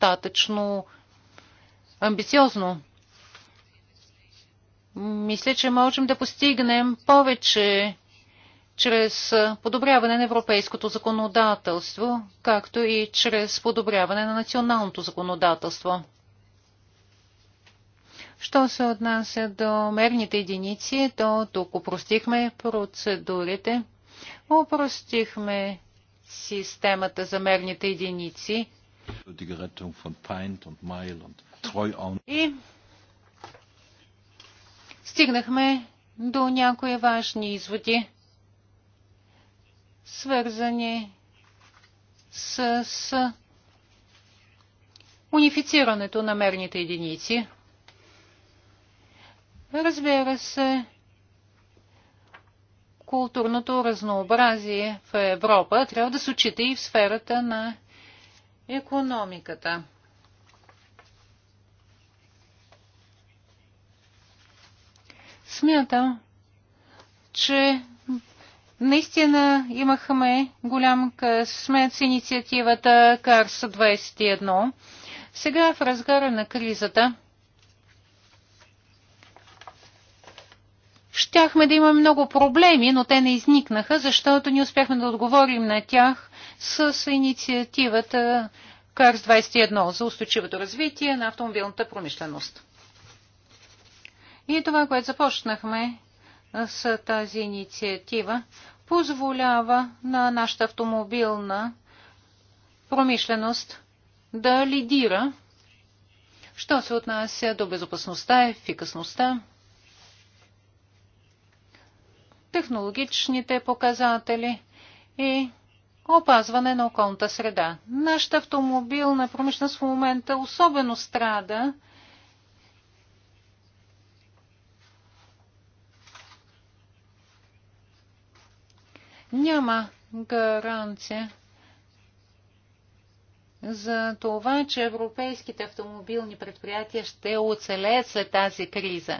достатъчно амбициозно. Мисля, че можем да постигнем повече чрез подобряване на европейското законодателство, както и чрез подобряване на националното законодателство. Що се отнася до мерните единици, то тук упростихме процедурите, упростихме системата за мерните единици и стигнахме до някои важни изводи, свързани с, с унифицирането на мерните единици. Разбира се, културното разнообразие в Европа трябва да се учите и в сферата на економиката. Смятам, че наистина имахме голям късмет с инициативата КАРС 21. Сега в разгара на кризата щяхме да имаме много проблеми, но те не изникнаха, защото не успяхме да отговорим на тях с инициативата КАРС 21 за устойчивото развитие на автомобилната промишленост. И това, което започнахме с тази инициатива, позволява на нашата автомобилна промишленост да лидира, що се отнася до безопасността, ефикасността, технологичните показатели и опазване на околната среда. Нашата автомобилна промишленост в момента особено страда няма гаранция за това, че европейските автомобилни предприятия ще оцелеят след тази криза.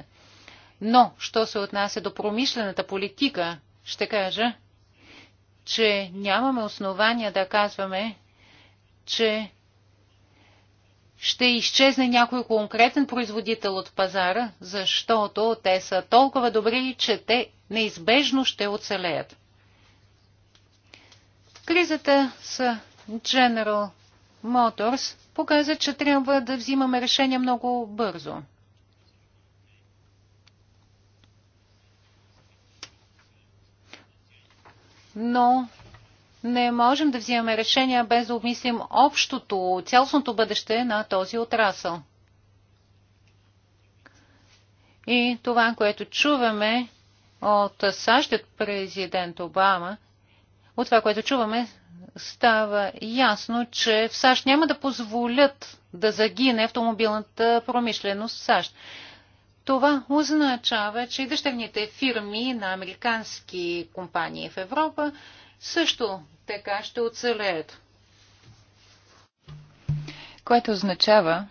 Но, що се отнася до промишлената политика, ще кажа, че нямаме основания да казваме, че ще изчезне някой конкретен производител от пазара, защото те са толкова добри, че те неизбежно ще оцелеят. Кризата с General Motors показа, че трябва да взимаме решения много бързо. но не можем да взимаме решения без да обмислим общото, цялостното бъдеще на този отрасъл. И това, което чуваме от САЩ, президент Обама, от това, което чуваме, става ясно, че в САЩ няма да позволят да загине автомобилната промишленост в САЩ. Това означава, че дъщерните фирми на американски компании в Европа също така ще оцелеят. Което означава,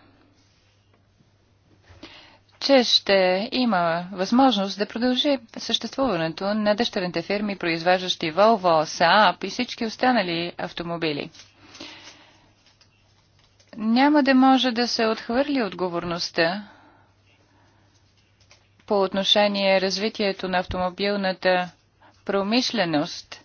че ще има възможност да продължи съществуването на дъщерните фирми, произвеждащи Volvo, Saab и всички останали автомобили. Няма да може да се отхвърли отговорността по отношение развитието на автомобилната промишленост.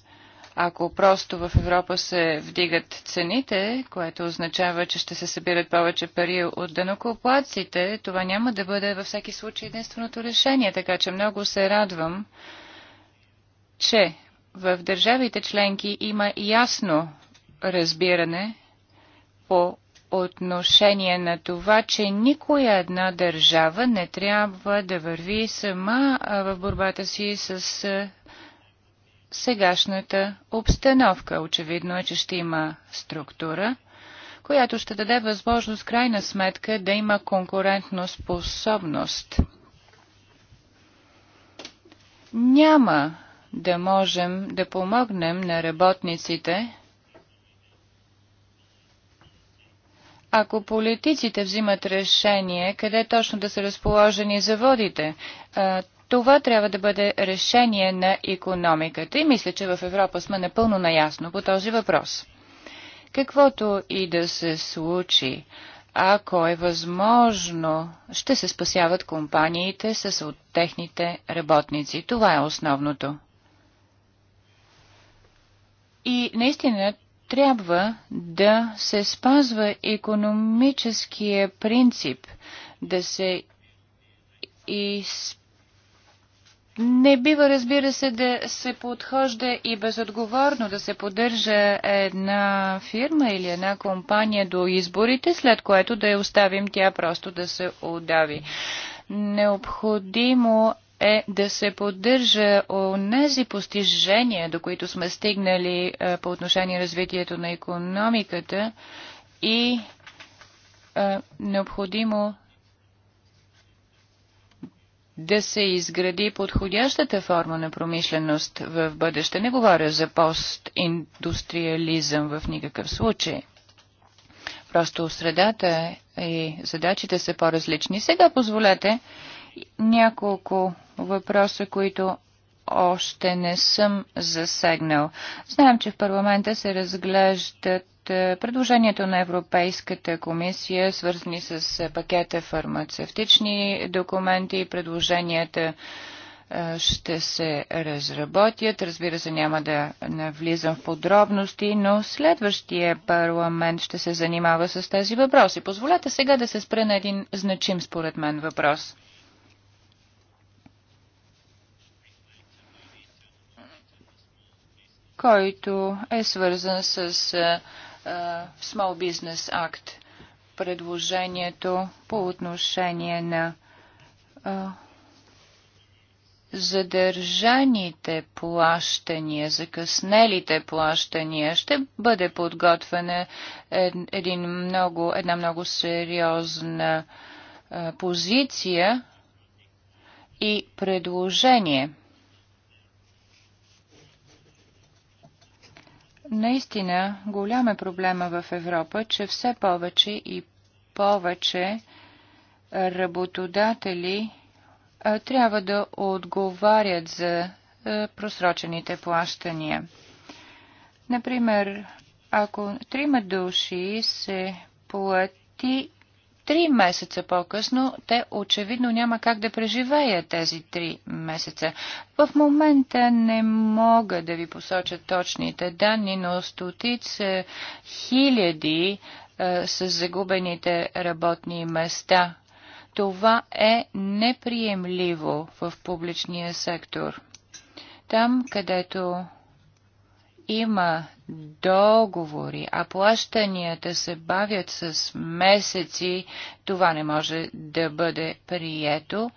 Ако просто в Европа се вдигат цените, което означава, че ще се събират повече пари от денокоплаците, това няма да бъде във всеки случай единственото решение. Така че много се радвам, че в държавите членки има ясно разбиране по отношение на това, че никоя една държава не трябва да върви сама в борбата си с сегашната обстановка. Очевидно е, че ще има структура, която ще даде възможност крайна сметка да има конкурентно способност. Няма да можем да помогнем на работниците, Ако политиците взимат решение къде точно да са разположени заводите, това трябва да бъде решение на економиката и мисля, че в Европа сме напълно наясно по този въпрос. Каквото и да се случи, ако е възможно, ще се спасяват компаниите с от техните работници. Това е основното. И наистина трябва да се спазва економическия принцип, да се и. не бива, разбира се, да се подхожда и безотговорно да се поддържа една фирма или една компания до изборите, след което да я оставим тя просто да се отдави. Необходимо е да се поддържа онези постижения, до които сме стигнали е, по отношение развитието на економиката и е, необходимо да се изгради подходящата форма на промишленост в бъдеще. Не говоря за постиндустриализъм в никакъв случай. Просто средата и задачите са по-различни. Сега позволете няколко въпроса, които още не съм засегнал. Знаем, че в парламента се разглеждат е, предложението на Европейската комисия, свързани с е, пакета фармацевтични документи и предложенията е, ще се разработят. Разбира се, няма да навлизам в подробности, но следващия парламент ще се занимава с тези въпроси. Позволете сега да се спре на един значим според мен въпрос. който е свързан с Small Business Act. Предложението по отношение на задържаните плащания, закъснелите плащания, ще бъде подготвена един много, една много сериозна позиция и предложение – Наистина, голям е проблема в Европа, че все повече и повече работодатели трябва да отговарят за просрочените плащания. Например, ако трима души се плати Три месеца по-късно те очевидно няма как да преживеят тези три месеца. В момента не мога да ви посоча точните данни, но стотица хиляди е, с загубените работни места. Това е неприемливо в публичния сектор. Там, където има договори, а плащанията се бавят с месеци, това не може да бъде прието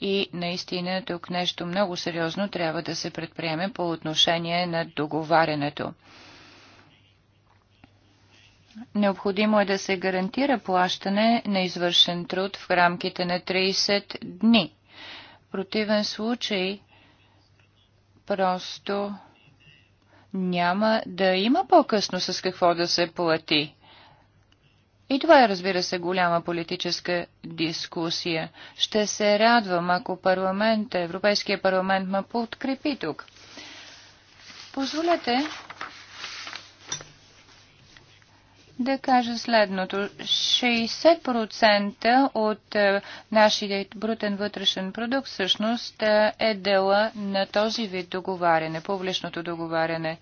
и наистина тук нещо много сериозно трябва да се предприеме по отношение на договарянето. Необходимо е да се гарантира плащане на извършен труд в рамките на 30 дни. В противен случай просто няма да има по-късно с какво да се плати. И това е, разбира се, голяма политическа дискусия. Ще се радвам, ако парламент, Европейския парламент ме подкрепи тук. Позволете да кажа следното. 60% от е, нашия брутен вътрешен продукт всъщност е, е дела на този вид договаряне, публичното договаряне.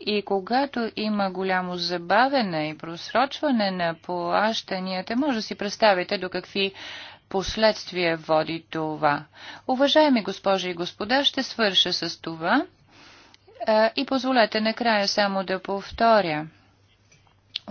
И когато има голямо забавене и просрочване на плащанията, може да си представите до какви последствия води това. Уважаеми госпожи и господа, ще свърша с това е, и позволете накрая само да повторя.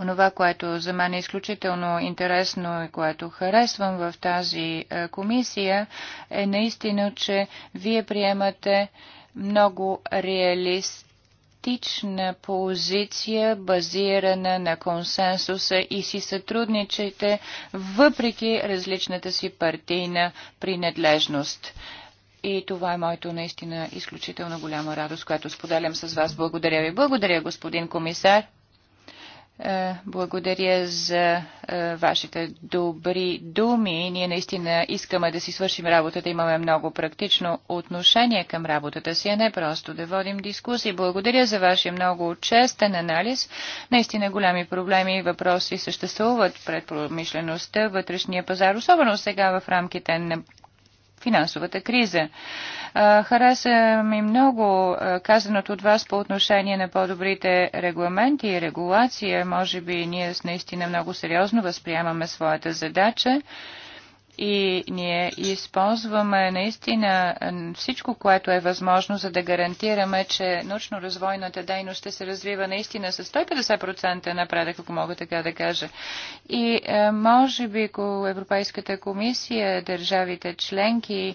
Онова, което за мен е изключително интересно и което харесвам в тази е, комисия е наистина, че вие приемате много реалистична позиция, базирана на консенсуса и си сътрудничате въпреки различната си партийна принадлежност. И това е моето наистина изключително голяма радост, която споделям с вас. Благодаря ви. Благодаря, господин комисар. Е, благодаря за е, вашите добри думи. Ние наистина искаме да си свършим работата. Имаме много практично отношение към работата си, а не просто да водим дискусии. Благодаря за вашия много честен анализ. Наистина голями проблеми и въпроси съществуват пред промишлеността, вътрешния пазар, особено сега в рамките на финансовата криза. Хареса ми много казаното от вас по отношение на по-добрите регламенти и регулация. Може би ние наистина много сериозно възприемаме своята задача и ние използваме наистина всичко, което е възможно, за да гарантираме, че научно-развойната дейност ще се развива наистина с 150% напредък, ако мога така да кажа. И е, може би, ако Европейската комисия, държавите членки, е,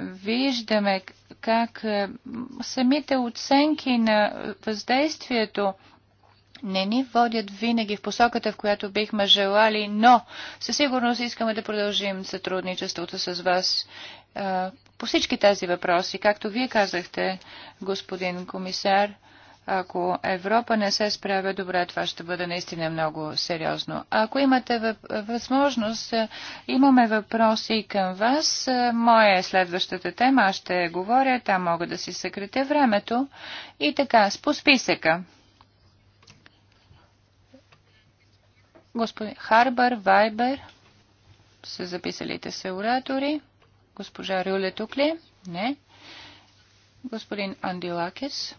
виждаме как е, самите оценки на въздействието не ни водят винаги в посоката, в която бихме желали, но със сигурност искаме да продължим сътрудничеството с вас по всички тези въпроси. Както вие казахте, господин комисар, ако Европа не се справя добре, това ще бъде наистина много сериозно. Ако имате възможност, имаме въпроси към вас. Моя е следващата тема. Аз ще говоря, там мога да си съкрете времето. И така, с по списъка. Господин Харбър, Вайбер са записалите се оратори. Госпожа Рюле тук ли? Не. Господин Андилакис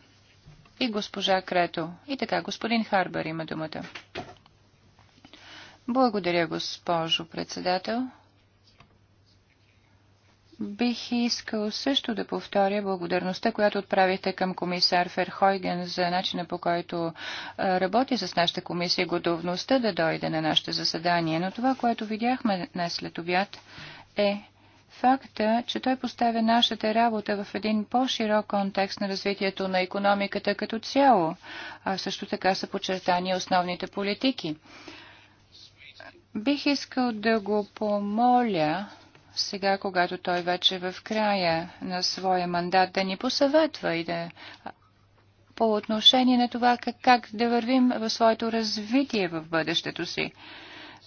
и госпожа Крето. И така, господин Харбър има думата. Благодаря, госпожо председател. Бих искал също да повторя благодарността, която отправихте към комисар Ферхойген за начина по който работи с нашата комисия, готовността да дойде на нашето заседание, Но това, което видяхме днес след обяд е факта, че той поставя нашата работа в един по-широк контекст на развитието на економиката като цяло, а също така са подчертани основните политики. Бих искал да го помоля сега, когато той вече е в края на своя мандат, да ни посъветва и да по отношение на това как, как да вървим в своето развитие в бъдещето си.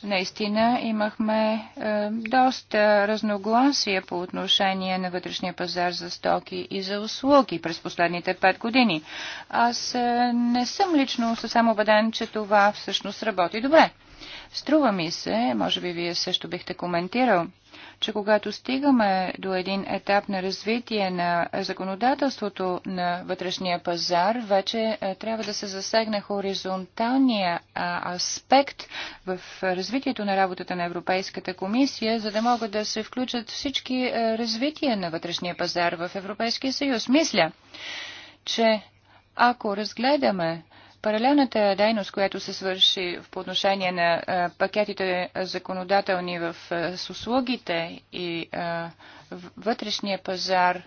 Наистина имахме е, доста разногласия по отношение на вътрешния пазар за стоки и за услуги през последните пет години. Аз е, не съм лично съвсем убеден, че това всъщност работи добре. Струва ми се, може би вие също бихте коментирал, че когато стигаме до един етап на развитие на законодателството на вътрешния пазар, вече е, трябва да се засегне хоризонталния аспект в развитието на работата на Европейската комисия, за да могат да се включат всички е, развития на вътрешния пазар в Европейския съюз. Мисля, че ако разгледаме Паралелната дейност, която се свърши в отношение на пакетите законодателни в, с услугите и вътрешния пазар,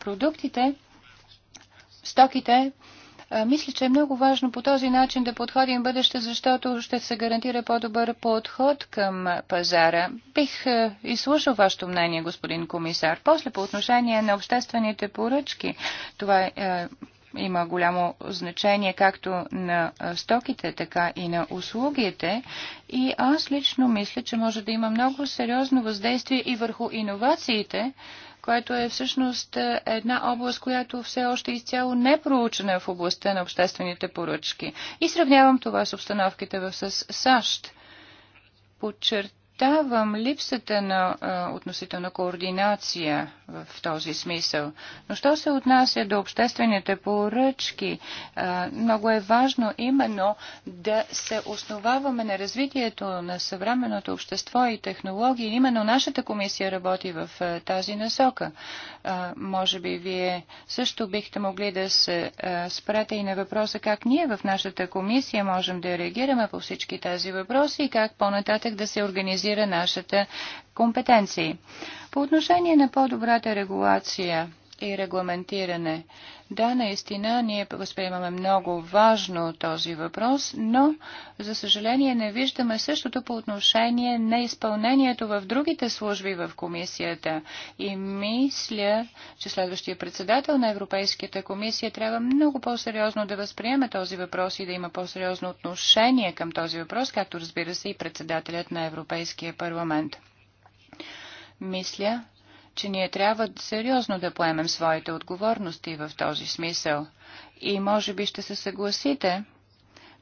продуктите, стоките, мисля, че е много важно по този начин да подходим бъдеще, защото ще се гарантира по-добър подход към пазара. Бих изслушал вашето мнение, господин комисар. После по отношение на обществените поръчки, това е има голямо значение както на стоките, така и на услугите. И аз лично мисля, че може да има много сериозно въздействие и върху иновациите, което е всъщност една област, която все още изцяло не е проучена в областта на обществените поръчки. И сравнявам това с обстановките в САЩ. Подчерт подчертавам липсата на а, относителна координация в този смисъл. Но що се отнася до обществените поръчки, а, много е важно именно да се основаваме на развитието на съвременното общество и технологии. Именно нашата комисия работи в а, тази насока. А, може би вие също бихте могли да се а, спрете и на въпроса как ние в нашата комисия можем да реагираме по всички тези въпроси и как по-нататък да се организираме реализира нашите компетенции. По отношение на по-добрата регулация и регламентиране. Да, наистина, ние възприемаме много важно този въпрос, но, за съжаление, не виждаме същото по отношение на изпълнението в другите служби в комисията. И мисля, че следващия председател на Европейската комисия трябва много по-сериозно да възприеме този въпрос и да има по-сериозно отношение към този въпрос, както разбира се и председателят на Европейския парламент. Мисля, че ние трябва сериозно да поемем своите отговорности в този смисъл. И може би ще се съгласите,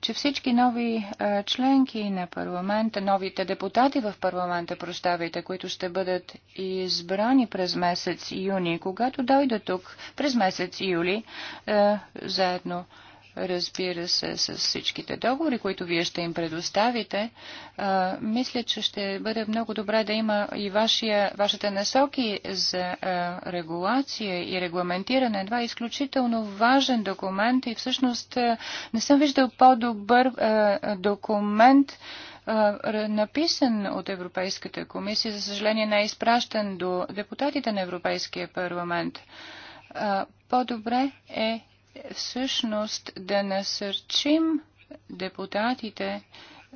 че всички нови а, членки на парламента, новите депутати в парламента, прощавайте, които ще бъдат избрани през месец юни, когато дойдат тук през месец юли, а, заедно разбира се, с всичките договори, които вие ще им предоставите, а, мисля, че ще бъде много добре да има и вашия, вашите насоки за а, регулация и регламентиране. Това е изключително важен документ и всъщност а, не съм виждал по-добър документ, написан от Европейската комисия, за съжаление не е изпращан до депутатите на Европейския парламент. По-добре е всъщност да насърчим депутатите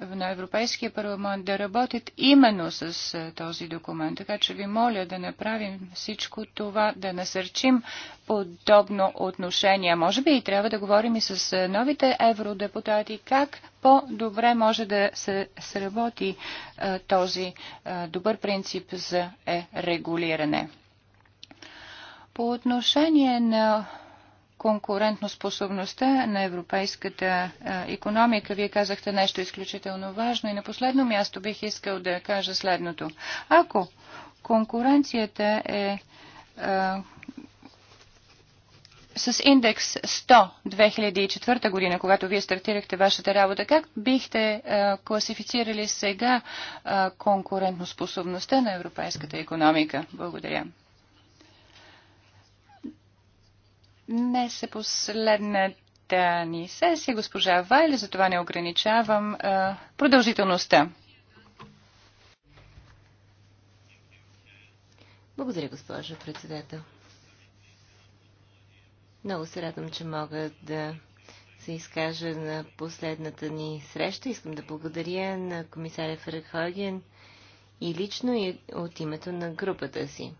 на Европейския парламент да работят именно с този документ. Така че ви моля да направим всичко това, да насърчим подобно отношение. Може би и трябва да говорим и с новите евродепутати как по-добре може да се сработи този добър принцип за регулиране. По отношение на конкурентноспособността на европейската економика. Вие казахте нещо изключително важно и на последно място бих искал да кажа следното. Ако конкуренцията е с индекс 100 2004 година, когато вие стартирахте вашата работа, как бихте а, класифицирали сега конкурентноспособността конкурентоспособността на европейската економика? Благодаря. Днес е последната ни сесия, госпожа за затова не ограничавам а, продължителността. Благодаря, госпожо председател. Много се радвам, че мога да се изкажа на последната ни среща. Искам да благодаря на комисаря Ферхоген и лично и от името на групата си.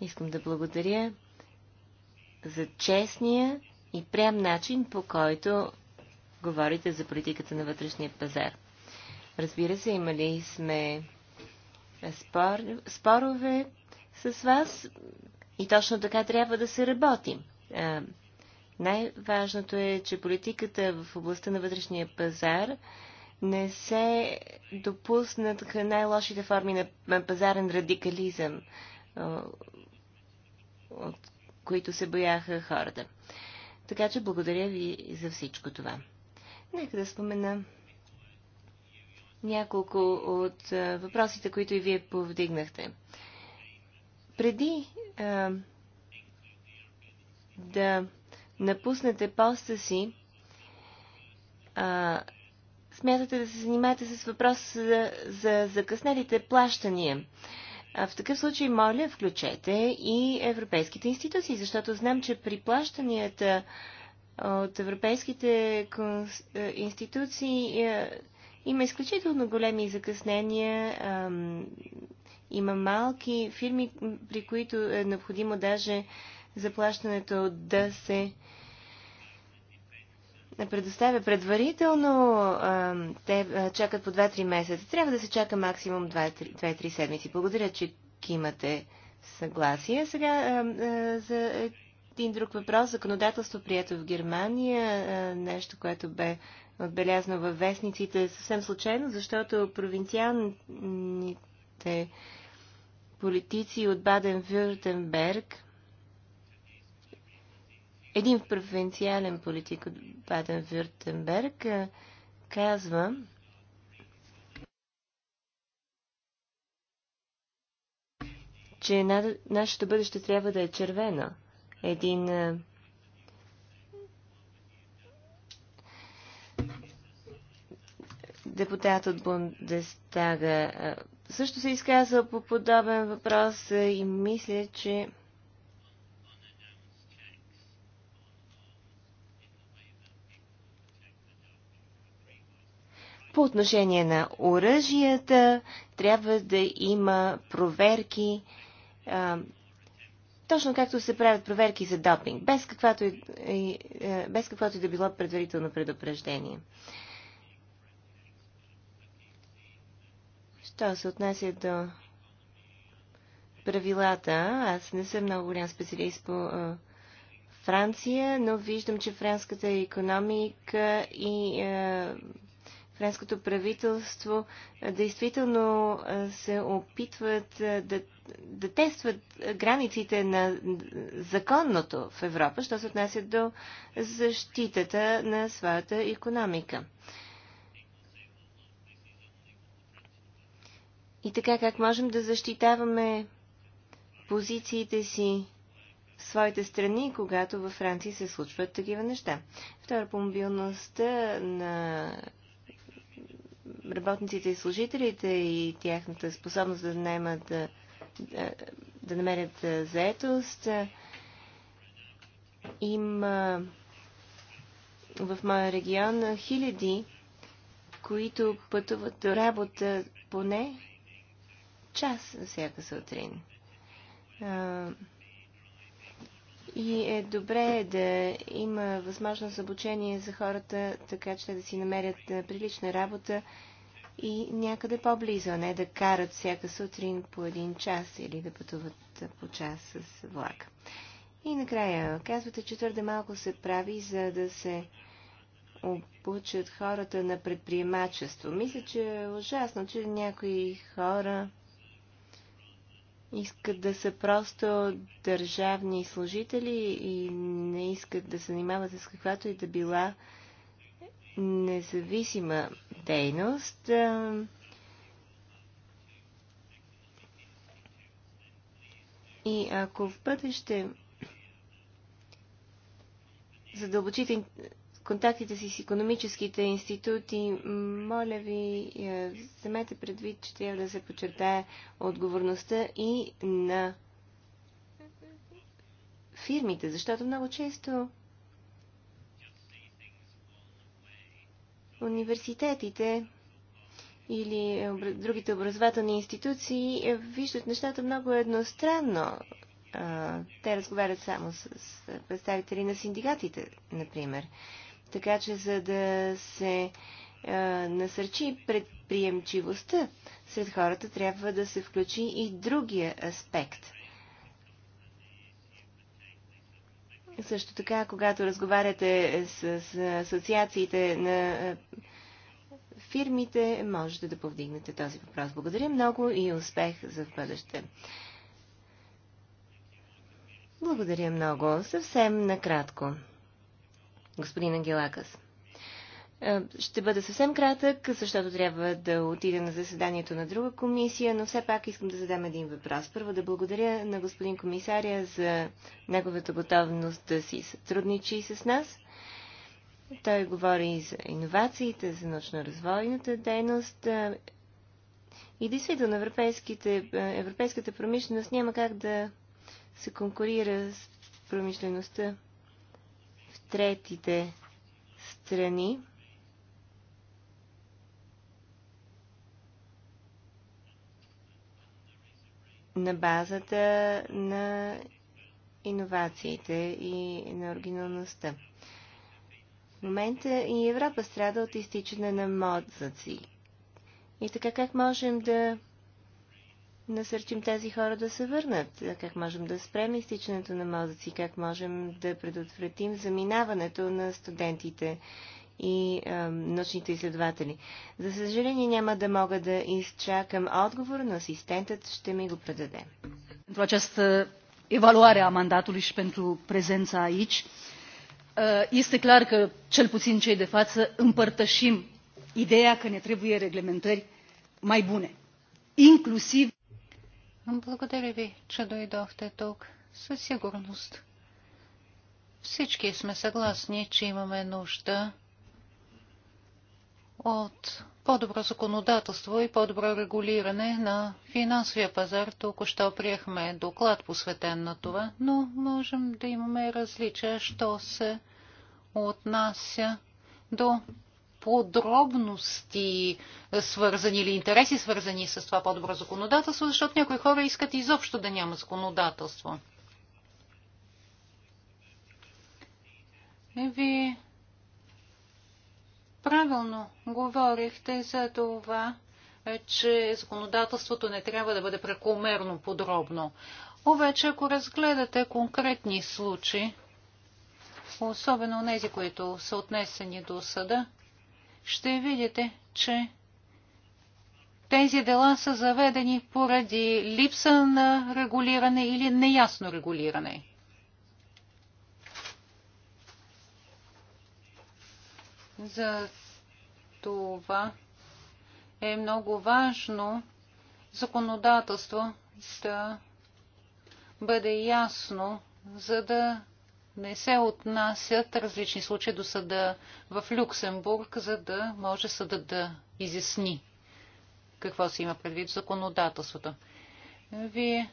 Искам да благодаря за честния и прям начин, по който говорите за политиката на вътрешния пазар. Разбира се, имали сме спор, спорове с вас и точно така трябва да се работи. Най-важното е, че политиката в областта на вътрешния пазар не се допуснат най-лошите форми на пазарен радикализъм, от които се бояха хората. Така че благодаря ви за всичко това. Нека да спомена няколко от въпросите, които и вие повдигнахте. Преди а, да напуснете поста си, а, смятате да се занимаете с въпрос за, за закъснелите плащания. А в такъв случай, моля, включете и европейските институции, защото знам, че при плащанията от европейските институции има изключително големи закъснения. Има малки фирми, при които е необходимо даже заплащането да се предоставя предварително, те чакат по 2-3 месеца. Трябва да се чака максимум 2-3 седмици. Благодаря, че имате съгласие. Сега за един друг въпрос. Законодателство прието в Германия, нещо, което бе отбелязано във вестниците съвсем случайно, защото провинциалните политици от Баден-Вюртенберг – един провинциален политик от Баден-Вюртенберг казва, че нашето бъдеще трябва да е червено. Един депутат от Бундестага също се изказва по подобен въпрос и мисля, че По отношение на оръжията трябва да има проверки, а, точно както се правят проверки за допинг, без каквото и, и, е, без каквото и да било предварително предупреждение. Що се отнася до правилата, аз не съм много голям специалист по а, е, Франция, но виждам, че френската економика и а, е, френското правителство действително се опитват да, да тестват границите на законното в Европа, що се отнася до защитата на своята економика. И така как можем да защитаваме позициите си в своите страни, когато във Франция се случват такива неща. Второ, по мобилността на работниците и служителите и тяхната способност да наймат, да, да, намерят заетост. Има в моя регион хиляди, които пътуват до работа поне час всяка сутрин. И е добре да има възможност обучение за хората, така че да си намерят прилична работа и някъде по-близо, а не да карат всяка сутрин по един час или да пътуват по час с влак. И накрая, казвате, че твърде малко се прави, за да се обучат хората на предприемачество. Мисля, че е ужасно, че някои хора искат да са просто държавни служители и не искат да се занимават с каквато и да била независима дейност. Е, и ако в бъдеще задълбочите контактите си с економическите институти, моля ви, е, вземете предвид, че трябва да се подчертая отговорността и на фирмите, защото много често университетите или другите образователни институции е, виждат нещата много едностранно. Те разговарят само с представители на синдикатите, например. Така че, за да се насърчи предприемчивостта сред хората, трябва да се включи и другия аспект – Също така, когато разговаряте с, с асоциациите на е, фирмите, можете да повдигнете този въпрос. Благодаря много и успех за в бъдеще. Благодаря много. Съвсем накратко. Господин Ангелакас. Е, ще бъда съвсем кратък, защото трябва да отида на заседанието на друга комисия, но все пак искам да задам един въпрос. Първо да благодаря на господин комисаря за неговата готовност да си сътрудничи с нас. Той говори и за иновациите, за научно-развойната дейност. Е, и действително е, европейската промишленост няма как да се конкурира с промишлеността в третите страни. на базата на иновациите и на оригиналността. В момента и Европа страда от изтичане на мозъци. И така как можем да насърчим тези хора да се върнат? Как можем да спрем изтичането на мозъци? Как можем да предотвратим заминаването на студентите и а, е, научните изследователи. За съжаление няма да мога да изчакам отговор, но асистентът ще ми го предаде. Това част evaluare a mandatului și pentru prezența aici, е, este clar că, cel puțin cei de față, împărtășim ideea că ne trebuie reglementări mai bune, inclusiv благодаря ви, че дойдохте тук. Със сигурност. Всички сме съгласни, че имаме нужда от по-добро законодателство и по-добро регулиране на финансовия пазар. Тук що приехме доклад посветен на това, но можем да имаме различия, що се отнася до подробности свързани или интереси свързани с това по-добро законодателство, защото някои хора искат изобщо да няма законодателство. Е, Вие правилно говорихте за това, че законодателството не трябва да бъде прекомерно подробно. Обаче, ако разгледате конкретни случаи, особено тези, които са отнесени до съда, ще видите, че тези дела са заведени поради липса на регулиране или неясно регулиране. За това е много важно законодателство да бъде ясно, за да не се отнасят различни случаи до съда в Люксембург, за да може съда да изясни какво се има предвид в законодателството. Вие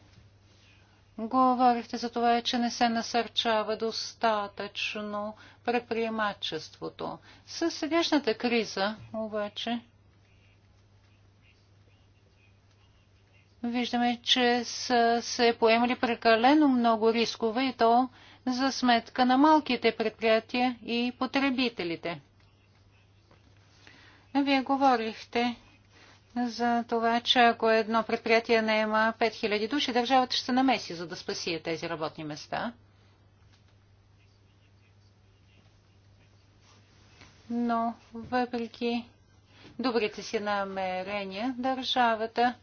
Говорихте за това, че не се насърчава достатъчно предприемачеството. С сегашната криза обаче виждаме, че са се поемали прекалено много рискове и то за сметка на малките предприятия и потребителите. Вие говорихте за това, че ако едно предприятие не има 5000 души, държавата ще се намеси, за да спаси тези работни места. Но въпреки добрите си намерения, държавата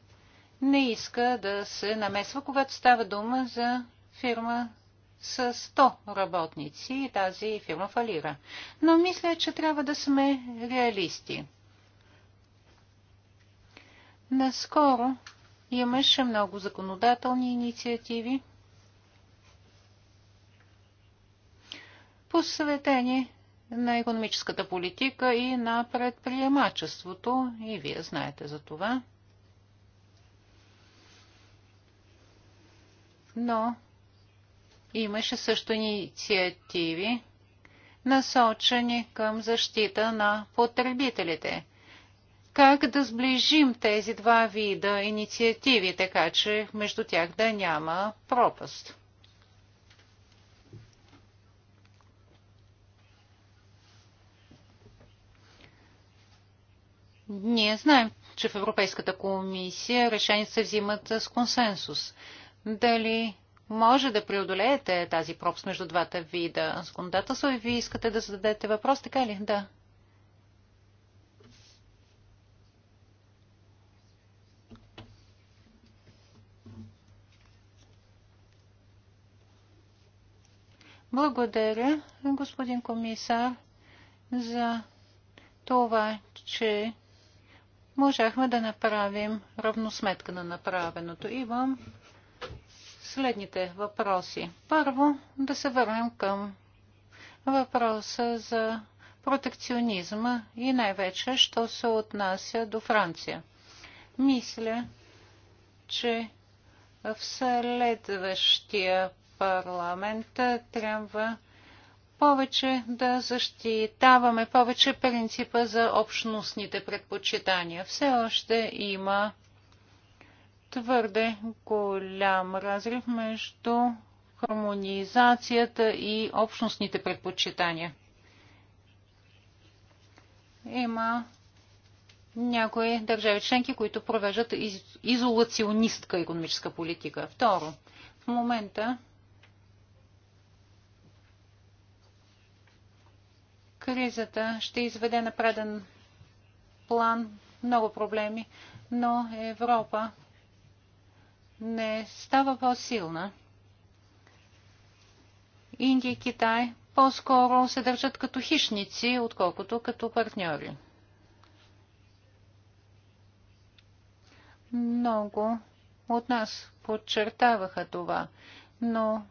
не иска да се намесва, когато става дума за фирма с 100 работници и тази фирма фалира. Но мисля, че трябва да сме реалисти. Наскоро имаше много законодателни инициативи, посветени на економическата политика и на предприемачеството, и вие знаете за това. Но имаше също инициативи, насочени към защита на потребителите как да сближим тези два вида инициативи, така че между тях да няма пропаст. Ние знаем, че в Европейската комисия решенията се взимат с консенсус. Дали може да преодолеете тази пропс между двата вида законодателство и вие искате да зададете въпрос, така ли? Да. Благодаря, господин комисар, за това, че можахме да направим равносметка на направеното. Имам следните въпроси. Първо, да се върнем към въпроса за протекционизма и най-вече, що се отнася до Франция. Мисля, че в следващия Парламента трябва повече да защитаваме повече принципа за общностните предпочитания. Все още има твърде голям разрив между хармонизацията и общностните предпочитания. Има някои държави членки, които провеждат из, изолационистка економическа политика. Второ, в момента Кризата ще изведе на преден план много проблеми, но Европа не става по-силна. Индия и Китай по-скоро се държат като хищници, отколкото като партньори. Много от нас подчертаваха това, но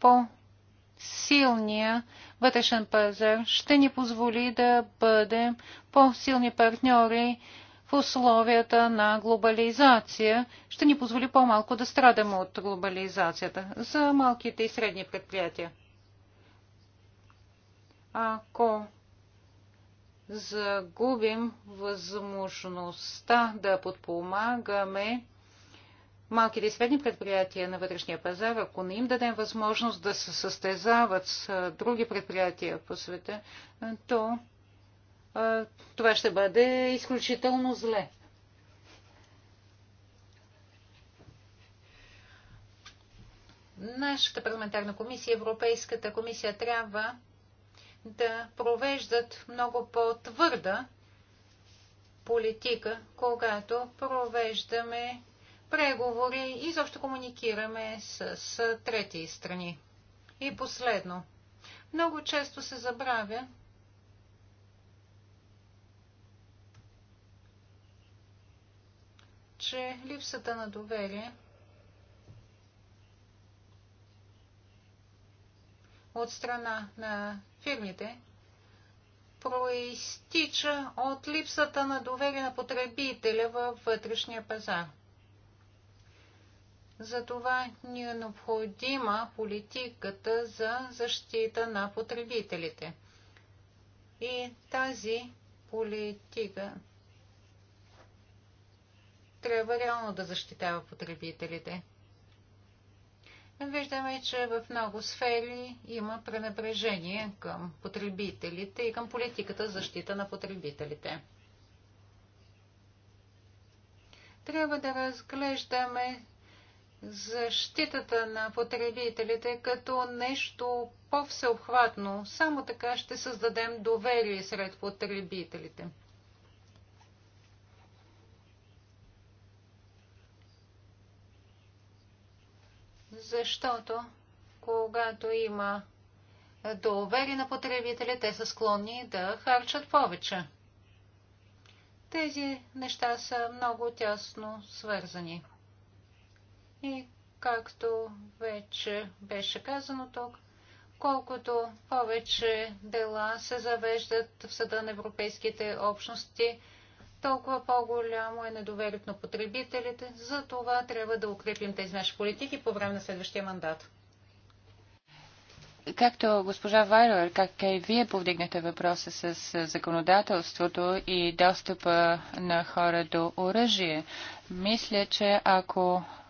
по-силния вътрешен пазар ще ни позволи да бъдем по-силни партньори в условията на глобализация, ще ни позволи по-малко да страдаме от глобализацията за малките и средни предприятия. Ако загубим възможността да подпомагаме малките и средни предприятия на вътрешния пазар, ако не им дадем възможност да се състезават с други предприятия по света, то това ще бъде изключително зле. Нашата парламентарна комисия, Европейската комисия трябва да провеждат много по-твърда политика, когато провеждаме преговори и защо комуникираме с, с трети страни. И последно. Много често се забравя, че липсата на доверие от страна на фирмите проистича от липсата на доверие на потребителя във вътрешния пазар. Затова ни е необходима политиката за защита на потребителите. И тази политика трябва реално да защитава потребителите. Виждаме, че в много сфери има пренебрежение към потребителите и към политиката за защита на потребителите. Трябва да разглеждаме защитата на потребителите като нещо по-всеобхватно. Само така ще създадем доверие сред потребителите. Защото когато има доверие на потребители, те са склонни да харчат повече. Тези неща са много тясно свързани. И както вече беше казано тук, колкото повече дела се завеждат в съда на европейските общности, толкова по-голямо е недоверието на потребителите. За това трябва да укрепим тези наши политики по време на следващия мандат. Както госпожа Вайлер, как и вие повдигнете въпроса с законодателството и достъпа на хора до оръжие, мисля, че ако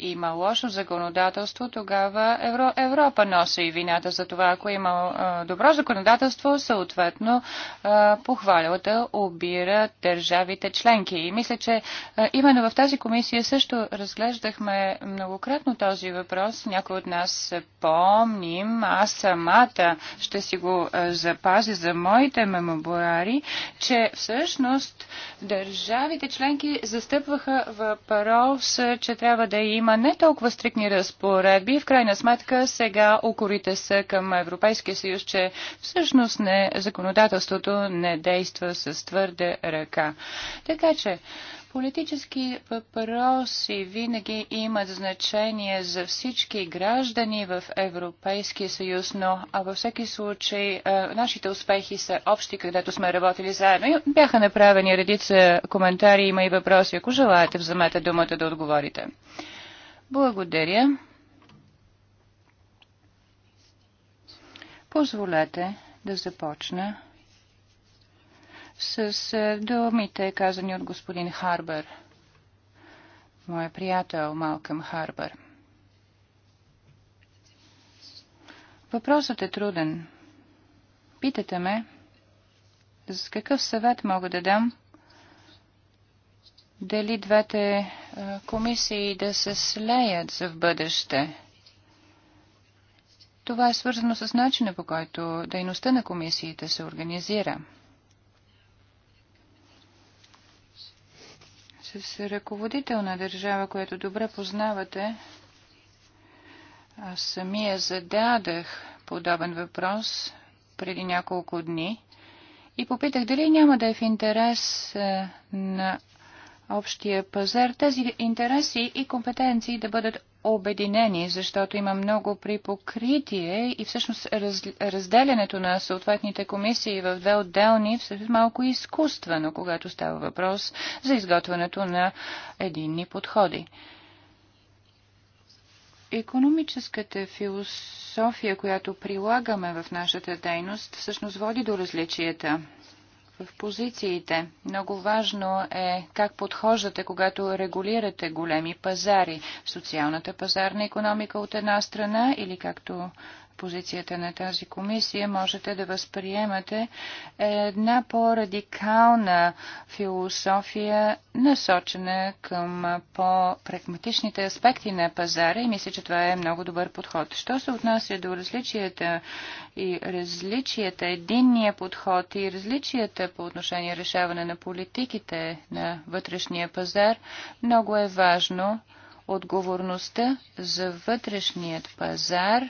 има лошо законодателство, тогава Евро, Европа носи и вината за това. Ако има а, добро законодателство, съответно а, похвалята обира държавите членки. И мисля, че а, именно в тази комисия също разглеждахме многократно този въпрос. Някой от нас помним, аз самата ще си го а, запази за моите мемобуари, че всъщност държавите членки застъпваха въпроса, че трябва да има има не толкова стрикни разпоредби и в крайна сметка сега укорите са към Европейския съюз, че всъщност не, законодателството не действа с твърде ръка. Така че, Политически въпроси винаги имат значение за всички граждани в Европейския съюз, но а във всеки случай нашите успехи са общи, където сме работили заедно. И бяха направени редица коментари, има и въпроси. Ако желаете, вземете думата да отговорите. Благодаря. Позволете да започна с е, думите, казани от господин Харбър, моя приятел Малкъм Харбър. Въпросът е труден. Питате ме, с какъв съвет мога да дам дали двете е, комисии да се слеят за в бъдеще. Това е свързано с начина по който дейността на комисиите се организира. С ръководител на държава, която добре познавате, аз самия зададах подобен въпрос преди няколко дни и попитах дали няма да е в интерес е, на общия пазар, тези интереси и компетенции да бъдат обединени, защото има много при покритие и всъщност раз, разделянето на съответните комисии в две отделни е всъщност малко изкуствено, когато става въпрос за изготвянето на единни подходи. Економическата философия, която прилагаме в нашата дейност, всъщност води до различията – в позициите. Много важно е как подхождате, когато регулирате големи пазари. Социалната пазарна економика от една страна или както позицията на тази комисия, можете да възприемате една по-радикална философия, насочена към по-прагматичните аспекти на пазара и мисля, че това е много добър подход. Що се отнася до различията и различията, единния подход и различията по отношение решаване на политиките на вътрешния пазар, много е важно отговорността за вътрешният пазар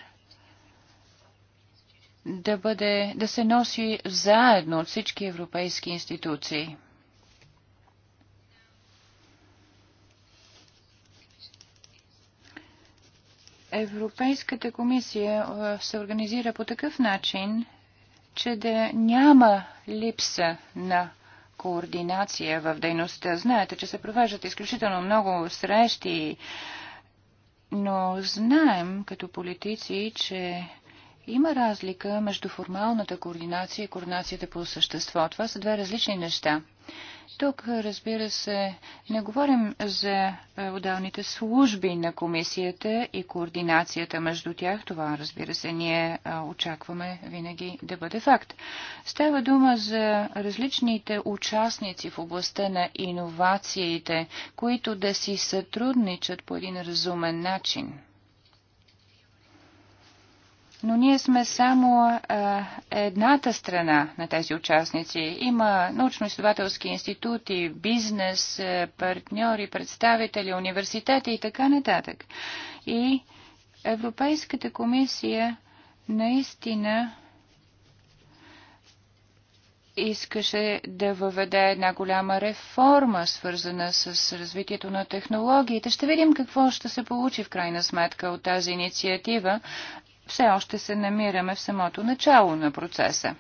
да, бъде, да се носи заедно от всички европейски институции. Европейската комисия е, се организира по такъв начин, че да няма липса на координация в дейността. Знаете, че се провеждат изключително много срещи, но знаем като политици, че има разлика между формалната координация и координацията по същество. Това са две различни неща. Тук, разбира се, не говорим за е, отделните служби на комисията и координацията между тях. Това, разбира се, ние е, очакваме винаги да бъде факт. Става дума за различните участници в областта на иновациите, които да си сътрудничат по един разумен начин. Но ние сме само а, едната страна на тези участници. Има научно-изследователски институти, бизнес, е, партньори, представители, университети и така нататък. И Европейската комисия наистина искаше да въведе една голяма реформа, свързана с развитието на технологиите. Ще видим какво ще се получи в крайна сметка от тази инициатива, все още се намираме в самото начало на процеса.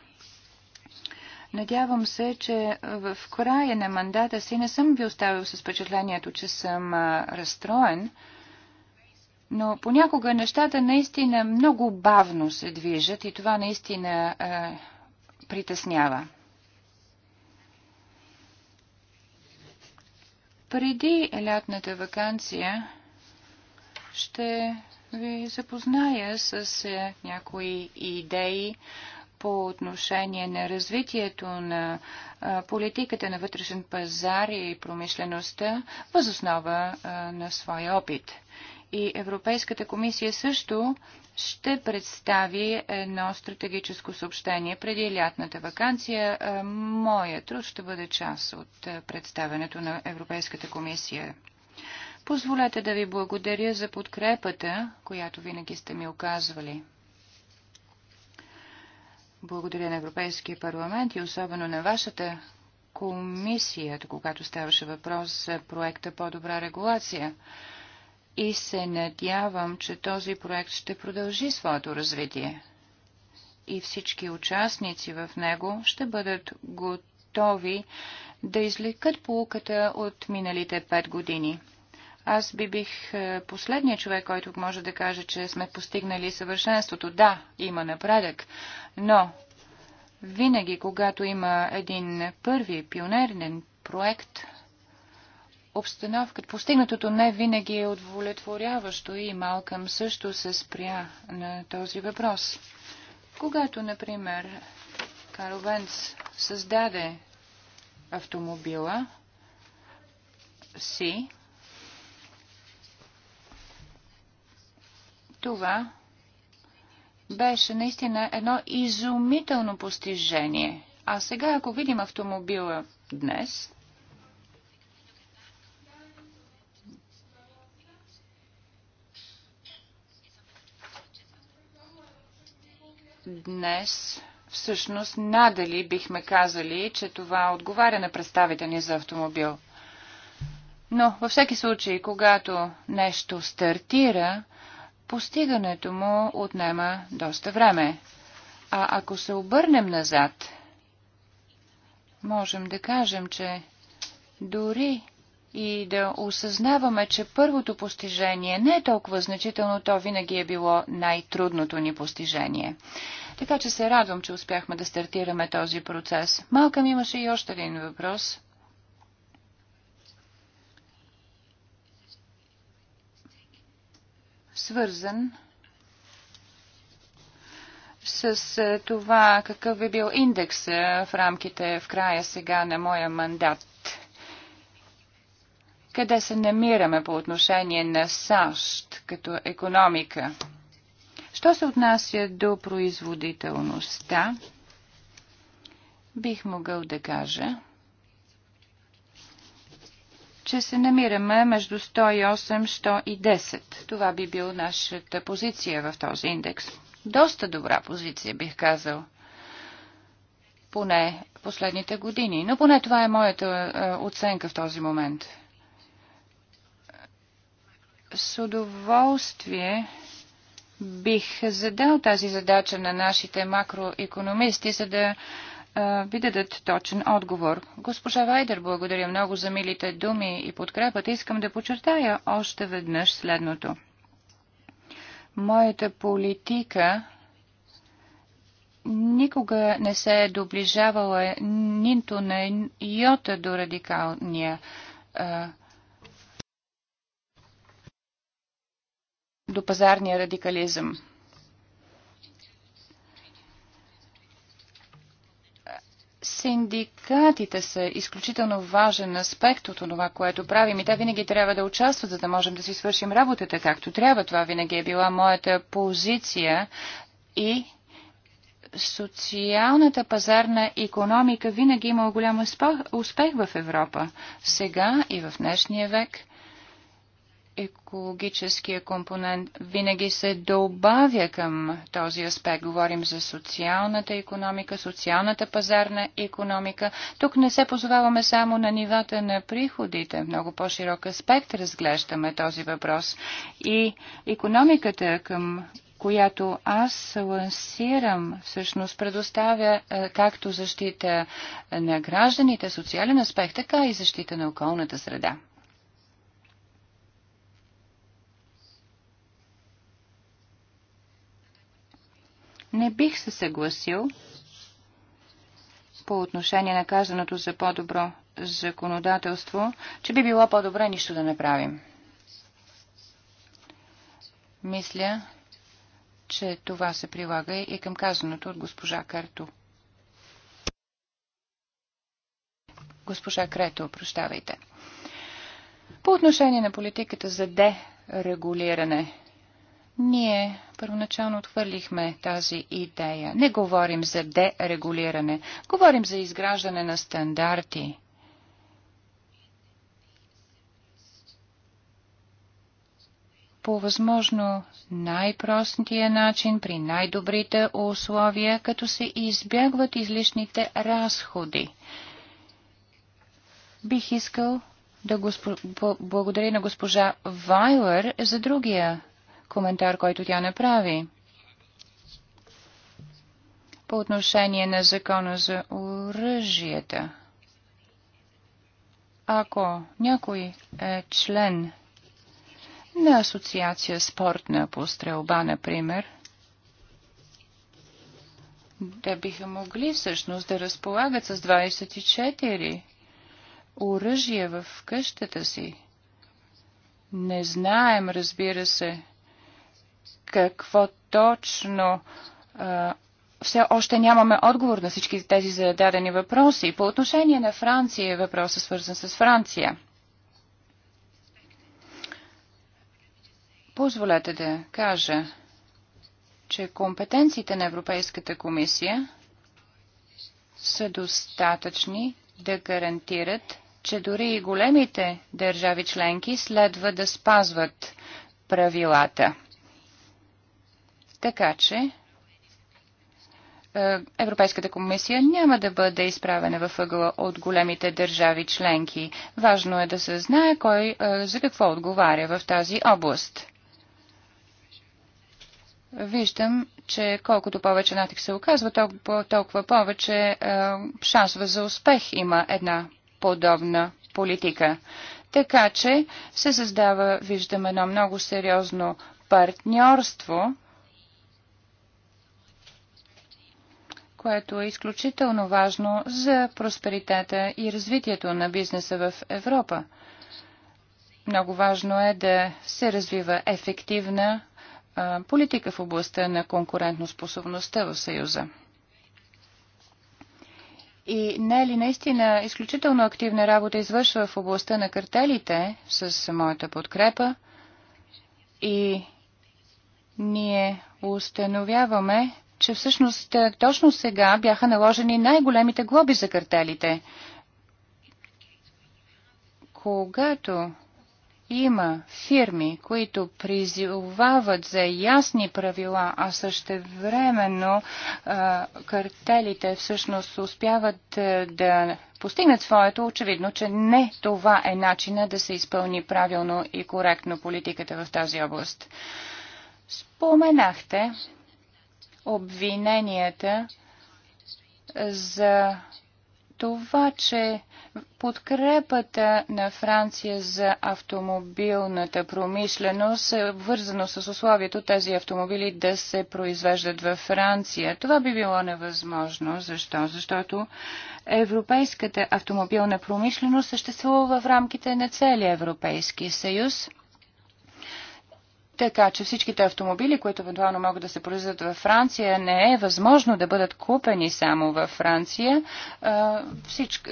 Надявам се, че в края на мандата си не съм ви оставил с впечатлението, че съм разстроен, но понякога нещата наистина много бавно се движат и това наистина е, притеснява. Преди лятната вакансия ще ви запозная с е, някои идеи по отношение на развитието на е, политиката на вътрешен пазар и промишлеността въз основа е, на своя опит. И Европейската комисия също ще представи едно стратегическо съобщение преди лятната вакансия. Моя труд ще бъде част от представенето на Европейската комисия Позволете да ви благодаря за подкрепата, която винаги сте ми оказвали. Благодаря на Европейския парламент и особено на вашата комисията, когато ставаше въпрос за проекта По-добра регулация. И се надявам, че този проект ще продължи своето развитие. И всички участници в него ще бъдат готови да излекат полуката от миналите пет години. Аз би бих е, последния човек, който може да каже, че сме постигнали съвършенството. Да, има напредък, но винаги, когато има един първи пионерен проект, обстановката, постигнатото не винаги е удовлетворяващо и Малкъм също се спря на този въпрос. Когато, например, Карл Венц създаде автомобила си, Това беше наистина едно изумително постижение. А сега, ако видим автомобила днес, днес всъщност надали бихме казали, че това отговаря на представите ни за автомобил. Но във всеки случай, когато нещо стартира, постигането му отнема доста време. А ако се обърнем назад, можем да кажем, че дори и да осъзнаваме, че първото постижение не е толкова значително, то винаги е било най-трудното ни постижение. Така че се радвам, че успяхме да стартираме този процес. Малка ми имаше и още един въпрос. свързан с е, това какъв е бил индекс е, в рамките в края сега на моя мандат. Къде се намираме по отношение на САЩ като економика? Що се отнася до производителността, бих могъл да кажа, че се намираме между 108-110. и Това би бил нашата позиция в този индекс. Доста добра позиция, бих казал. Поне последните години. Но поне това е моята е, оценка в този момент. С удоволствие бих задал тази задача на нашите макроекономисти, за да е, ви дадат точен отговор. Госпожа Вайдер, благодаря много за милите думи и подкрепата. Искам да подчертая още веднъж следното. Моята политика никога не се е доближавала нито на йота до радикалния е, до пазарния радикализъм. Синдикатите са изключително важен аспект от това, което правим и те винаги трябва да участват, за да можем да си свършим работата както трябва. Това винаги е била моята позиция и социалната пазарна економика винаги има голям успех в Европа. Сега и в днешния век – екологическия компонент винаги се добавя към този аспект. Говорим за социалната економика, социалната пазарна економика. Тук не се позоваваме само на нивата на приходите. В много по-широк аспект разглеждаме този въпрос. И економиката към която аз лансирам, всъщност предоставя е, както защита на гражданите, социален аспект, така и защита на околната среда. Не бих се съгласил по отношение на казаното за по-добро законодателство, че би било по-добре нищо да направим. Мисля, че това се прилага и към казаното от госпожа Карто. Госпожа Крето, прощавайте. По отношение на политиката за дерегулиране, ние първоначално отхвърлихме тази идея. Не говорим за дерегулиране, говорим за изграждане на стандарти. по възможно най-простия начин, при най-добрите условия, като се избягват излишните разходи. Бих искал да госп... благодаря на госпожа Вайлер за другия коментар, който тя направи. По отношение на закона за оръжията. Ако някой е член на асоциация спортна по стрелба, например, да биха могли всъщност да разполагат с 24 оръжия в къщата си. Не знаем, разбира се, какво точно все още нямаме отговор на всички тези зададени въпроси. По отношение на Франция, е въпросът е свързан с Франция. Позволете да кажа, че компетенциите на Европейската комисия са достатъчни да гарантират, че дори и големите държави членки следва да спазват правилата така че е, Европейската комисия няма да бъде изправена в ъгъла от големите държави членки. Важно е да се знае кой е, за какво отговаря в тази област. Виждам, че колкото повече натик се оказва, толкова, толкова повече е, шансове за успех има една подобна политика. Така че се създава, виждам, едно много сериозно партньорство което е изключително важно за просперитета и развитието на бизнеса в Европа. Много важно е да се развива ефективна политика в областта на конкурентноспособността в Съюза. И не е ли наистина изключително активна работа извършва в областта на картелите с моята подкрепа и ние установяваме, че всъщност е, точно сега бяха наложени най-големите глоби за картелите. Когато има фирми, които призовават за ясни правила, а също времено картелите всъщност успяват е, да постигнат своето, очевидно, че не това е начина да се изпълни правилно и коректно политиката в тази област. Споменахте обвиненията за това, че подкрепата на Франция за автомобилната промишленост е вързано с условието тези автомобили да се произвеждат във Франция. Това би било невъзможно. Защо? Защото европейската автомобилна промишленост съществува в рамките на целия Европейски съюз така че всичките автомобили, които евентуално могат да се произведат във Франция, не е възможно да бъдат купени само във Франция. Всичко,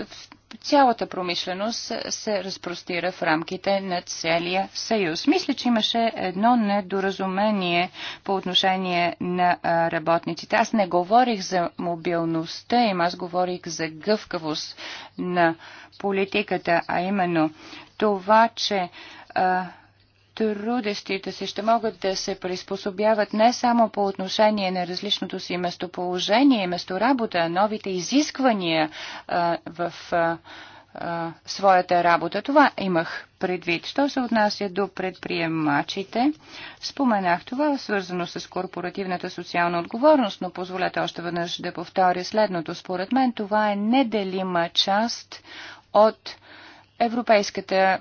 цялата промишленост се разпростира в рамките на целия съюз. Мисля, че имаше едно недоразумение по отношение на работниците. Аз не говорих за мобилността им, аз говорих за гъвкавост на политиката, а именно това, че трудещите се ще могат да се приспособяват не само по отношение на различното си местоположение, месторабота, новите изисквания а, в а, а, своята работа. Това имах предвид. Що се отнася до предприемачите, споменах това, свързано с корпоративната социална отговорност, но позволете още веднъж да повторя следното. Според мен това е неделима част от европейската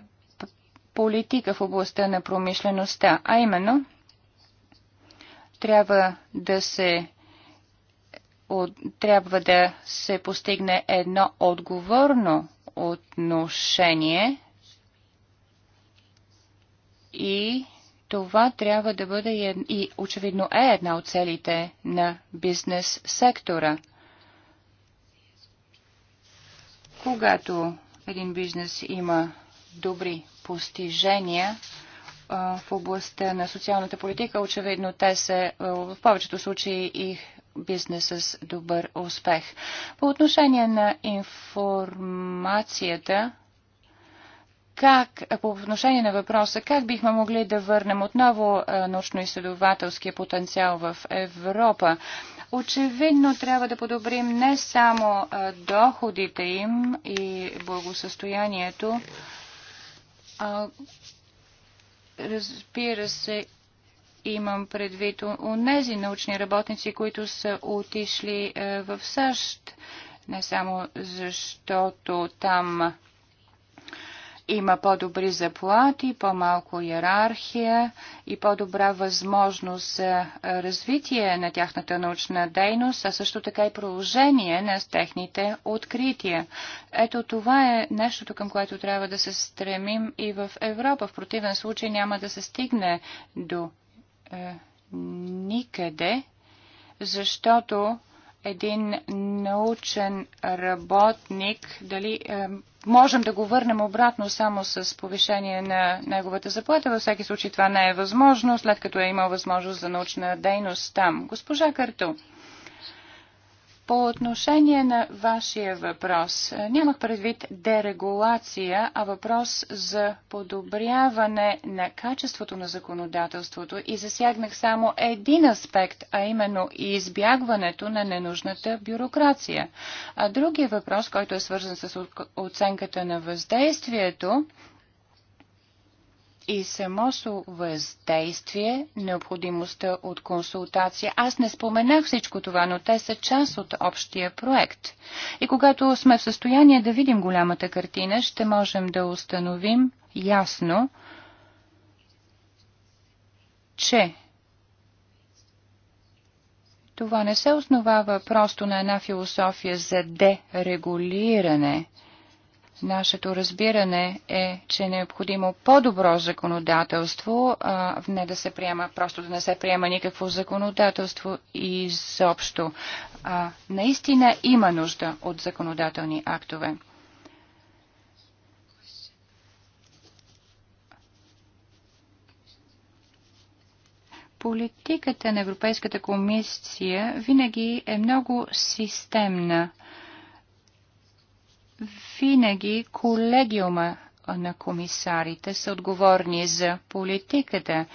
политика в областта на промишлеността, а именно трябва да се трябва да се постигне едно отговорно отношение и това трябва да бъде и очевидно е една от целите на бизнес сектора. Когато един бизнес има добри постижения в областта на социалната политика. Очевидно те са в повечето случаи и бизнес с добър успех. По отношение на информацията, как, по отношение на въпроса, как бихме могли да върнем отново научно-изследователския потенциал в Европа? Очевидно трябва да подобрим не само доходите им и благосъстоянието, а, разбира се, имам предвид онези научни работници, които са отишли е, в САЩ, не само защото там има по-добри заплати, по-малко иерархия и по-добра възможност за развитие на тяхната научна дейност, а също така и продължение на техните открития. Ето това е нещото, към което трябва да се стремим и в Европа. В противен случай няма да се стигне до е, никъде, защото един научен работник, дали е, можем да го върнем обратно само с повишение на неговата заплата. Във всеки случай това не е възможно, след като е имал възможност за научна дейност там. Госпожа Карто. По отношение на вашия въпрос, е, нямах предвид дерегулация, а въпрос за подобряване на качеството на законодателството и засягнах само един аспект, а именно избягването на ненужната бюрокрация. А другия въпрос, който е свързан с оценката на въздействието, и самото въздействие, необходимостта от консултация. Аз не споменах всичко това, но те са част от общия проект. И когато сме в състояние да видим голямата картина, ще можем да установим ясно, че това не се основава просто на една философия за дерегулиране – Нашето разбиране е, че е необходимо по-добро законодателство, а не да се приема, просто да не се приема никакво законодателство изобщо. А, наистина има нужда от законодателни актове. Политиката на Европейската комисия винаги е много системна винаги колегиума на комисарите са отговорни за политиката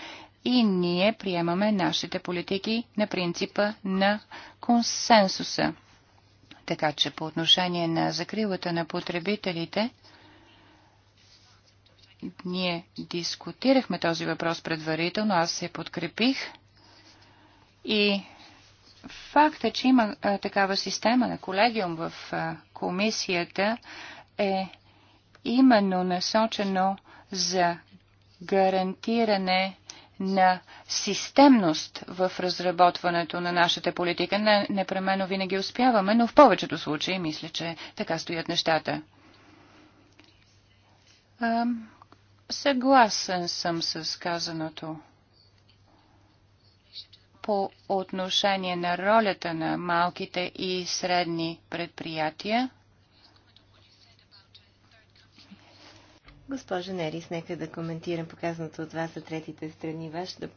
и ние приемаме нашите политики на принципа на консенсуса. Така че по отношение на закрилата на потребителите, ние дискутирахме този въпрос предварително, аз се подкрепих и Факта, че има а, такава система на колегиум в а, комисията е именно насочено за гарантиране на системност в разработването на нашата политика. Не, непременно винаги успяваме, но в повечето случаи мисля, че така стоят нещата. А, съгласен съм с казаното по отношение на ролята на малките и средни предприятия. Госпожа Нерис, нека да коментирам показаното от вас за третите страни. Вашето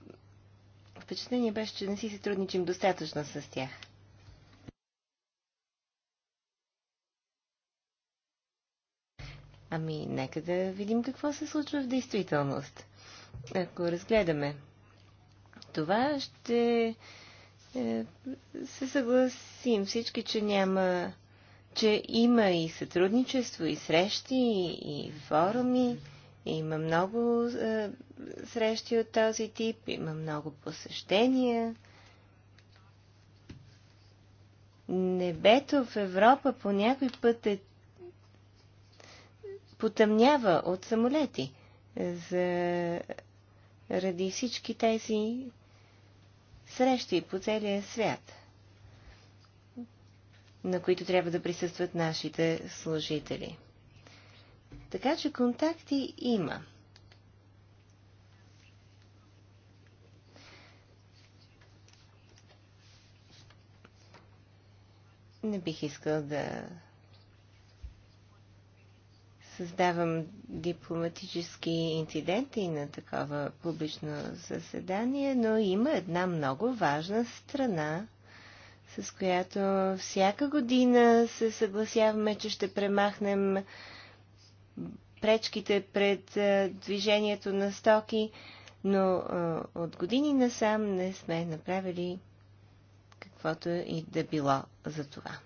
впечатление беше, че не си се трудничим достатъчно с тях. Ами, нека да видим какво се случва в действителност. Ако разгледаме това ще е, се съгласим всички, че няма че има и сътрудничество, и срещи, и форуми. Има много е, срещи от този тип, има много посещения. Небето в Европа по някой път е потъмнява от самолети заради всички тези срещи по целия свят, на които трябва да присъстват нашите служители. Така че контакти има. Не бих искал да създавам дипломатически инциденти на такова публично заседание, но има една много важна страна, с която всяка година се съгласяваме, че ще премахнем пречките пред движението на стоки, но от години насам не сме направили каквото и да било за това.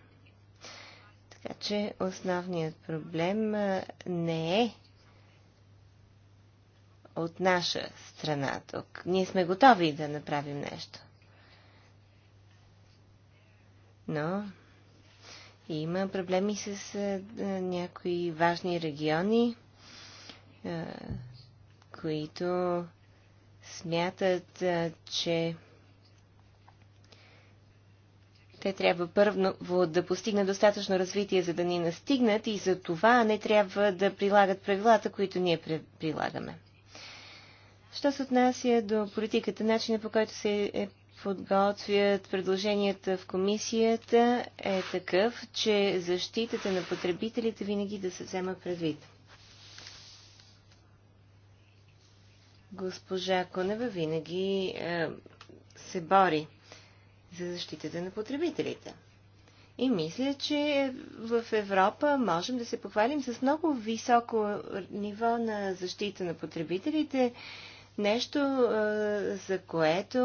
Така че основният проблем не е от наша страна тук. Ние сме готови да направим нещо. Но има проблеми с някои важни региони, които смятат, че те трябва първо да постигнат достатъчно развитие, за да ни настигнат и за това не трябва да прилагат правилата, които ние прилагаме. Що се отнася до политиката, начина по който се е подготвят предложенията в комисията е такъв, че защитата на потребителите винаги да се взема предвид. Госпожа Конева винаги е, се бори за защитата на потребителите. И мисля, че в Европа можем да се похвалим с много високо ниво на защита на потребителите, нещо за което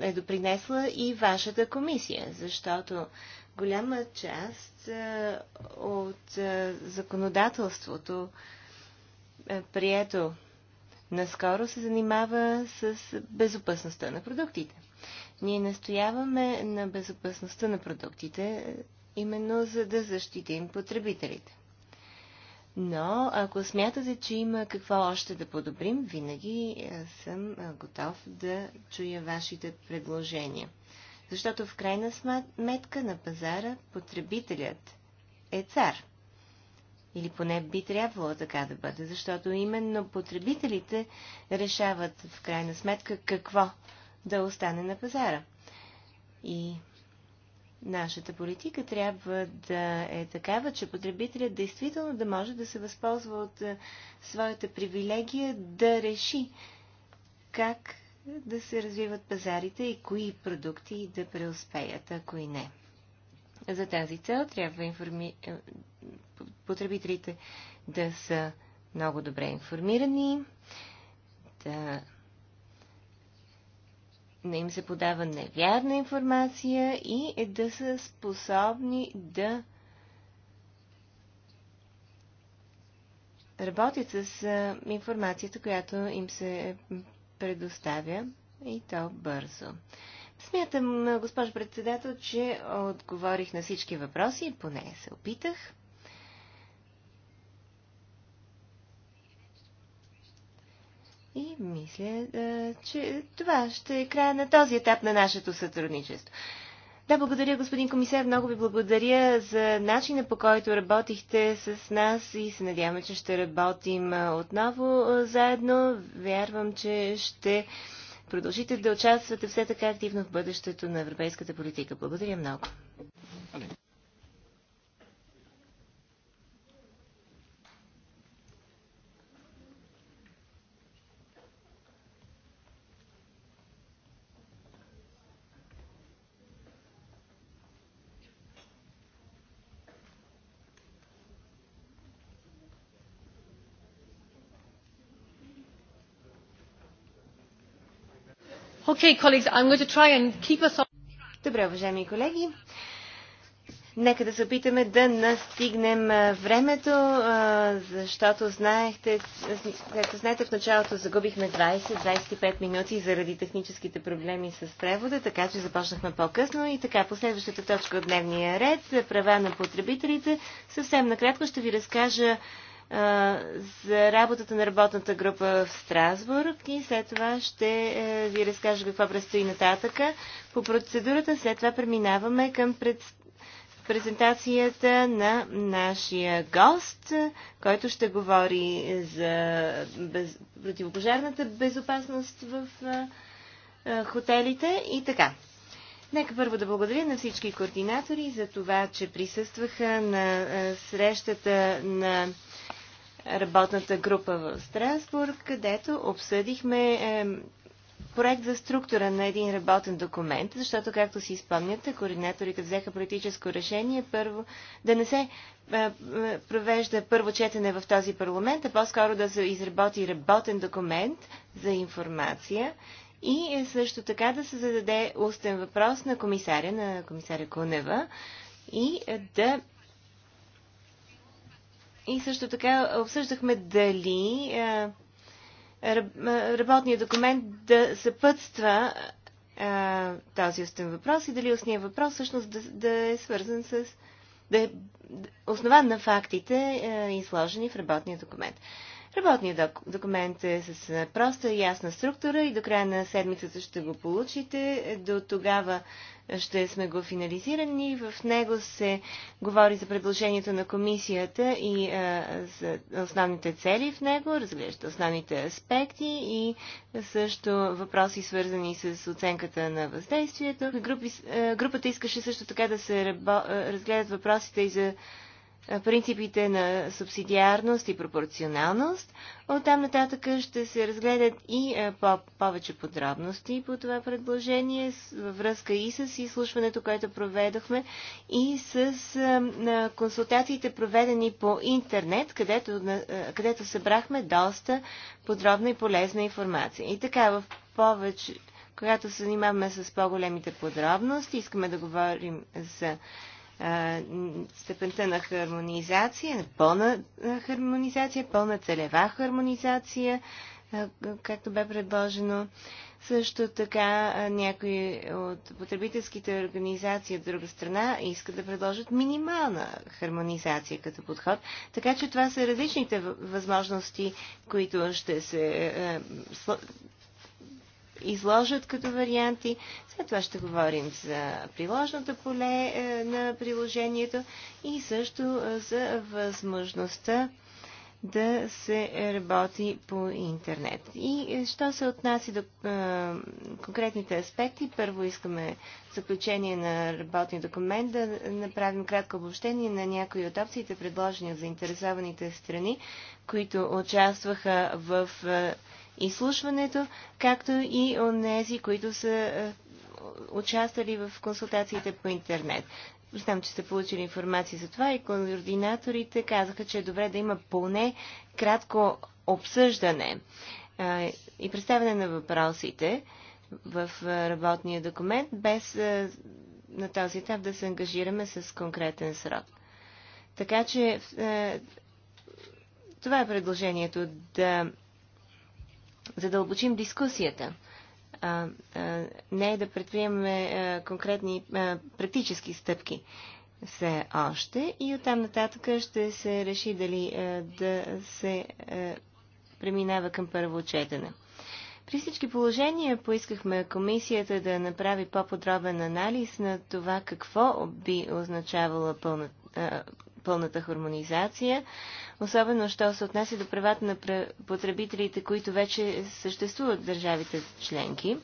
е допринесла и вашата комисия, защото голяма част от законодателството, прието наскоро, се занимава с безопасността на продуктите. Ние настояваме на безопасността на продуктите, именно за да защитим потребителите. Но ако смятате, че има какво още да подобрим, винаги е, съм е, готов да чуя вашите предложения. Защото в крайна сметка на пазара потребителят е цар. Или поне би трябвало така да бъде, защото именно потребителите решават в крайна сметка какво да остане на пазара. И нашата политика трябва да е такава, че потребителят действително да може да се възползва от е, своята привилегия да реши как да се развиват пазарите и кои продукти да преуспеят, а кои не. За тази цел трябва информи... Е, потребителите да са много добре информирани, да не им се подава невярна информация и е да са способни да работят с информацията, която им се предоставя и то бързо. Смятам, госпожо председател, че отговорих на всички въпроси, поне се опитах. мисля, че това ще е края на този етап на нашето сътрудничество. Да, благодаря, господин комисар. Много ви благодаря за начина по който работихте с нас и се надяваме, че ще работим отново заедно. Вярвам, че ще продължите да участвате все така активно в бъдещето на европейската политика. Благодаря много. Добре, уважаеми колеги. Нека да се опитаме да настигнем времето, защото знаехте, както знаете, в началото загубихме 20-25 минути заради техническите проблеми с превода, така че започнахме по-късно и така последващата точка от дневния ред за права на потребителите. Съвсем накратко ще ви разкажа за работата на работната група в Страсбург и след това ще е, ви разкажа какво предстои нататъка. По процедурата след това преминаваме към пред... презентацията на нашия гост, който ще говори за без... противопожарната безопасност в хотелите и така. Нека първо да благодаря на всички координатори за това, че присъстваха на срещата на работната група в Страсбург, където обсъдихме е, проект за структура на един работен документ, защото, както си спомняте, координаторите взеха политическо решение първо да не се е, е, провежда първо четене в този парламент, а по-скоро да се изработи работен документ за информация и също така да се зададе устен въпрос на комисаря, на комисаря Кунева и да и също така обсъждахме дали е, е, работният документ да съпътства е, този устен въпрос и дали устният въпрос всъщност да, да е свързан с да е основан на фактите, изложени в работния документ. Работният документ е с проста и ясна структура и до края на седмицата ще го получите. До тогава ще сме го финализирани. В него се говори за предложението на комисията и а, за основните цели в него, разглежда основните аспекти и също въпроси свързани с оценката на въздействието. Групи, а, групата искаше също така да се разгледат въпросите и за принципите на субсидиарност и пропорционалност. От там нататък ще се разгледат и по- повече подробности по това предложение във връзка и с изслушването, което проведохме, и с а, консултациите проведени по интернет, където, а, където събрахме доста подробна и полезна информация. И така, в повече, когато се занимаваме с по-големите подробности, искаме да говорим за степента на хармонизация, на пълна хармонизация, пълна целева хармонизация, както бе предложено. Също така някои от потребителските организации от друга страна искат да предложат минимална хармонизация като подход. Така че това са различните възможности, които ще се изложат като варианти. След това ще говорим за приложното поле е, на приложението и също е, за възможността да се работи по интернет. И е, що се отнася до е, конкретните аспекти, първо искаме заключение на работния документ да направим кратко обобщение на някои от опциите, предложени от заинтересованите страни, които участваха в е, изслушването, както и тези, които са е, участвали в консултациите по интернет. Знам, че сте получили информация за това и координаторите казаха, че е добре да има поне кратко обсъждане е, и представяне на въпросите в е, работния документ, без на този етап да се ангажираме с конкретен срок. Така че това е предложението да задълбочим дискусията. А, а, не да предприемаме а, конкретни а, практически стъпки все още и оттам нататък ще се реши дали а, да се а, преминава към първо четене. При всички положения поискахме комисията да направи по-подробен анализ на това какво би означавала пълна, а, пълната хармонизация, особено що се отнася до правата на потребителите, които вече съществуват в държавите членки.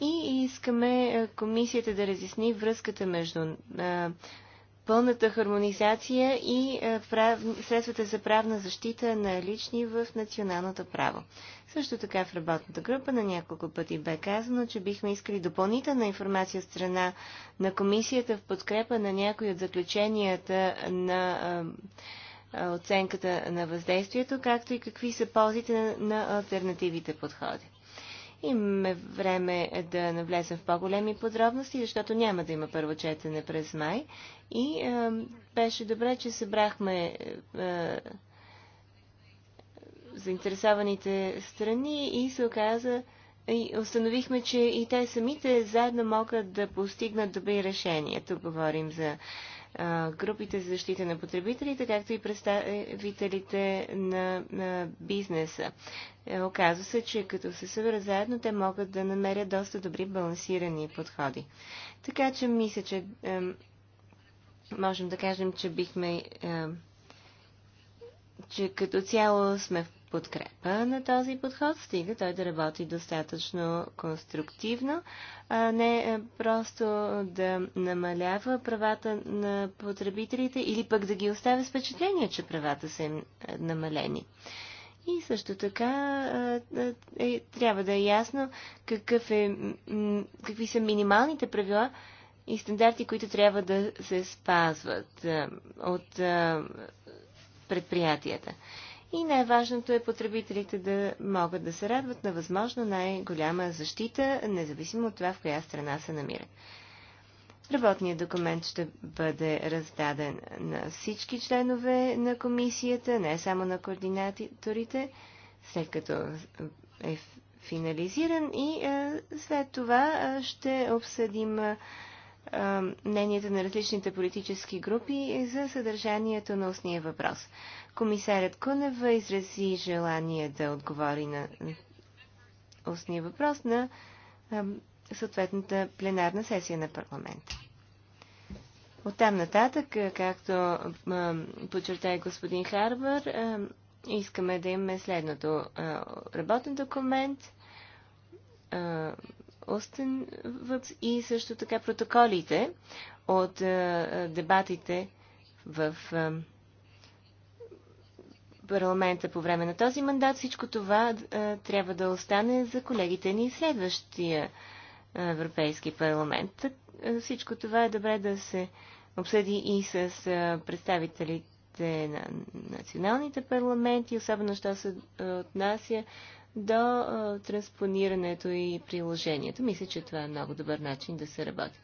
И искаме комисията да разясни връзката между пълната хармонизация и е, прав... средствата за правна защита на лични в националното право. Също така в работната група на няколко пъти бе казано, че бихме искали допълнителна информация от страна на комисията в подкрепа на някои от заключенията на е, е, оценката на въздействието, както и какви са ползите на, на альтернативите подходи. Имаме време да навлезем в по-големи подробности, защото няма да има първо четене през май. И е, беше добре, че събрахме е, е заинтересованите страни и се оказа, и установихме, че и те самите заедно могат да постигнат добри решения. Тук говорим за групите за защита на потребителите, както и представителите на, на бизнеса. Е, оказва се, че като се съберат заедно, те могат да намерят доста добри балансирани подходи. Така че мисля, че е, можем да кажем, че бихме. Е, че като цяло сме в подкрепа на този подход, стига той да работи достатъчно конструктивно, а не просто да намалява правата на потребителите или пък да ги оставя с впечатление, че правата са им намалени. И също така е, трябва да е ясно какъв е, какви са минималните правила и стандарти, които трябва да се спазват от предприятията. И най-важното е потребителите да могат да се радват на възможно най-голяма защита, независимо от това в коя страна се намират. Работният документ ще бъде раздаден на всички членове на комисията, не само на координаторите, след като е финализиран и след това ще обсъдим мненията на различните политически групи за съдържанието на устния въпрос. Комисарят Кунева изрази желание да отговори на устния въпрос на съответната пленарна сесия на парламента. От там нататък, както подчерта и господин Харбър, искаме да имаме следното работен документ, устен и също така протоколите от е, е, дебатите в е, парламента по време на този мандат. Всичко това трябва да остане за колегите ни в следващия Европейски парламент. Всичко това е добре да се обсъди и с представителите на националните парламенти, особено що се отнася до транспонирането и приложението. Мисля, че това е много добър начин да се работи.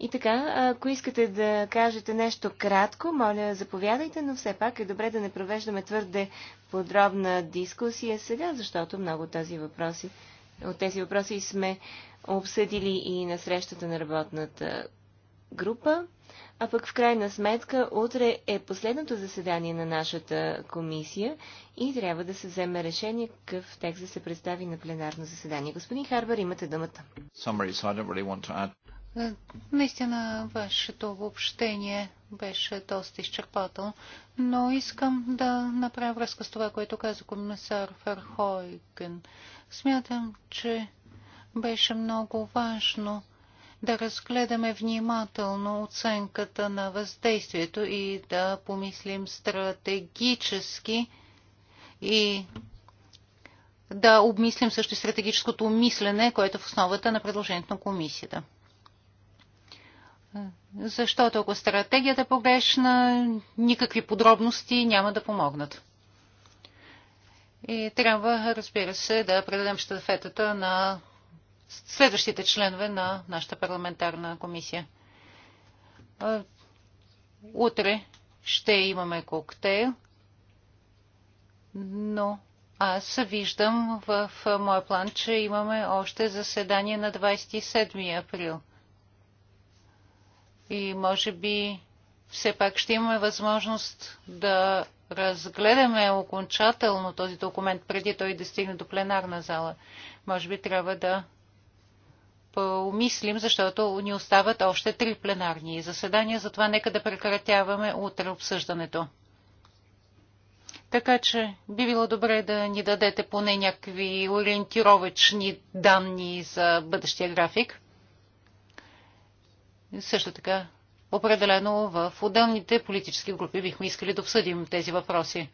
И така, ако искате да кажете нещо кратко, моля, заповядайте, но все пак е добре да не провеждаме твърде подробна дискусия сега, защото много тези въпроси, от тези въпроси сме обсъдили и на срещата на работната група. А пък в крайна сметка утре е последното заседание на нашата комисия и трябва да се вземе решение какъв текст да се представи на пленарно заседание. Господин Харбър, имате думата. Е, наистина, вашето обобщение беше доста изчерпателно, но искам да направя връзка с това, което каза комисар Ферхойген. Смятам, че беше много важно да разгледаме внимателно оценката на въздействието и да помислим стратегически и да обмислим също стратегическото мислене, което е в основата на предложението на комисията. Защото ако стратегията е погрешна, никакви подробности няма да помогнат. И трябва, разбира се, да предадем щафетата на следващите членове на нашата парламентарна комисия. Утре ще имаме коктейл, но аз виждам в моя план, че имаме още заседание на 27 април. И може би все пак ще имаме възможност да разгледаме окончателно този документ, преди той да стигне до пленарна зала. Може би трябва да помислим, защото ни остават още три пленарни заседания, затова нека да прекратяваме утре обсъждането. Така че би било добре да ни дадете поне някакви ориентировачни данни за бъдещия график. Също така Определено в отделните политически групи бихме искали да обсъдим тези въпроси.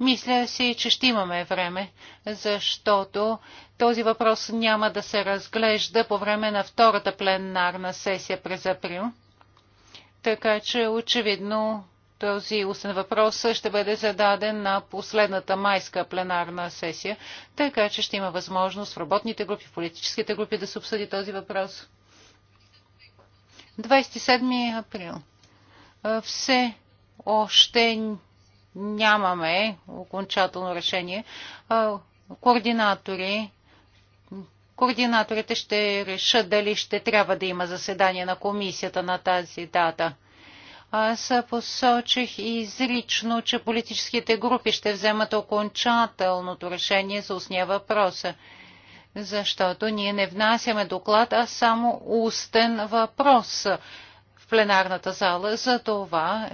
Мисля си, че ще имаме време, защото този въпрос няма да се разглежда по време на втората пленарна сесия през април. Така че очевидно този устен въпрос ще бъде зададен на последната майска пленарна сесия, така че ще има възможност в работните групи, в политическите групи да се обсъди този въпрос. 27 април. Все още нямаме окончателно решение. Координатори координаторите ще решат дали ще трябва да има заседание на комисията на тази дата. Аз посочих изрично, че политическите групи ще вземат окончателното решение за устния въпроса защото ние не внасяме доклад, а само устен въпрос в пленарната зала. За това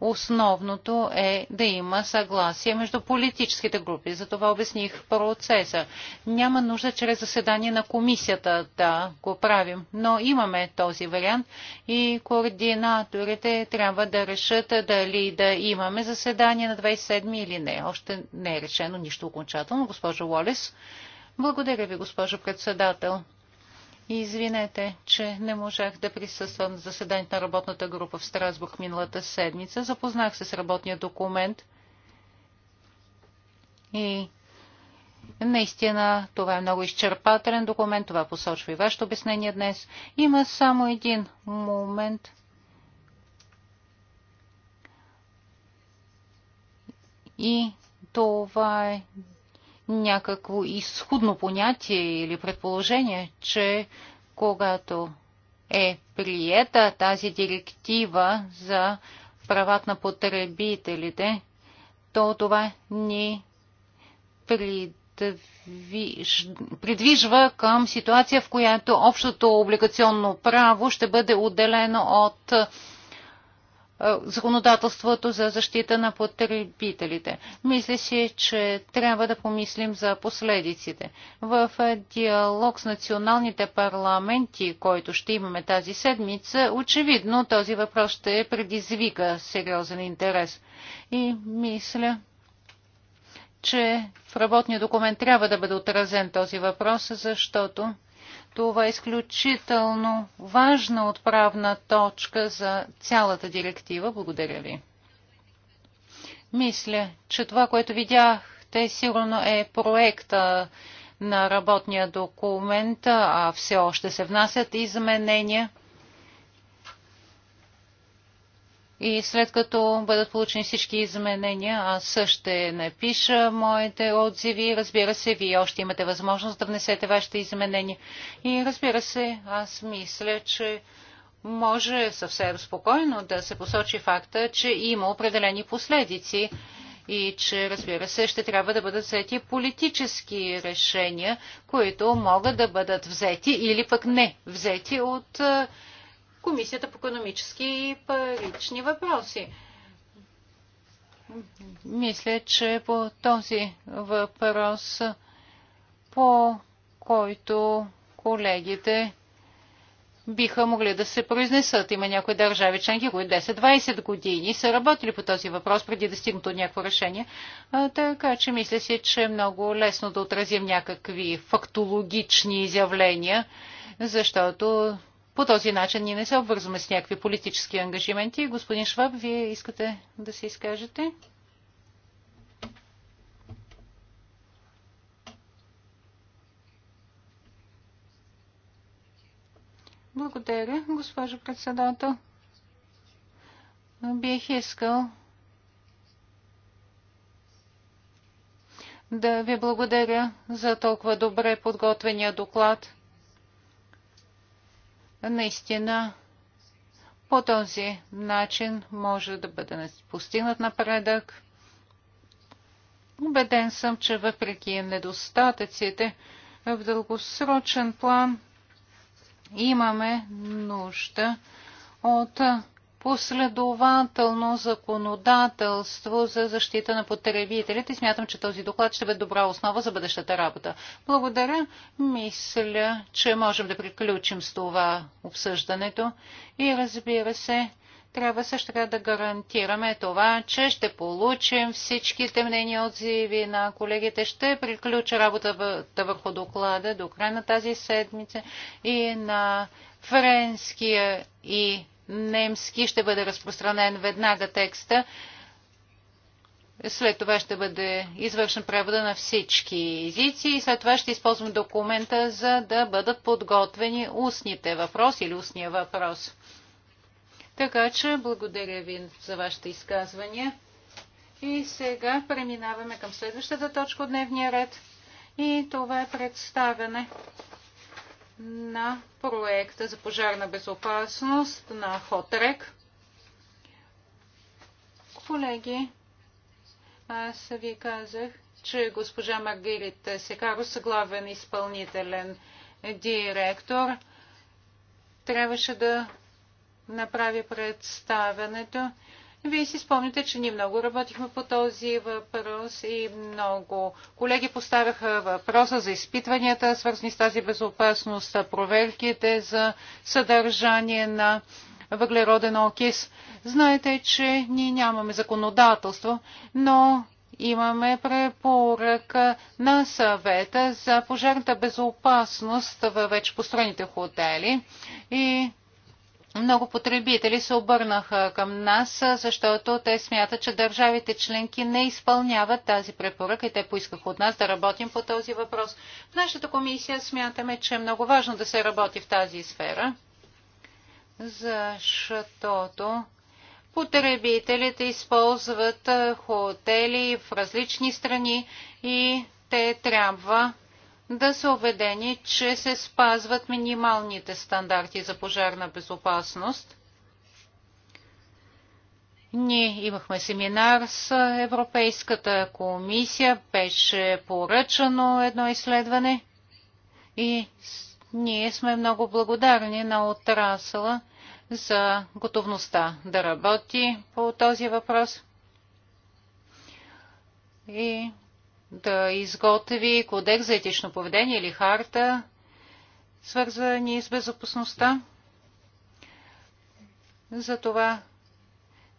основното е да има съгласие между политическите групи. За това обясних процеса. Няма нужда чрез заседание на комисията да го правим, но имаме този вариант и координаторите трябва да решат дали да имаме заседание на 27 или не. Още не е решено нищо окончателно. Госпожо Уолес, благодаря ви, госпожо председател. И извинете, че не можах да присъствам на заседанието на работната група в Страсбург миналата седмица. Запознах се с работния документ и наистина това е много изчерпателен документ. Това посочва и вашето обяснение днес. Има само един момент. И това е някакво изходно понятие или предположение, че когато е приета тази директива за правата на потребителите, то това ни придвиж... придвижва към ситуация, в която общото облигационно право ще бъде отделено от законодателството за защита на потребителите. Мисля си, че трябва да помислим за последиците. В диалог с националните парламенти, който ще имаме тази седмица, очевидно този въпрос ще предизвика сериозен интерес. И мисля, че в работния документ трябва да бъде отразен този въпрос, защото това е изключително важна отправна точка за цялата директива. Благодаря ви. Мисля, че това, което видяхте, сигурно е проекта на работния документ, а все още се внасят изменения. И след като бъдат получени всички изменения, аз ще напиша моите отзиви. Разбира се, вие още имате възможност да внесете вашите изменения. И разбира се, аз мисля, че може съвсем спокойно да се посочи факта, че има определени последици и че, разбира се, ще трябва да бъдат взети политически решения, които могат да бъдат взети или пък не взети от Комисията по економически и парични въпроси. Мисля, че по този въпрос, по който колегите биха могли да се произнесат. Има някои държави членки, които 10-20 години са работили по този въпрос преди да стигнат до някакво решение. А, така че мисля си, че е много лесно да отразим някакви фактологични изявления, защото по този начин ние не се обвързваме с някакви политически ангажименти. Господин Шваб, вие искате да се изкажете? Благодаря, госпожо председател. Бих искал да ви благодаря за толкова добре подготвения доклад наистина по този начин може да бъде постигнат напредък. Убеден съм, че въпреки недостатъците, в дългосрочен план имаме нужда от последователно законодателство за защита на потребителите. И Смятам, че този доклад ще бъде добра основа за бъдещата работа. Благодаря. Мисля, че можем да приключим с това обсъждането. И разбира се, трябва също така да гарантираме това, че ще получим всичките мнения отзиви на колегите. Ще приключа работата върху доклада до края на тази седмица и на френския и немски ще бъде разпространен веднага текста. След това ще бъде извършен превода на всички езици и след това ще използвам документа, за да бъдат подготвени устните въпроси или устния въпрос. Така че благодаря ви за вашите изказвания. И сега преминаваме към следващата точка от дневния ред. И това е представяне на проекта за пожарна безопасност на Хотрек. Колеги, аз ви казах, че госпожа Маргарит Секарус, главен изпълнителен директор, трябваше да направи представянето вие си спомняте, че ние много работихме по този въпрос и много колеги поставяха въпроса за изпитванията, свързани с тази безопасност, проверките за съдържание на въглероден окис. Знаете, че ние нямаме законодателство, но имаме препоръка на съвета за пожарната безопасност във вече построените хотели и много потребители се обърнаха към нас, защото те смятат, че държавите членки не изпълняват тази препоръка и те поискаха от нас да работим по този въпрос. В нашата комисия смятаме, че е много важно да се работи в тази сфера, защото потребителите използват хотели в различни страни и те трябва да са убедени, че се спазват минималните стандарти за пожарна безопасност. Ние имахме семинар с Европейската комисия, беше поръчано едно изследване и ние сме много благодарни на отрасъла за готовността да работи по този въпрос. И да изготви кодекс за етично поведение или харта, свързани с безопасността. Затова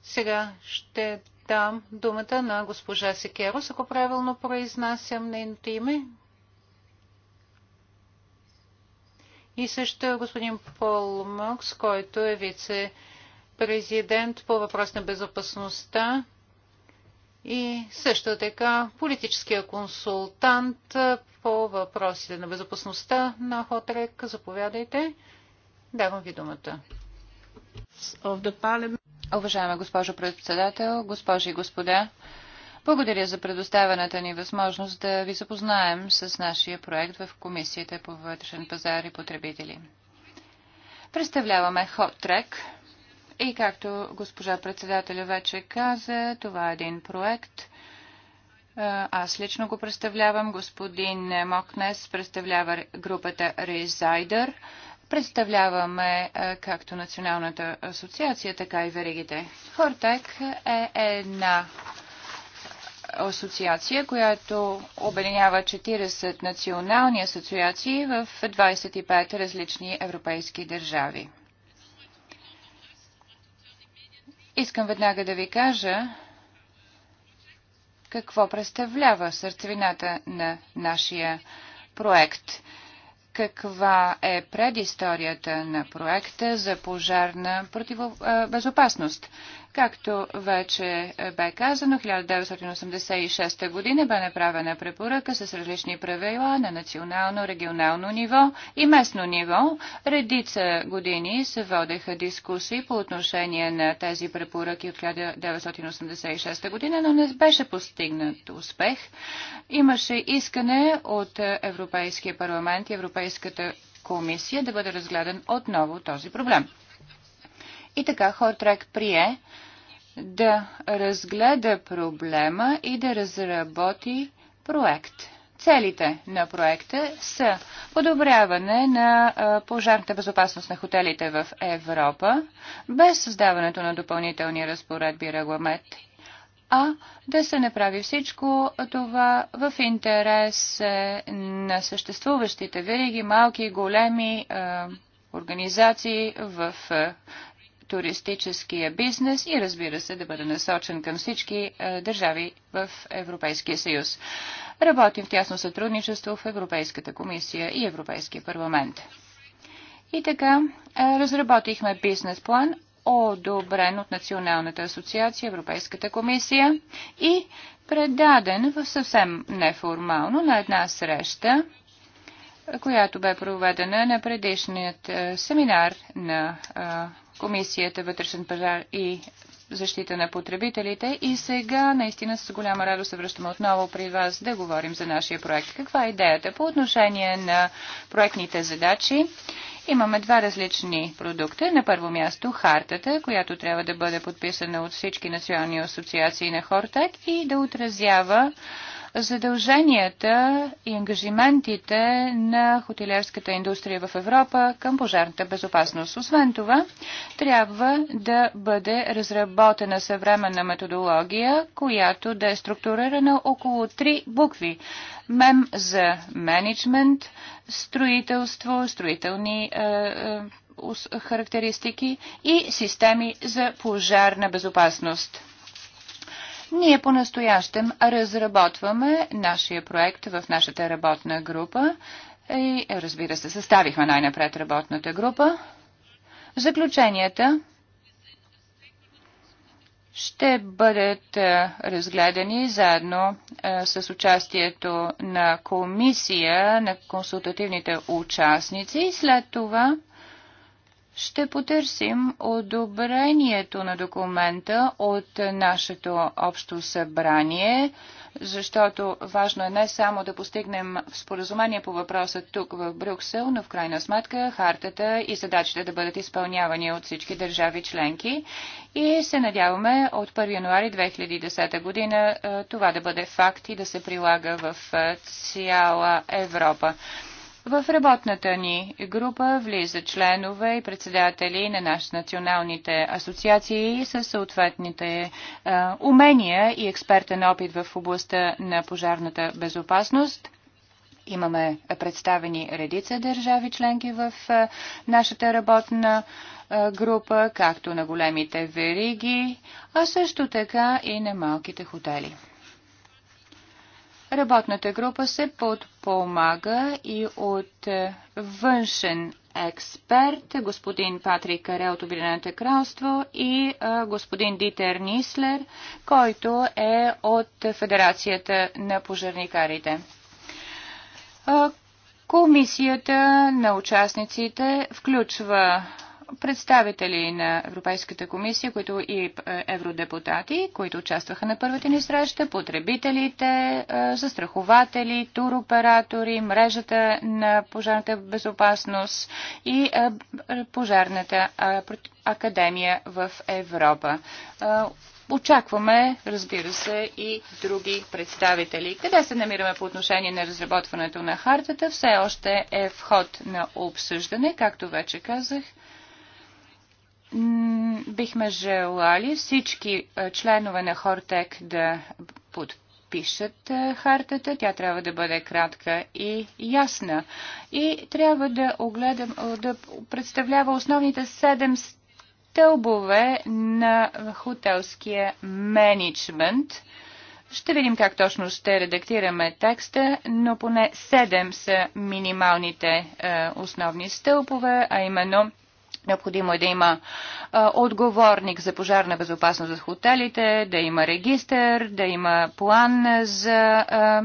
сега ще дам думата на госпожа Секерос, ако правилно произнасям нейното име. И също господин Пол Мокс, който е вице-президент по въпрос на безопасността и също така политическия консултант по въпросите на безопасността на Хотрек. Заповядайте. Давам ви думата. Уважаема госпожо председател, госпожи и господа, благодаря за предоставената ни възможност да ви запознаем с нашия проект в Комисията по вътрешен пазар и потребители. Представляваме Хотрек – и както госпожа председателя вече каза, това е един проект. Аз лично го представлявам. Господин Мокнес представлява групата Резайдър. Представляваме както Националната асоциация, така и веригите. Хортек е една асоциация, която обединява 40 национални асоциации в 25 различни европейски държави. Искам веднага да ви кажа какво представлява сърцевината на нашия проект. Каква е предисторията на проекта за пожарна против... безопасност? Както вече е, бе казано, 1986 година бе направена препоръка с различни правила на национално, регионално ниво и местно ниво. Редица години се водеха дискусии по отношение на тези препоръки от 1986 година, но не беше постигнат успех. Имаше искане от Европейския парламент и Европейската комисия да бъде разгледан отново този проблем. И така Хортрек прие да разгледа проблема и да разработи проект. Целите на проекта са подобряване на пожарната безопасност на хотелите в Европа, без създаването на допълнителни разпоредби и регламент, а да се направи всичко това в интерес е, на съществуващите вериги, малки и големи организации в е, туристическия бизнес и разбира се да бъде насочен към всички е, държави в Европейския съюз. Работим в тясно сътрудничество в Европейската комисия и Европейския парламент. И така, е, разработихме бизнес план, одобрен от Националната асоциация, Европейската комисия и предаден в съвсем неформално на една среща която бе проведена на предишният е, семинар на Комисията вътрешен пазар и защита на потребителите. И сега наистина с голяма радост се връщаме отново при вас да говорим за нашия проект. Каква е идеята по отношение на проектните задачи? Имаме два различни продукта. На първо място хартата, която трябва да бъде подписана от всички национални асоциации на Хортек и да отразява задълженията и ангажиментите на хотелиерската индустрия в Европа към пожарната безопасност. Освен това, трябва да бъде разработена съвременна методология, която да е структурирана около три букви. МЕМ за менеджмент, строителство, строителни е, е, характеристики и системи за пожарна безопасност. Ние по-настоящем разработваме нашия проект в нашата работна група и разбира се, съставихме най-напред работната група. Заключенията ще бъдат е, разгледани заедно е, с участието на комисия на консултативните участници. След това ще потърсим одобрението на документа от нашето общо събрание, защото важно е не само да постигнем споразумение по въпроса тук в Брюксел, но в крайна сметка хартата и задачите да бъдат изпълнявани от всички държави членки и се надяваме от 1 януари 2010 година това да бъде факт и да се прилага в цяла Европа. В работната ни група влизат членове и председатели на наши националните асоциации с съответните е, умения и експертен опит в областта на пожарната безопасност. Имаме представени редица държави членки в е, нашата работна е, група, както на големите вериги, а също така и на малките хотели. Работната група се подпомага и от външен експерт, господин Патрик Каре от Обединеното кралство и господин Дитер Нислер, който е от Федерацията на пожарникарите. Комисията на участниците включва представители на Европейската комисия, които и е, евродепутати, които участваха на първата ни среща, потребителите, е, застрахователи, туроператори, мрежата на пожарната безопасност и е, пожарната академия в Европа. Очакваме, разбира се, и други представители. Къде се намираме по отношение на разработването на хартата? Все още е вход на обсъждане, както вече казах бихме желали всички членове на Хортек да подпишат хартата. Тя трябва да бъде кратка и ясна. И трябва да, огледам, да представлява основните седем стълбове на хотелския менеджмент. Ще видим как точно ще редактираме текста, но поне седем са минималните е, основни стълбове, а именно Необходимо е да има а, отговорник за пожарна безопасност в хотелите, да има регистър, да има план за а,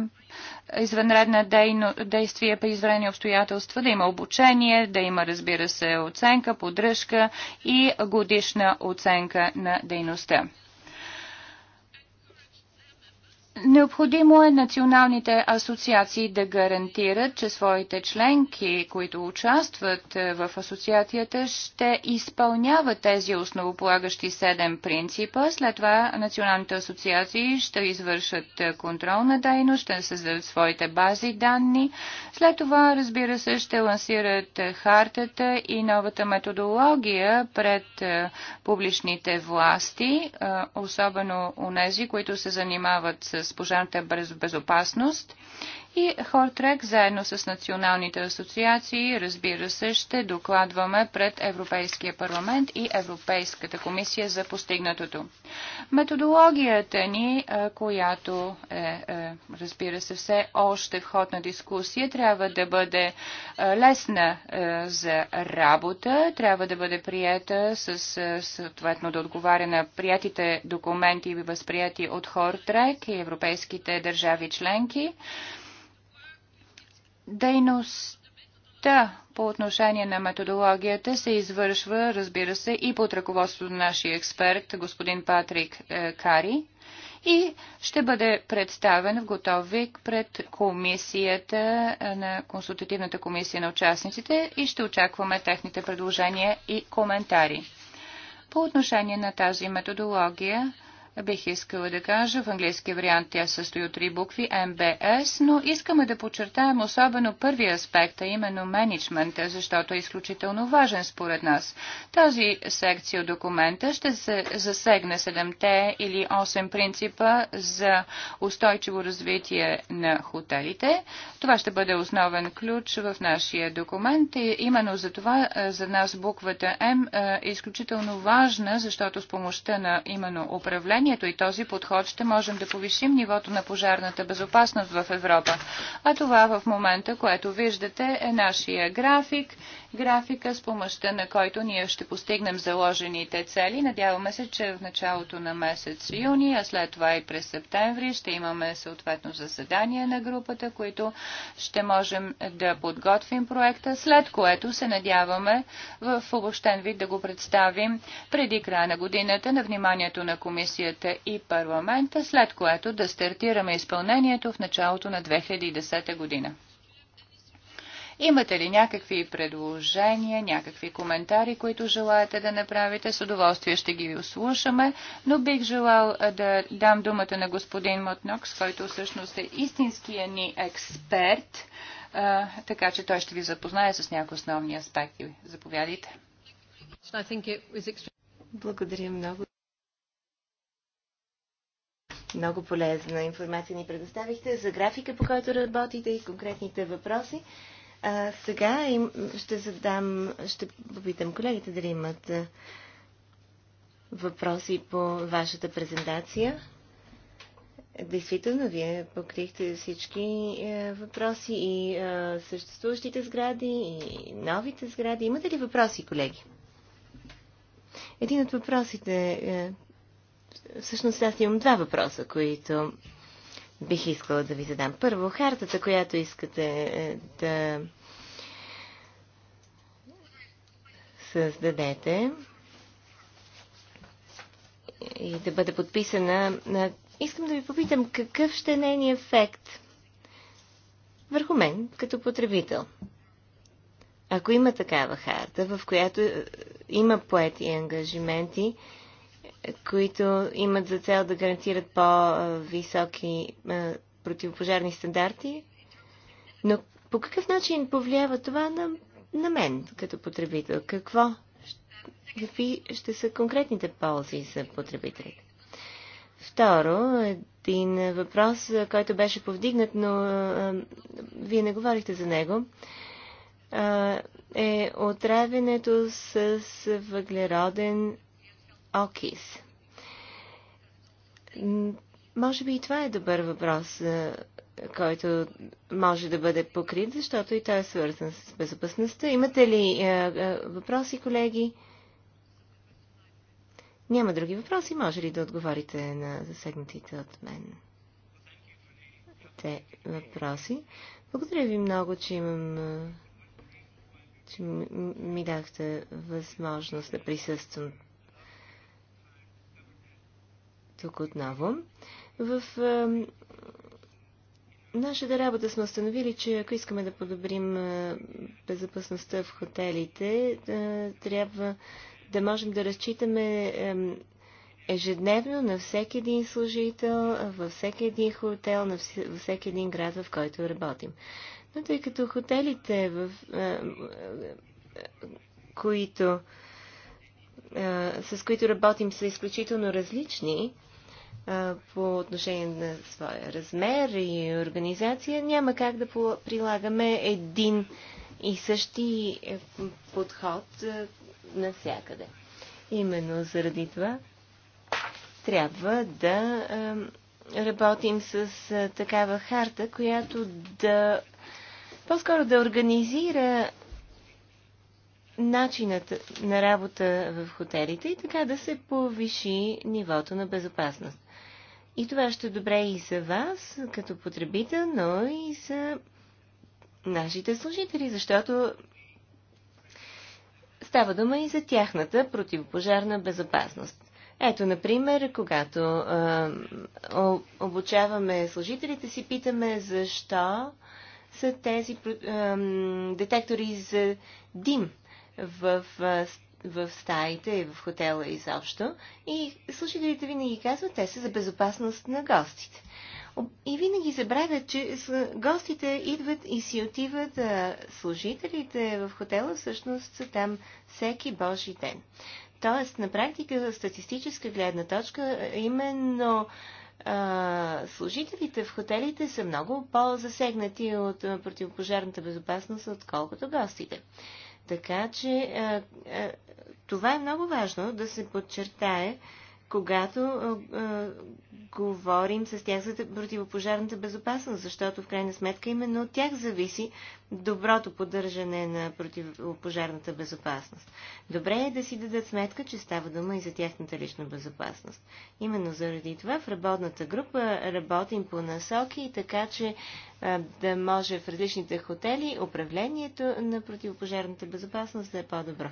извънредна дейно, действие при извънредни обстоятелства, да има обучение, да има, разбира се, оценка, поддръжка и годишна оценка на дейността. Необходимо е националните асоциации да гарантират, че своите членки, които участват е, в асоциацията, ще изпълняват тези основополагащи седем принципа. След това националните асоциации ще извършат е, контролна дейност, ще създадат своите бази данни. След това, разбира се, ще лансират е, хартата и новата методология пред публичните власти, особено у нези, които се занимават с с пожарната безопасност и Хортрек заедно с националните асоциации, разбира се, ще докладваме пред Европейския парламент и Европейската комисия за постигнатото. Методологията ни, която е, е, разбира се, все още вход на дискусия, трябва да бъде лесна за работа, трябва да бъде приета с съответно да отговаря на приятите документи и възприяти от Хортрек и европейските държави членки. Дейността по отношение на методологията се извършва, разбира се, и под ръководството на нашия експерт, господин Патрик е, Кари и ще бъде представен в готов вид пред комисията е, на консултативната комисия на участниците и ще очакваме техните предложения и коментари. По отношение на тази методология, Бих искала да кажа, в английски вариант тя състои от три букви МБС, но искаме да подчертаем особено първия аспект, а именно менеджмента, защото е изключително важен според нас. Тази секция от документа ще се засегне седемте или 8 принципа за устойчиво развитие на хотелите. Това ще бъде основен ключ в нашия документ и именно за това е, за нас буквата М е, е изключително важна, защото с помощта на именно управление населението и този подход ще можем да повишим нивото на пожарната безопасност в Европа. А това в момента, което виждате, е нашия график графика, с помощта на който ние ще постигнем заложените цели. Надяваме се, че в началото на месец юни, а след това и през септември ще имаме съответно заседание на групата, които ще можем да подготвим проекта, след което се надяваме в обобщен вид да го представим преди края на годината на вниманието на комисията и парламента, след което да стартираме изпълнението в началото на 2010 година. Имате ли някакви предложения, някакви коментари, които желаете да направите? С удоволствие ще ги услушаме, но бих желал да дам думата на господин Мотнокс, който всъщност е истинския ни експерт, така че той ще ви запознае с някои основни аспекти. Заповядайте. Благодаря много. Много полезна информация ни предоставихте за графика, по който работите и конкретните въпроси. А, сега им, ще задам, ще попитам колегите дали имат въпроси по вашата презентация. Действително, вие покрихте всички е, въпроси и е, съществуващите сгради, и новите сгради. Имате ли въпроси, колеги? Един от въпросите, е, всъщност аз имам два въпроса, които бих искала да ви задам. Първо, хартата, която искате е, да създадете и да бъде подписана, искам да ви попитам какъв ще е нейният ефект върху мен като потребител. Ако има такава харта, в която е, има поети и ангажименти, които имат за цел да гарантират по-високи противопожарни стандарти. Но по какъв начин повлиява това на, на мен като потребител? Какво? Какви ще са конкретните ползи за потребителите? Второ, един въпрос, който беше повдигнат, но а, вие не говорихте за него, а, е отравянето с въглероден ОКИС. Може би и това е добър въпрос, който може да бъде покрит, защото и той е свързан с безопасността. Имате ли въпроси, колеги? Няма други въпроси. Може ли да отговорите на засегнатите от мен? Те въпроси. Благодаря ви много, че имам че ми дахте възможност да присъствам тук отново. В нашата работа сме установили, че ако искаме да подобрим безопасността в хотелите, трябва да можем да разчитаме ежедневно на всеки един служител, във всеки един хотел, на във всеки един град, в който работим. Но тъй като хотелите, в които с които работим са изключително различни, по отношение на своя размер и организация, няма как да прилагаме един и същи е, подход навсякъде. Именно заради това трябва да работим с такава харта, която да по-скоро да организира начинът на работа в хотелите и така да се повиши нивото на безопасност. И това ще е добре и за вас, като потребител, но и за нашите служители, защото става дума и за тяхната противопожарна безопасност. Ето, например, когато а, е, обучаваме служителите си, питаме защо са тези а, е, детектори за дим в а, в стаите и в хотела изобщо. И слушателите винаги казват, те са за безопасност на гостите. И винаги забравят, че гостите идват и си отиват, а служителите в хотела всъщност са там всеки божи ден. Тоест, на практика, в статистическа гледна точка, именно а, служителите в хотелите са много по-засегнати от противопожарната безопасност, отколкото гостите. Така че е, е, това е много важно да се подчертае когато а, а, говорим с тях за противопожарната безопасност, защото в крайна сметка именно от тях зависи доброто поддържане на противопожарната безопасност. Добре е да си дадат сметка, че става дума и за тяхната лична безопасност. Именно заради това в работната група работим по насоки, така че а, да може в различните хотели управлението на противопожарната безопасност да е по-добро.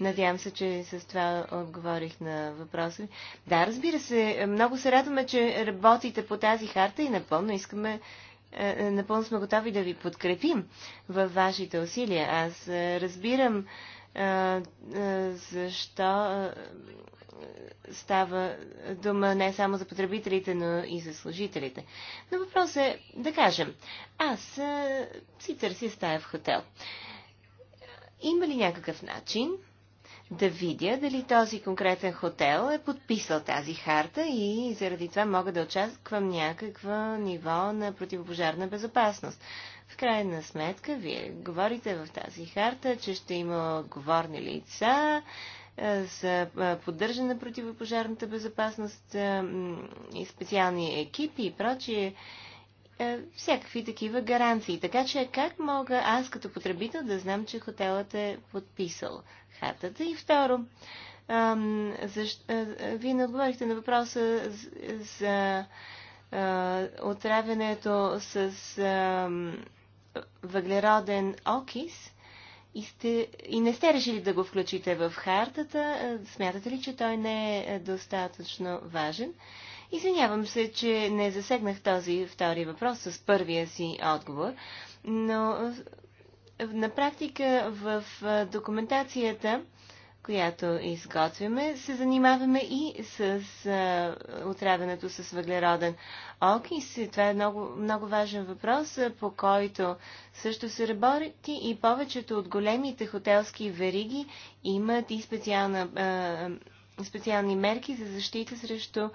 Надявам се, че с това отговорих на въпроса ви. Да, разбира се, много се радваме, че работите по тази харта и напълно искаме е, е, напълно сме готови да ви подкрепим във вашите усилия. Аз е, разбирам защо става дума не само за потребителите, но и за служителите. Но въпрос е, да кажем, аз си търся стая в хотел. Има ли някакъв начин да видя дали този конкретен хотел е подписал тази харта и заради това мога да очаквам някаква ниво на противопожарна безопасност. В крайна сметка, вие говорите в тази харта, че ще има отговорни лица е, за е, поддържане на противопожарната безопасност е, и специални екипи и прочие. Е, всякакви такива гаранции. Така че как мога аз като потребител да знам, че хотелът е подписал хартата? И второ, вие не отговорихте на въпроса за отравянето с въглероден окис и, сте, и не сте решили да го включите в хартата. Смятате ли, че той не е, е достатъчно важен? Извинявам се, че не засегнах този втори въпрос с първия си отговор, но на практика в документацията, която изготвяме, се занимаваме и с а, отравянето с въглероден окис. Това е много, много важен въпрос, по който също се работи и повечето от големите хотелски вериги имат и специална, а, специални мерки за защита срещу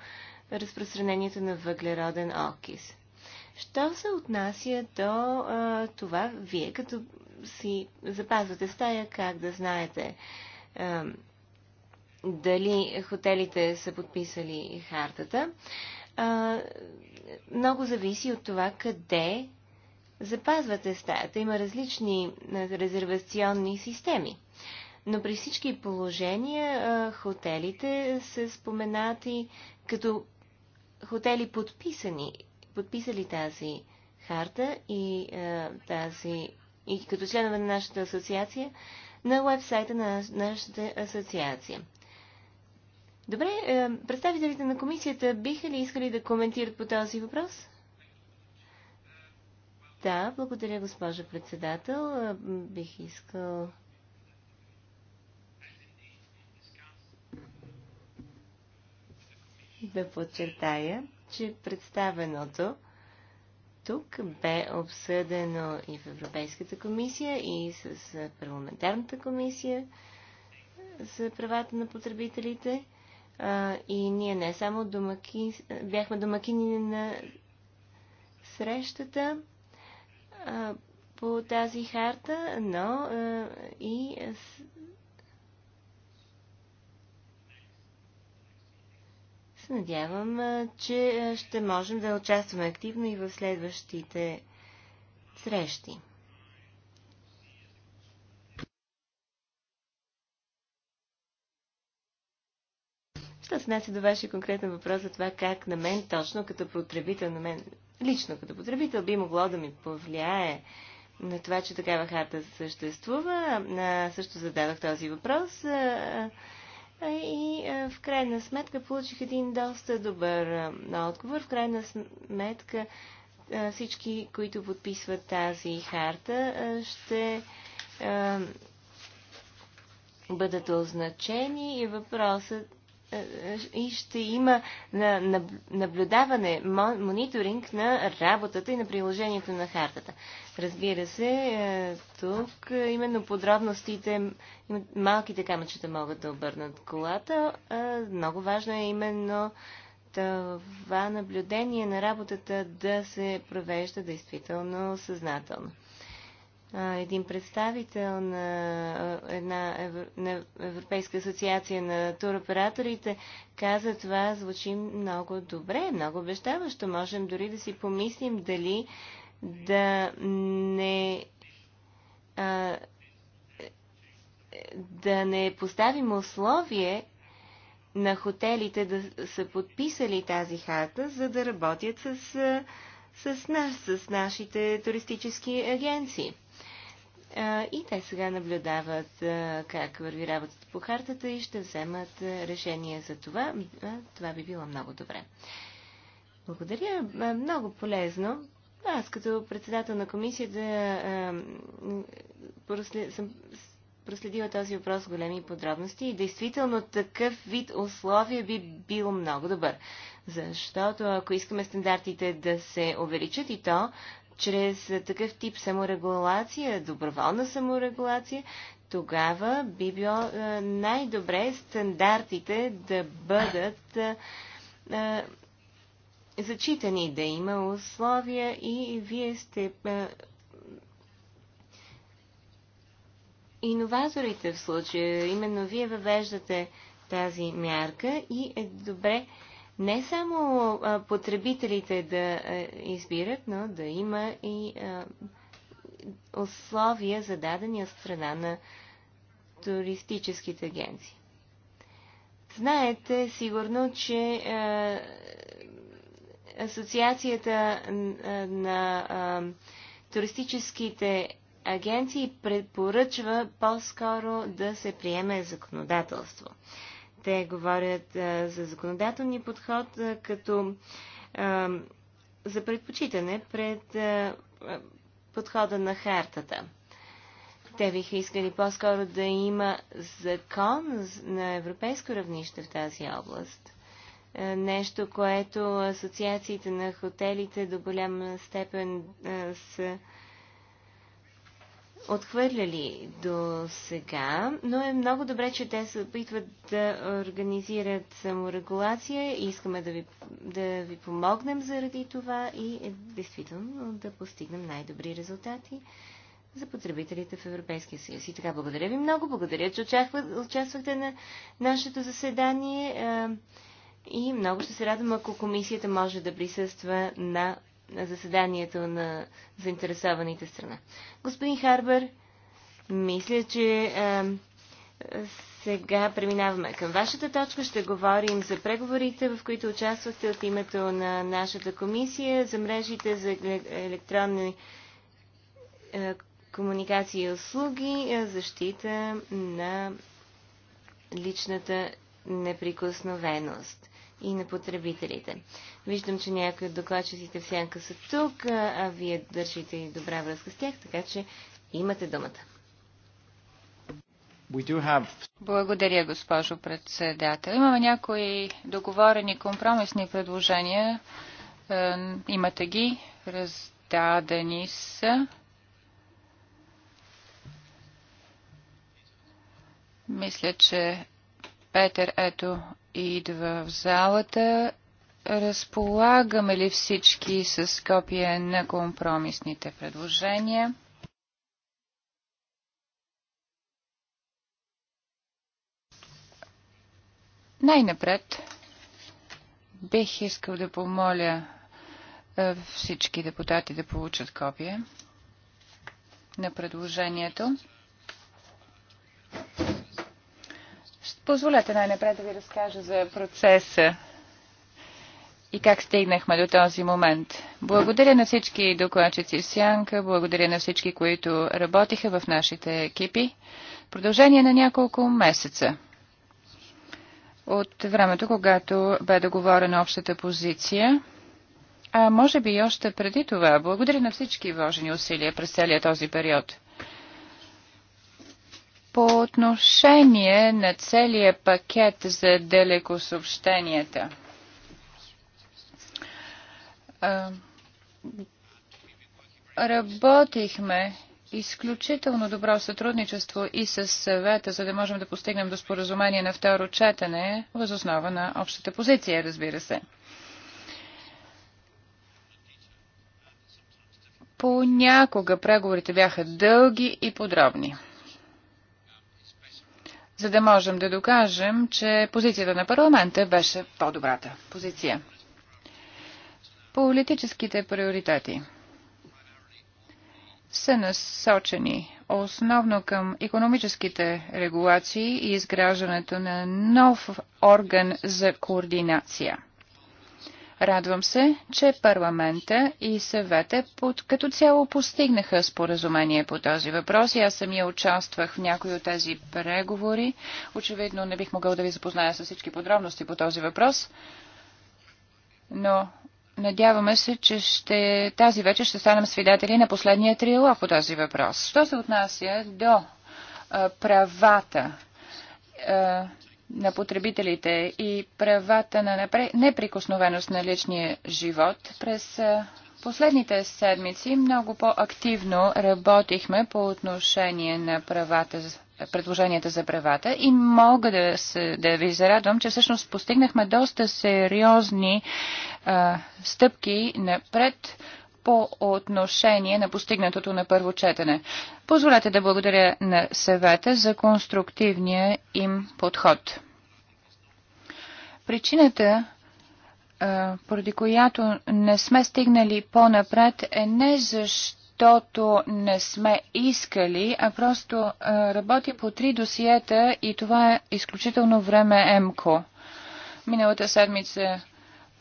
разпространението на въглероден окис. Що се отнася до а, това, вие като си запазвате стая, как да знаете а, дали хотелите са подписали хартата, а, много зависи от това къде запазвате стаята. Има различни резервационни системи. Но при всички положения хотелите са споменати като хотели подписани, подписали тази харта и а, е, тази и като членове на нашата асоциация на вебсайта на нашата асоциация. Добре, е, представителите на комисията биха ли искали да коментират по този въпрос? Да, благодаря, госпожа председател. Е, бих искал да подчертая, че представеното тук бе обсъдено и в Европейската комисия, и с парламентарната комисия за правата на потребителите. И ние не само домаки, бяхме домакини на срещата по тази харта, но и се надявам, че ще можем да участваме активно и в следващите срещи. Що се нася до вашия конкретен въпрос за това как на мен точно като потребител, на мен лично като потребител би могло да ми повлияе на това, че такава харта съществува. също зададох този въпрос. А, и в крайна сметка получих един доста добър отговор. В крайна сметка всички, които подписват тази харта, ще бъдат означени и въпросът и ще има наблюдаване, мониторинг на работата и на приложението на хартата. Разбира се, е, тук именно подробностите, малките камъчета могат да обърнат колата. Е, много важно е именно това наблюдение на работата да се провежда действително съзнателно един представител на една евро, на Европейска асоциация на туроператорите каза това звучи много добре, много обещаващо. Можем дори да си помислим дали да не а, да не поставим условие на хотелите да са подписали тази харта, за да работят с, с нас, с нашите туристически агенции. И те сега наблюдават как върви работата по хартата и ще вземат решение за това. Това би било много добре. Благодаря. Много полезно. Аз като председател на комисията съм проследила този въпрос в големи подробности и действително такъв вид условия би бил много добър. Защото ако искаме стандартите да се увеличат и то чрез такъв тип саморегулация, доброволна саморегулация, тогава би било е, най-добре стандартите да бъдат е, е, зачитани, да има условия и вие сте иноваторите в случая. Именно вие въвеждате тази мярка и е добре не само потребителите да избират, но да има и условия дадени от страна на туристическите агенции. Знаете сигурно, че Асоциацията на туристическите агенции препоръчва по-скоро да се приеме законодателство. Те говорят а, за законодателни подход а, като а, за предпочитане пред а, подхода на хартата. Те биха искали по-скоро да има закон на европейско равнище в тази област. Нещо, което асоциациите на хотелите до голяма степен са отхвърляли до сега, но е много добре, че те се опитват да организират саморегулация. Искаме да ви, да ви помогнем заради това и е, действително да постигнем най-добри резултати за потребителите в Европейския съюз. И така, благодаря ви много, благодаря, че участвахте на нашето заседание и много ще се радвам, ако комисията може да присъства на на заседанието на заинтересованите страна. Господин Харбър, мисля, че а, сега преминаваме към вашата точка. Ще говорим за преговорите, в които участвахте от името на нашата комисия за мрежите за електронни а, комуникации и услуги, а, защита на личната неприкосновеност и на потребителите. Виждам, че някои от докладчиците в сянка са тук, а вие държите и добра връзка с тях, така че имате думата. Have... Благодаря, госпожо председател. Имаме някои договорени компромисни предложения. Е, имате ги. Раздадени са. Мисля, че Петър, ето, идва в залата. Разполагаме ли всички с копия на компромисните предложения? Най-напред бих искал да помоля е, всички депутати да получат копия на предложението. Позволете най-напред да ви разкажа за процеса и как стигнахме до този момент. Благодаря на всички докладчици в Сянка, благодаря на всички, които работиха в нашите екипи. Продължение на няколко месеца от времето, когато бе договорена общата позиция. А може би и още преди това. Благодаря на всички вложени усилия през целия този период. По отношение на целия пакет за далекосъобщенията, работихме изключително добро сътрудничество и с съвета, за да можем да постигнем до споразумение на второ четене, възоснова на общата позиция, разбира се. Понякога преговорите бяха дълги и подробни за да можем да докажем, че позицията на парламента беше по-добрата позиция. Политическите приоритети са насочени основно към економическите регулации и изграждането на нов орган за координация – Радвам се, че парламента и съвета под, като цяло постигнаха споразумение по този въпрос аз самия участвах в някои от тези преговори. Очевидно не бих могъл да ви запозная с всички подробности по този въпрос, но Надяваме се, че ще, тази вечер ще станем свидетели на последния триалог по този въпрос. Що се отнася до а, правата? А, на потребителите и правата на неприкосновеност на личния живот през последните седмици много по-активно работихме по отношение на правата, предложенията за правата и мога да, се, да ви зарадвам, че всъщност постигнахме доста сериозни а, стъпки напред по отношение на постигнатото на първо четене. Позволете да благодаря на съвета за конструктивния им подход. Причината, поради която не сме стигнали по-напред, е не защото защото не сме искали, а просто а, работи по три досиета и това е изключително време емко. Миналата седмица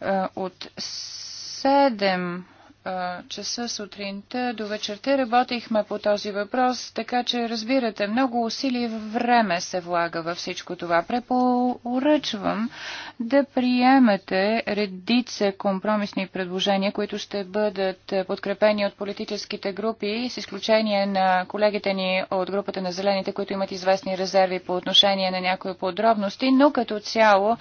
а, от 7 часа сутринта до вечерта работихме по този въпрос, така че разбирате, много усилие време се влага във всичко това. Препоръчвам да приемете редица компромисни предложения, които ще бъдат подкрепени от политическите групи, с изключение на колегите ни от групата на зелените, които имат известни резерви по отношение на някои подробности, но като цяло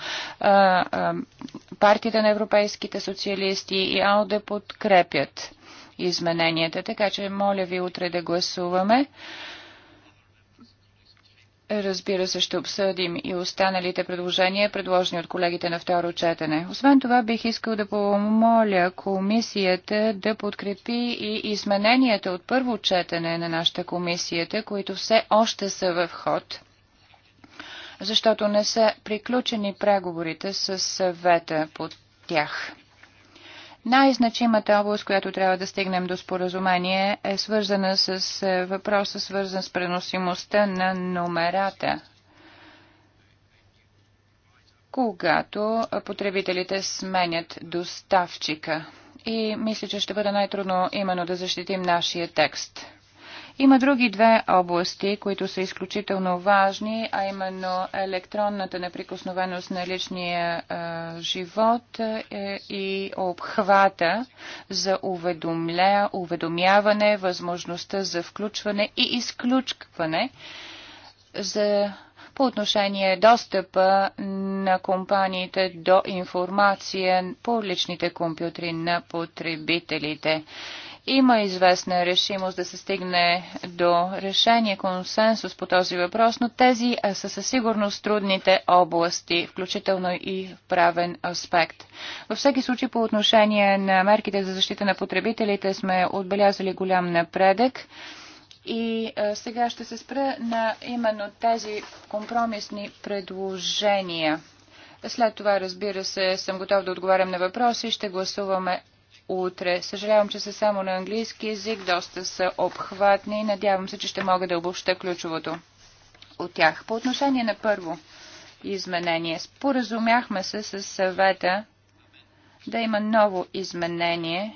партията на европейските социалисти и АОД подкрепят подкрепят измененията. Така че, моля ви утре да гласуваме. Разбира се, ще обсъдим и останалите предложения, предложени от колегите на второ четене. Освен това, бих искал да помоля комисията да подкрепи и измененията от първо четене на нашата комисията, които все още са в ход, защото не са приключени преговорите с съвета по тях. Най-значимата област, която трябва да стигнем до споразумение, е свързана с е, въпроса, свързан с преносимостта на номерата когато потребителите сменят доставчика. И мисля, че ще бъде най-трудно именно да защитим нашия текст. Има други две области, които са изключително важни, а именно електронната неприкосновеност на личния живот е, и обхвата за уведомля, уведомяване, възможността за включване и изключване за по отношение достъпа на компаниите до информация по личните компютри на потребителите има известна решимост да се стигне до решение, консенсус по този въпрос, но тези са със сигурност трудните области, включително и в правен аспект. Във всеки случай по отношение на мерките за защита на потребителите сме отбелязали голям напредък. И сега ще се спра на именно тези компромисни предложения. След това, разбира се, съм готов да отговарям на въпроси. Ще гласуваме утре. Съжалявам, че са само на английски язик, доста са обхватни. и Надявам се, че ще мога да обобща ключовото от тях. По отношение на първо изменение, споразумяхме се с съвета да има ново изменение,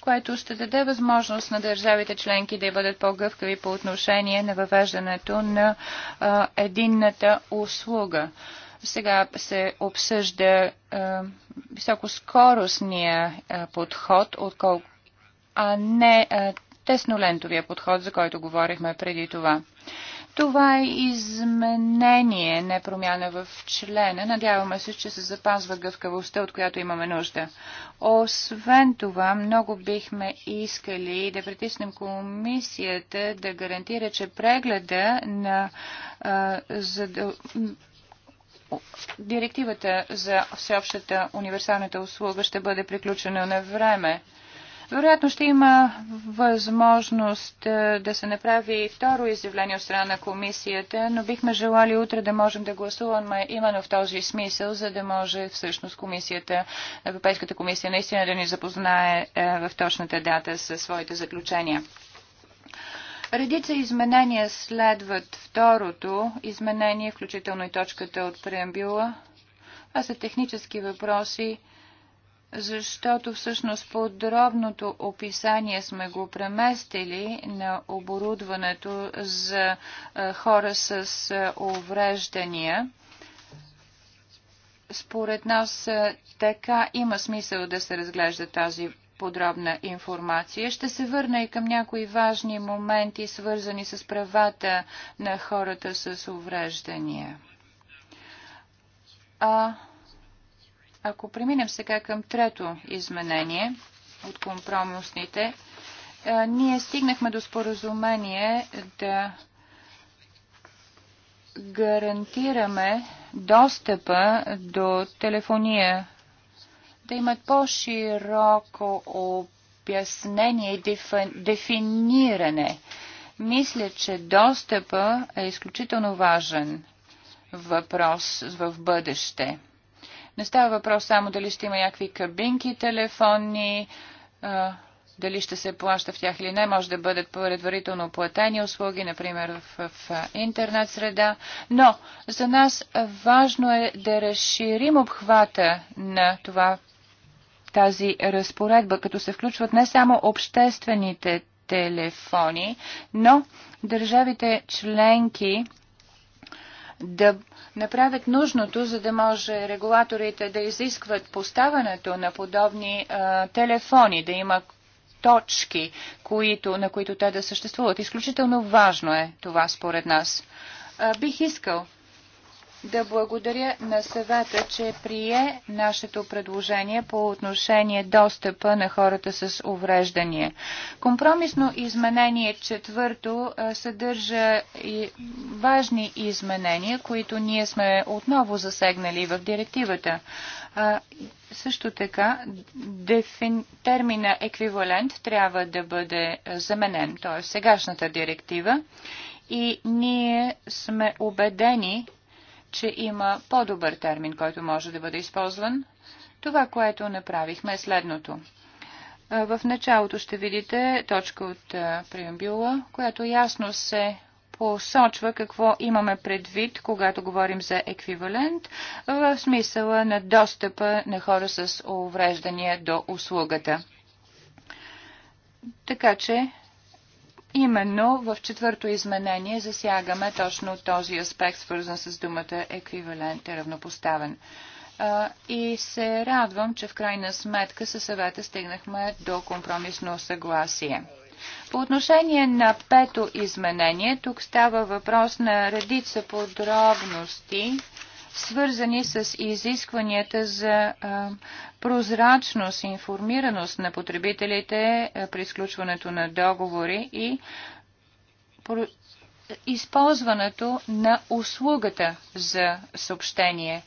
което ще даде възможност на държавите членки да бъдат по-гъвкави по отношение на въвеждането на а, единната услуга. Сега се обсъжда е, високоскоростния е, подход, откол... а не е, теснолентовия подход, за който говорихме преди това. Това е изменение, не промяна в члена. Надяваме се, че се запазва гъвкавостта, от която имаме нужда. Освен това, много бихме искали да притиснем комисията да гарантира, че прегледа на а, е, задъл директивата за всеобщата универсалната услуга ще бъде приключена на време. Вероятно ще има възможност е, да се направи второ изявление от страна на комисията, но бихме желали утре да можем да гласуваме именно в този смисъл, за да може всъщност комисията, Европейската комисия наистина да ни запознае е, в точната дата със своите заключения. Редица изменения следват второто изменение, включително и точката от преамбюла. Това са технически въпроси, защото всъщност подробното описание сме го преместили на оборудването за хора с увреждания според нас така има смисъл да се разглежда този подробна информация. Ще се върна и към някои важни моменти, свързани с правата на хората с увреждания. А ако преминем сега към трето изменение от компромисните, ние стигнахме до споразумение да гарантираме достъпа до телефония да имат по-широко обяснение и дефи... дефиниране. Мисля, че достъпа е изключително важен въпрос в бъдеще. Не става въпрос само дали ще има някакви кабинки телефонни, дали ще се плаща в тях или не, може да бъдат предварително платени услуги, например в, в интернет среда. Но за нас важно е да разширим обхвата на това тази разпоредба, като се включват не само обществените телефони, но държавите членки да направят нужното, за да може регулаторите да изискват поставането на подобни а, телефони, да има точки, които, на които те да съществуват. Изключително важно е това според нас. А, бих искал да благодаря на съвета, че прие нашето предложение по отношение достъпа на хората с увреждания. Компромисно изменение четвърто съдържа и важни изменения, които ние сме отново засегнали в директивата. А, също така, дефин, термина еквивалент трябва да бъде заменен, т.е. сегашната директива. И ние сме убедени, че има по-добър термин, който може да бъде използван. Това, което направихме е следното. В началото ще видите точка от преамбюла, която ясно се посочва какво имаме предвид, когато говорим за еквивалент, в смисъла на достъпа на хора с увреждания до услугата. Така че Именно в четвърто изменение засягаме точно този аспект, свързан с думата еквивалент е равнопоставен. И се радвам, че в крайна сметка със съвета стигнахме до компромисно съгласие. По отношение на пето изменение, тук става въпрос на редица подробности свързани с изискванията за прозрачност, информираност на потребителите при изключването на договори и използването на услугата за съобщение.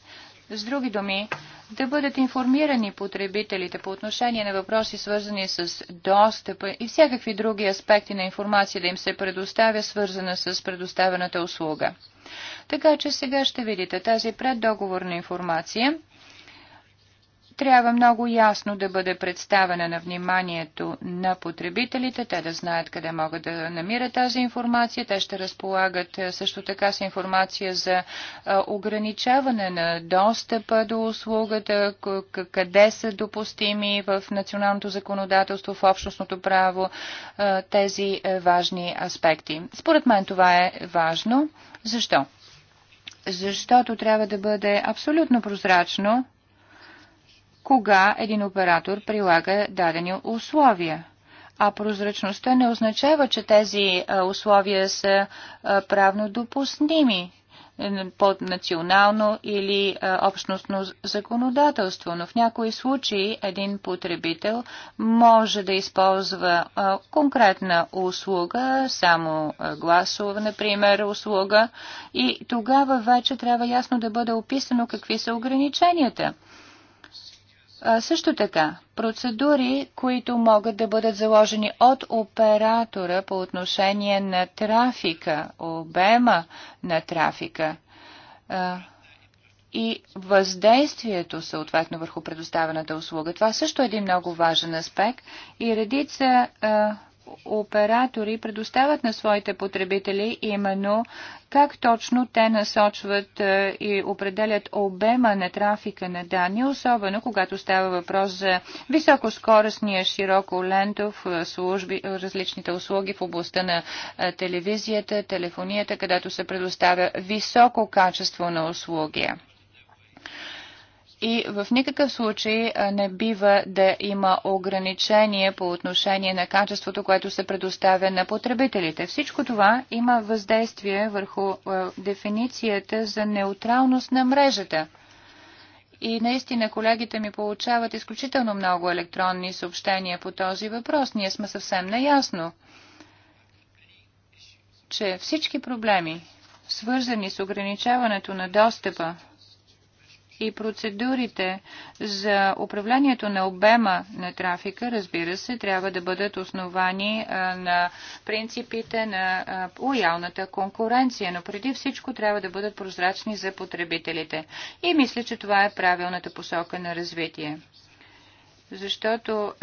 С други думи, да бъдат информирани потребителите по отношение на въпроси, свързани с достъпа и всякакви други аспекти на информация да им се предоставя, свързана с предоставената услуга. Така че сега ще видите тази преддоговорна информация трябва много ясно да бъде представена на вниманието на потребителите, те да знаят къде могат да намират тази информация, те ще разполагат е, също така с информация за е, ограничаване на достъпа до услугата, къде са допустими в националното законодателство, в общностното право е, тези важни аспекти. Според мен това е важно. Защо? защото трябва да бъде абсолютно прозрачно кога един оператор прилага дадени условия. А прозрачността не означава, че тези условия са правно допустими под национално или общностно законодателство, но в някои случаи един потребител може да използва конкретна услуга, само гласова, например, услуга и тогава вече трябва ясно да бъде описано какви са ограниченията. Също така, процедури, които могат да бъдат заложени от оператора по отношение на трафика, обема на трафика и въздействието съответно върху предоставената услуга. Това също е един много важен аспект и редица оператори предоставят на своите потребители именно как точно те насочват е, и определят обема на трафика на данни, особено когато става въпрос за високоскоростния широко лентов е, служби, различните услуги в областта на е, телевизията, телефонията, където се предоставя високо качество на услуги и в никакъв случай не бива да има ограничение по отношение на качеството, което се предоставя на потребителите. Всичко това има въздействие върху дефиницията за неутралност на мрежата. И наистина колегите ми получават изключително много електронни съобщения по този въпрос. Ние сме съвсем наясно, че всички проблеми, свързани с ограничаването на достъпа и процедурите за управлението на обема на трафика, разбира се, трябва да бъдат основани на принципите на лоялната конкуренция, но преди всичко трябва да бъдат прозрачни за потребителите. И мисля, че това е правилната посока на развитие. Защото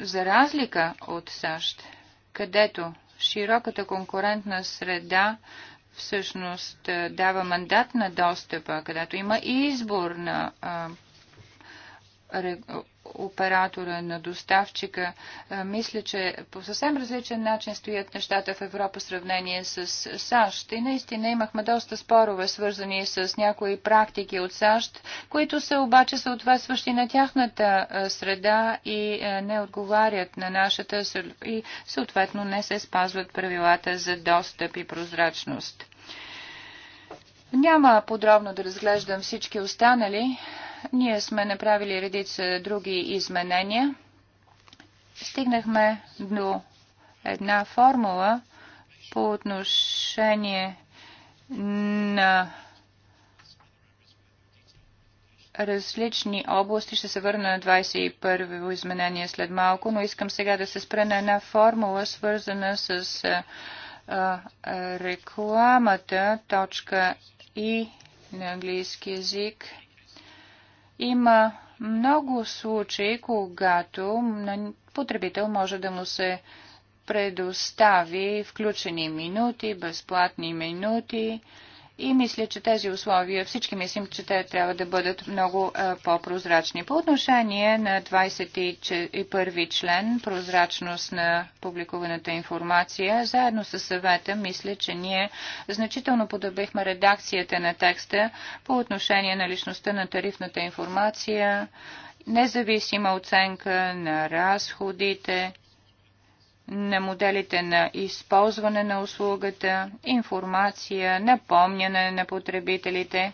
за разлика от САЩ, където широката конкурентна среда всъщност дава мандат на достъпа, където има избор на оператора, на доставчика. Мисля, че по съвсем различен начин стоят нещата в Европа в сравнение с САЩ. И наистина имахме доста спорове, свързани с някои практики от САЩ, които са обаче съответстващи на тяхната среда и не отговарят на нашата и съответно не се спазват правилата за достъп и прозрачност. Няма подробно да разглеждам всички останали. Ние сме направили редица други изменения. Стигнахме до една формула по отношение на различни области. Ще се върна на 21-во изменение след малко, но искам сега да се спра на една формула, свързана с рекламата, точка и на английски язик. Има много случаи, когато на потребител може да му се предостави включени минути, безплатни минути, и мисля, че тези условия, всички мислим, че те трябва да бъдат много по-прозрачни. По отношение на 21 член, прозрачност на публикуваната информация, заедно с съвета, мисля, че ние значително подобрихме редакцията на текста по отношение на личността на тарифната информация, независима оценка на разходите, на моделите на използване на услугата, информация, напомняне на потребителите.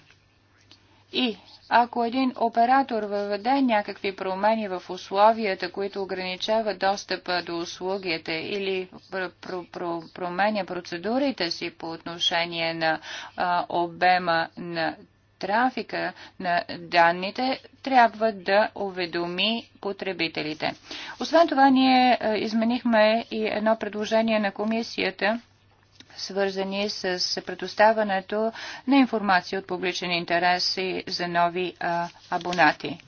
И ако един оператор въведе някакви промени в условията, които ограничават достъпа до услугите или пр пр пр променя процедурите си по отношение на а, обема на трафика на данните трябва да уведоми потребителите. Освен това, ние е, изменихме и едно предложение на комисията свързани с предоставането на информация от публичен интерес и за нови а, абонати.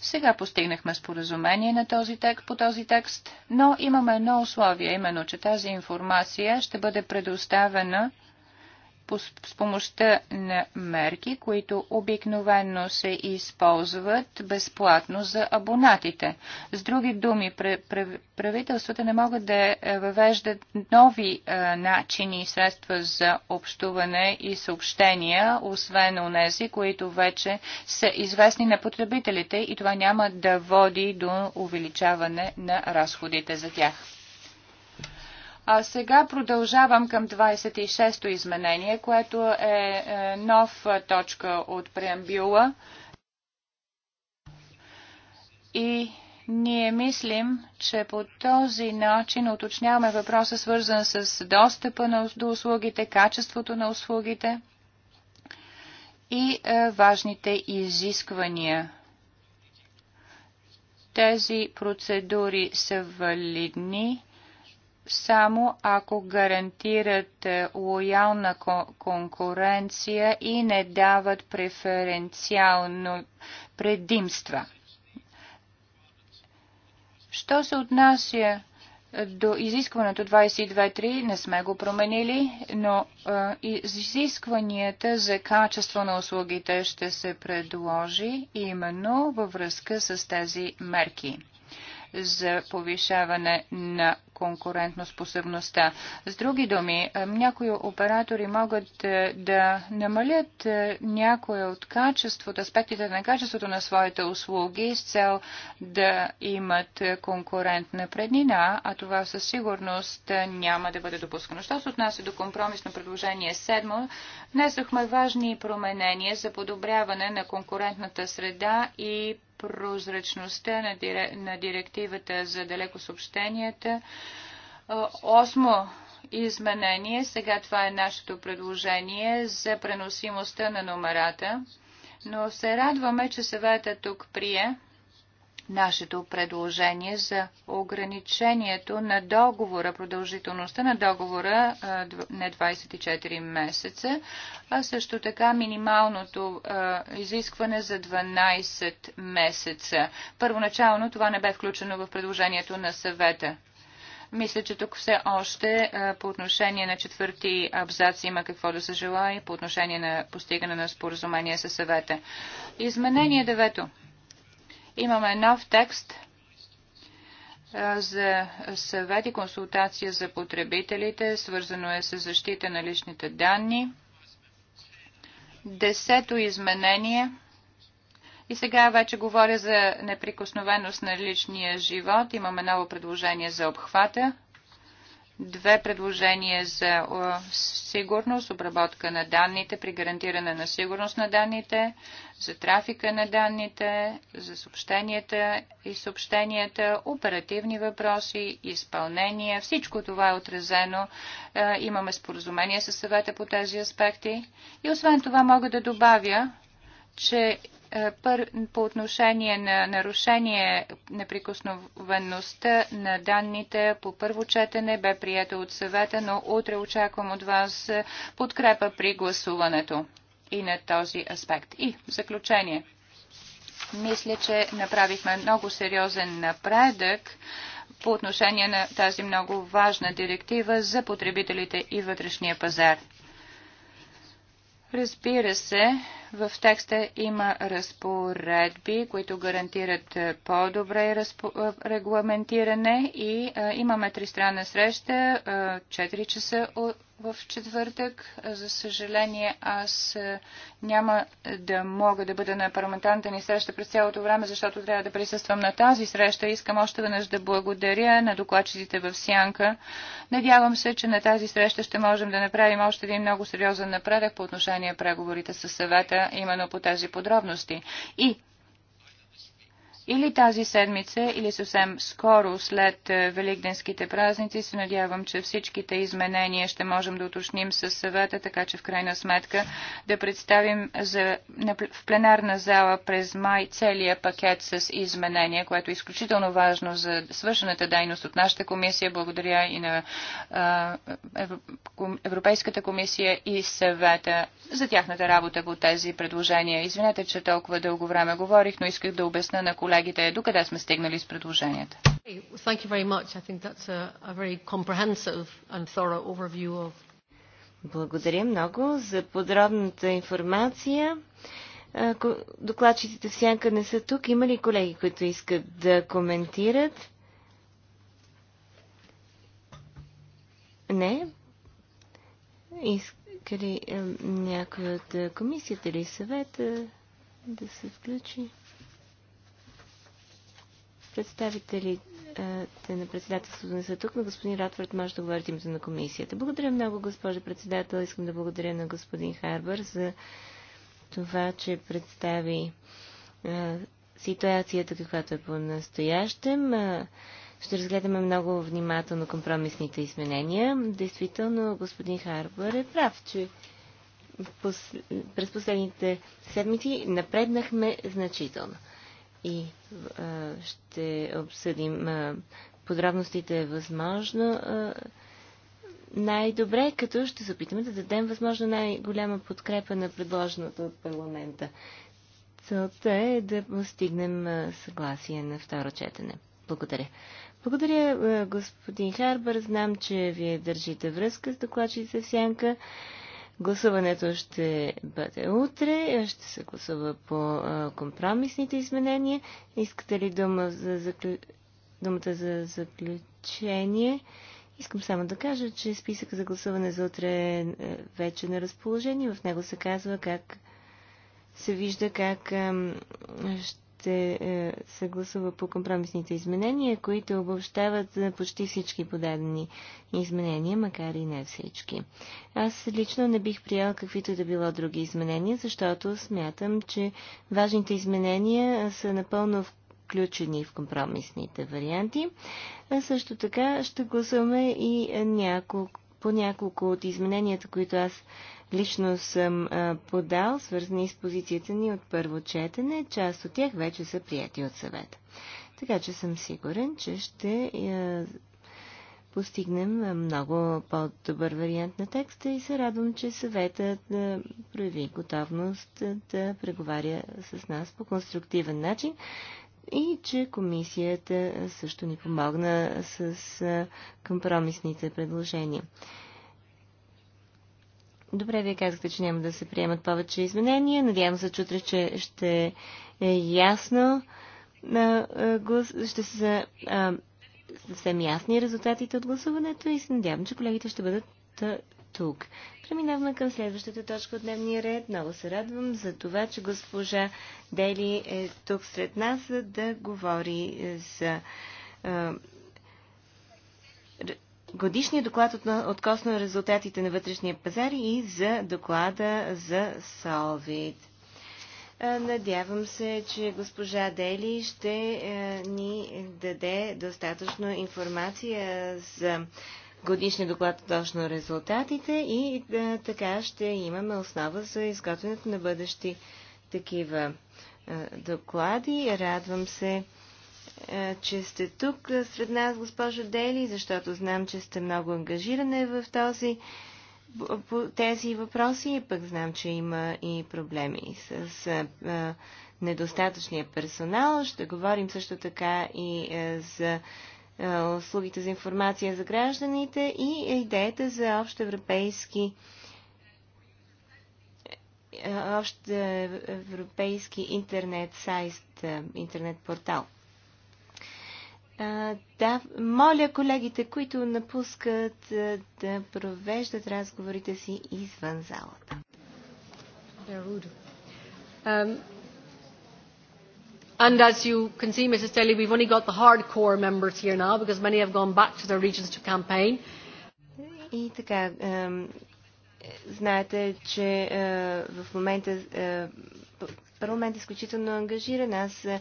Сега постигнахме споразумение на този текст, по този текст, но имаме едно условие, именно, че тази информация ще бъде предоставена с помощта на мерки, които обикновенно се използват безплатно за абонатите. С други думи, правителствата не могат да въвеждат нови начини и средства за общуване и съобщения, освен тези, които вече са известни на потребителите и това няма да води до увеличаване на разходите за тях. А сега продължавам към 26-то изменение, което е, е нов е, точка от преамбюла. И ние мислим, че по този начин уточняваме въпроса, свързан с достъпа до услугите, качеството на услугите и е, важните изисквания. Тези процедури са валидни само ако гарантират е, лоялна конкуренция и не дават преференциално предимства. Що се отнася е, до изискването 22.3 не сме го променили, но е, изискванията за качество на услугите ще се предложи именно във връзка с тези мерки за повишаване на конкурентноспособността. С други думи, е, някои оператори могат е, да намалят е, някои от качеството, аспектите на качеството на своите услуги с цел да имат конкурентна преднина, а това със сигурност няма да бъде допускано. Що се отнася до компромисно предложение 7, внесохме важни променения за подобряване на конкурентната среда и прозрачността на, директивата за далеко съобщенията. Осмо изменение, сега това е нашето предложение за преносимостта на номерата, но се радваме, че съвета тук прие нашето предложение за ограничението на договора, продължителността на договора на 24 месеца, а също така минималното изискване за 12 месеца. Първоначално това не бе включено в предложението на съвета. Мисля, че тук все още е, по отношение на четвърти абзац има какво да се желая по отношение на постигане на споразумение със съвета. Изменение девето. Имаме нов текст е, за съвет и консултация за потребителите. Свързано е с защита на личните данни. Десето изменение – и сега вече говоря за неприкосновеност на личния живот. Имаме ново предложение за обхвата. Две предложения за сигурност, обработка на данните, при гарантиране на сигурност на данните, за трафика на данните, за съобщенията и съобщенията, оперативни въпроси, изпълнение. Всичко това е отразено. Е, имаме споразумение с съвета по тези аспекти. И освен това мога да добавя, че е, по отношение на нарушение на прикосновеността на данните по първо четене бе прието от съвета, но утре очаквам от вас подкрепа при гласуването и на този аспект. И в заключение, мисля, че направихме много сериозен напредък по отношение на тази много важна директива за потребителите и вътрешния пазар. Разбира се, в текста има разпоредби, които гарантират е, по-добре е, регламентиране и а, е, имаме тристранна среща а, 4 часа в четвъртък. За съжаление, аз няма да мога да бъда на парламентарната ни среща през цялото време, защото трябва да присъствам на тази среща. Искам още веднъж да благодаря на докладчиците в Сянка. Надявам се, че на тази среща ще можем да направим още един много сериозен напредък по отношение преговорите с съвета именно по тези подробности. И или тази седмица, или съвсем скоро след е, великденските празници. Се надявам, че всичките изменения ще можем да уточним с съвета, така че в крайна сметка да представим за, в пленарна зала през май целия пакет с изменения, което е изключително важно за свършената дейност от нашата комисия. Благодаря и на а, Европейската комисия и съвета за тяхната работа по тези предложения. Извинете, че толкова дълго време говорих, но исках да обясна на колегите, колегите до къде сме стигнали с предложенията. Благодаря много за подробната информация. Докладчиците в сянка не са тук. Има ли колеги, които искат да коментират? Не. Иска ли някой от комисията или съвета да се включи? Представителите е, на председателството не са тук, но господин Ратвард може да говори името на комисията. Благодаря много, госпожа председател. Искам да благодаря на господин Харбър за това, че представи е, ситуацията, каквато е по-настоящем. Е, ще разгледаме много внимателно компромисните изменения. Действително, господин Харбър е прав, че през последните седмици напреднахме значително и а, ще обсъдим а, подробностите е възможно. А, най-добре, като ще се опитаме да дадем възможно най-голяма подкрепа на предложеното от парламента. Целта е да постигнем съгласие на второ четене. Благодаря. Благодаря, господин Харбър. Знам, че вие държите връзка с докладчица Сянка. Гласуването ще бъде утре, ще се гласува по компромисните изменения. Искате ли дума за заклю... думата за заключение? Искам само да кажа, че списък за гласуване за утре е, е вече на разположение. В него се казва как се вижда как ще ще е, се гласува по компромисните изменения, които обобщават е, почти всички подадени изменения, макар и не всички. Аз лично не бих приел каквито да било други изменения, защото смятам, че важните изменения е, са напълно включени в компромисните варианти. А също така ще гласуваме и няколко по няколко от измененията, които аз лично съм а, подал, свързани с позицията ни от първо четене. Част от тях вече са прияти от съвета. Така че съм сигурен, че ще а, постигнем много по-добър вариант на текста и се радвам, че съветът да прояви готовност да преговаря с нас по конструктивен начин и че комисията също ни помогна с компромисните предложения. Добре, вие казахте, че няма да се приемат повече изменения. Надявам се, че утре че ще е ясно. Ще са съвсем ясни резултатите от гласуването и се надявам, че колегите ще бъдат тук. Преминаваме към следващата точка от дневния ред. Много се радвам за това, че госпожа Дели е тук сред нас, за да говори е, за е, годишния доклад от, откосно резултатите на вътрешния пазар и за доклада за Солвид. Е, надявам се, че госпожа Дели ще ни даде достатъчно информация за годишния доклад точно резултатите и да, е, така ще имаме основа за изготвянето на бъдещи такива а, е, доклади. Радвам се, а, е, че сте тук сред нас, госпожо Дели, защото знам, че сте много ангажирани в този, по тези въпроси, пък знам, че има и проблеми с а, недостатъчния персонал. Ще говорим също така и за е, услугите за информация за гражданите и идеята за общ европейски е, общ европейски интернет сайт, е, интернет портал. Да, моля колегите, които напускат, да провеждат разговорите си извън залата. And as you can see, ms Mrs. we have only got the hard core members here now because many have gone back to their regions to campaign. И така, знаете, че е, в момента э, парламент е изключително ангажиран. Аз е,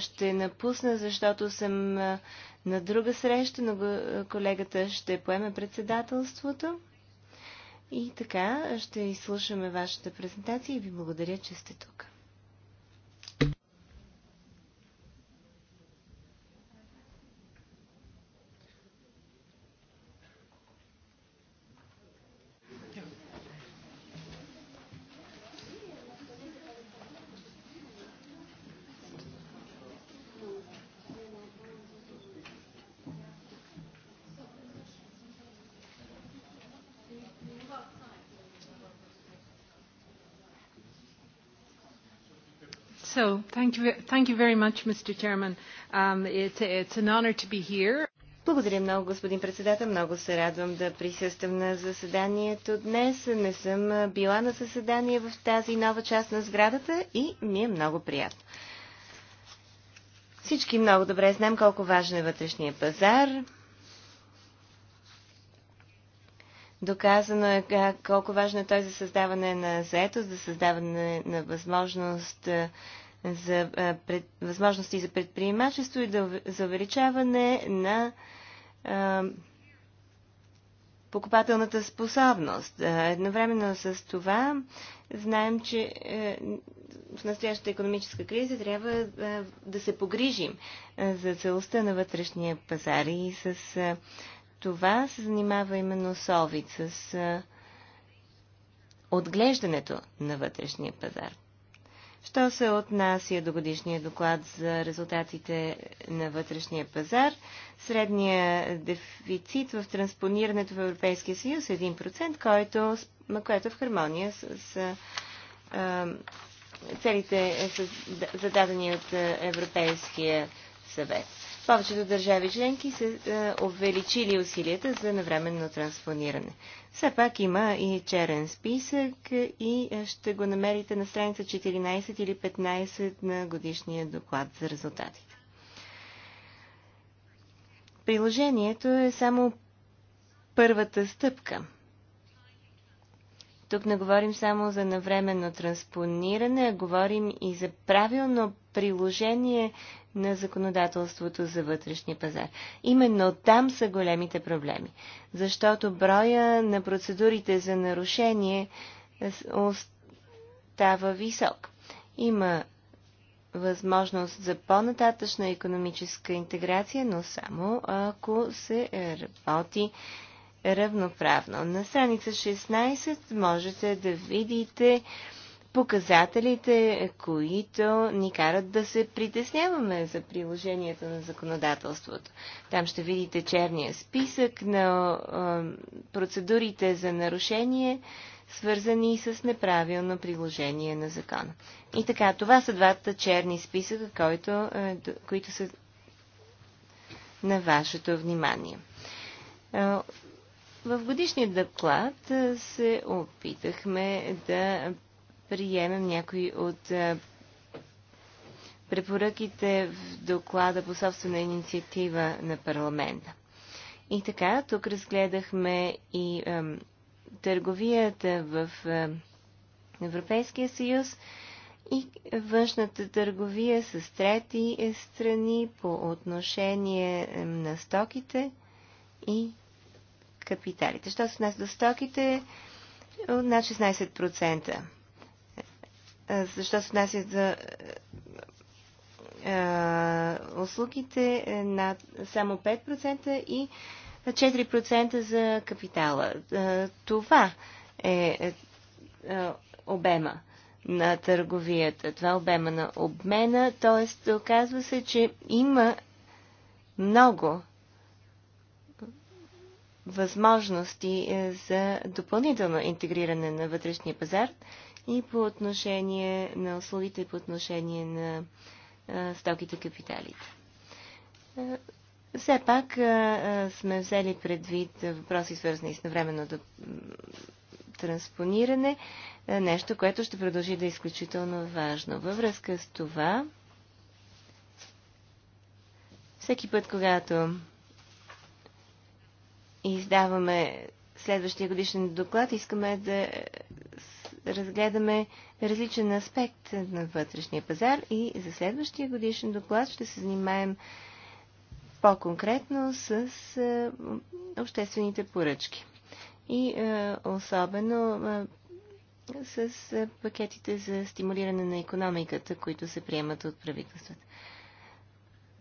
ще напусна, защото съм на друга среща, но колегата ще поеме председателството. И така, ще изслушаме вашата презентация и ви благодаря, че сте тук. So, thank you, thank you very much, Mr. Chairman. Um, it's, it's an honor to be here. Благодаря много, господин председател. Много се радвам да присъствам на заседанието днес. Не съм била на заседание в тази нова част на сградата и ми е много приятно. Всички много добре знаем колко важен е вътрешния пазар. Доказано е колко важно е той за създаване на заетост, за създаване на възможност за пред, възможности за предприемачество и за увеличаване на а, покупателната способност. Едновременно с това знаем, че а, е, в настоящата економическа криза трябва а, е, да се погрижим а, е, за целостта на вътрешния пазар и с това се занимава именно Солвит, с отглеждането на вътрешния пазар. Що се отнася до годишния доклад за резултатите на вътрешния пазар, средния дефицит в транспонирането в Европейския съюз е 1%, който, което е в хармония с, с а, целите е зададени от Европейския съвет. Повечето държави членки са е, увеличили усилията за навременно транспониране. Все пак има и черен списък и е, ще го намерите на страница 14 или 15 на годишния доклад за резултатите. Приложението е само първата стъпка. Тук не говорим само за навременно транспониране, а говорим и за правилно приложение на законодателството за вътрешния пазар. Именно там са големите проблеми, защото броя на процедурите за нарушение остава висок. Има възможност за по-нататъчна економическа интеграция, но само ако се работи равноправно. На страница 16 можете да видите показателите, които ни карат да се притесняваме за приложението на законодателството. Там ще видите черния списък на процедурите за нарушение, свързани с неправилно приложение на закона. И така, това са двата черни списъка, които, които са на вашето внимание. В годишния доклад се опитахме да приемем някои от препоръките в доклада по собствена инициатива на парламента. И така, тук разгледахме и ем, търговията в ем, Европейския съюз и външната търговия с трети е, страни по отношение на стоките и капиталите. Що се нас до стоките? Над 16%. Е, защо се отнася за е, е, услугите на само 5% и 4% за капитала. Това е обема на търговията, това е обема на обмена, т.е. оказва се, че има много възможности за допълнително интегриране на вътрешния пазар и по отношение на услугите, и по отношение на а, стоките капиталите. А, все пак а, сме взели предвид въпроси, свързани с навременното транспониране, нещо, което ще продължи да е изключително важно. Във връзка с това, всеки път, когато издаваме следващия годишен доклад, искаме да разгледаме различен аспект на вътрешния пазар и за следващия годишен доклад ще се занимаем по-конкретно с обществените поръчки. И особено с пакетите за стимулиране на економиката, които се приемат от правителствата.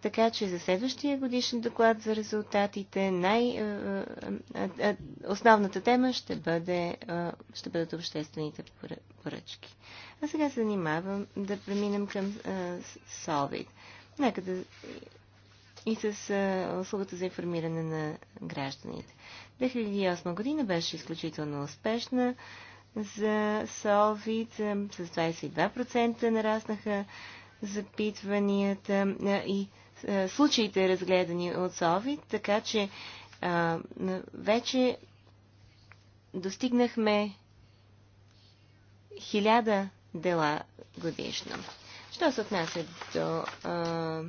Така че за следващия годишен доклад за резултатите най, основната тема ще, бъде, ще бъдат обществените поръчки. А сега се занимавам да преминем към СОВИД. Нека да и с услугата за информиране на гражданите. 2008 година беше изключително успешна за СОВИД. С 22% нараснаха запитванията и е, случаите, разгледани от Сови, така че а, е, вече достигнахме хиляда дела годишно. Що се отнася до а, е,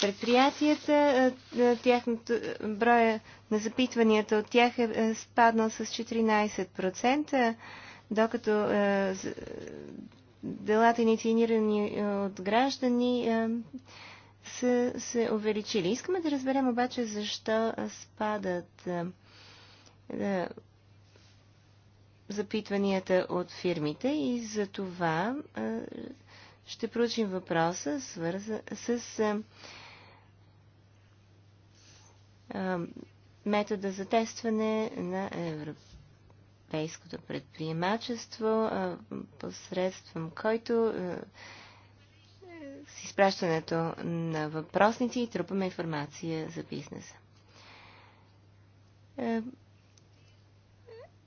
предприятията, тяхното, броя на запитванията от тях е спаднал с 14%, докато делата, инициирани е, от граждани, е, са се увеличили. Искаме да разберем обаче защо спадат е, запитванията от фирмите и за това ще проучим въпроса свърза, с метода за тестване на Европа европейското предприемачество, посредством който с изпращането на въпросници и трупаме информация за бизнеса.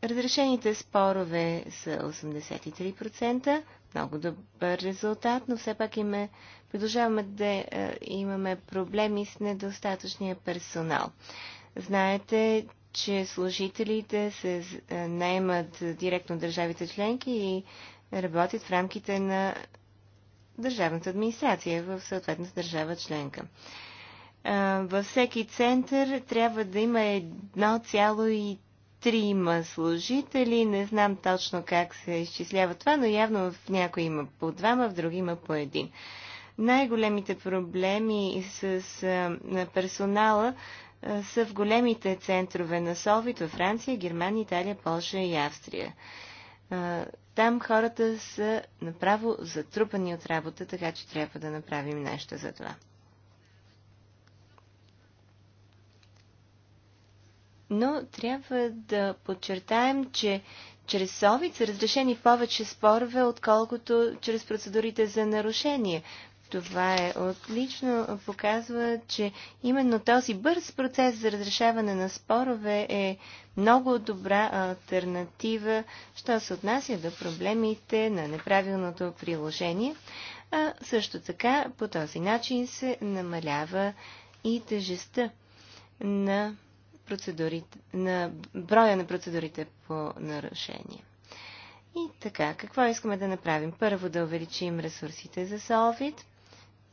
Разрешените спорове са 83%, много добър резултат, но все пак име, продължаваме да имаме проблеми с недостатъчния персонал. Знаете, че служителите се е, наемат директно от държавите членки и работят в рамките на държавната администрация в съответната държава членка. Е, във всеки център трябва да има 1,3 служители. Не знам точно как се изчислява това, но явно в някои има по двама, в други има по един. Най-големите проблеми с е, персонала са в големите центрове на Солвит във Франция, Германия, Италия, Польша и Австрия. Там хората са направо затрупани от работа, така че трябва да направим нещо за това. Но трябва да подчертаем, че чрез СОВИД са разрешени повече спорове, отколкото чрез процедурите за нарушение. Това е отлично. Показва, че именно този бърз процес за разрешаване на спорове е много добра альтернатива, що се отнася до проблемите на неправилното приложение. А също така по този начин се намалява и тежестта на, процедурите, на броя на процедурите по нарушение. И така, какво искаме да направим? Първо да увеличим ресурсите за Solvit –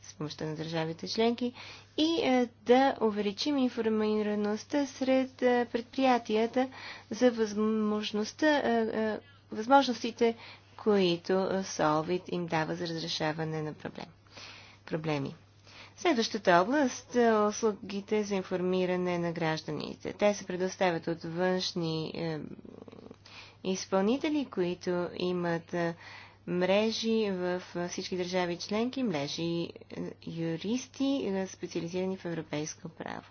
с помощта на държавите членки и е, да увеличим информираността сред е, предприятията за възможността, е, възможностите, които Солвит им дава за разрешаване на проблем. проблеми. Следващата област услугите за информиране на гражданите. Те се предоставят от външни изпълнители, които имат мрежи в всички държави членки, мрежи е, юристи, е, специализирани в европейско право.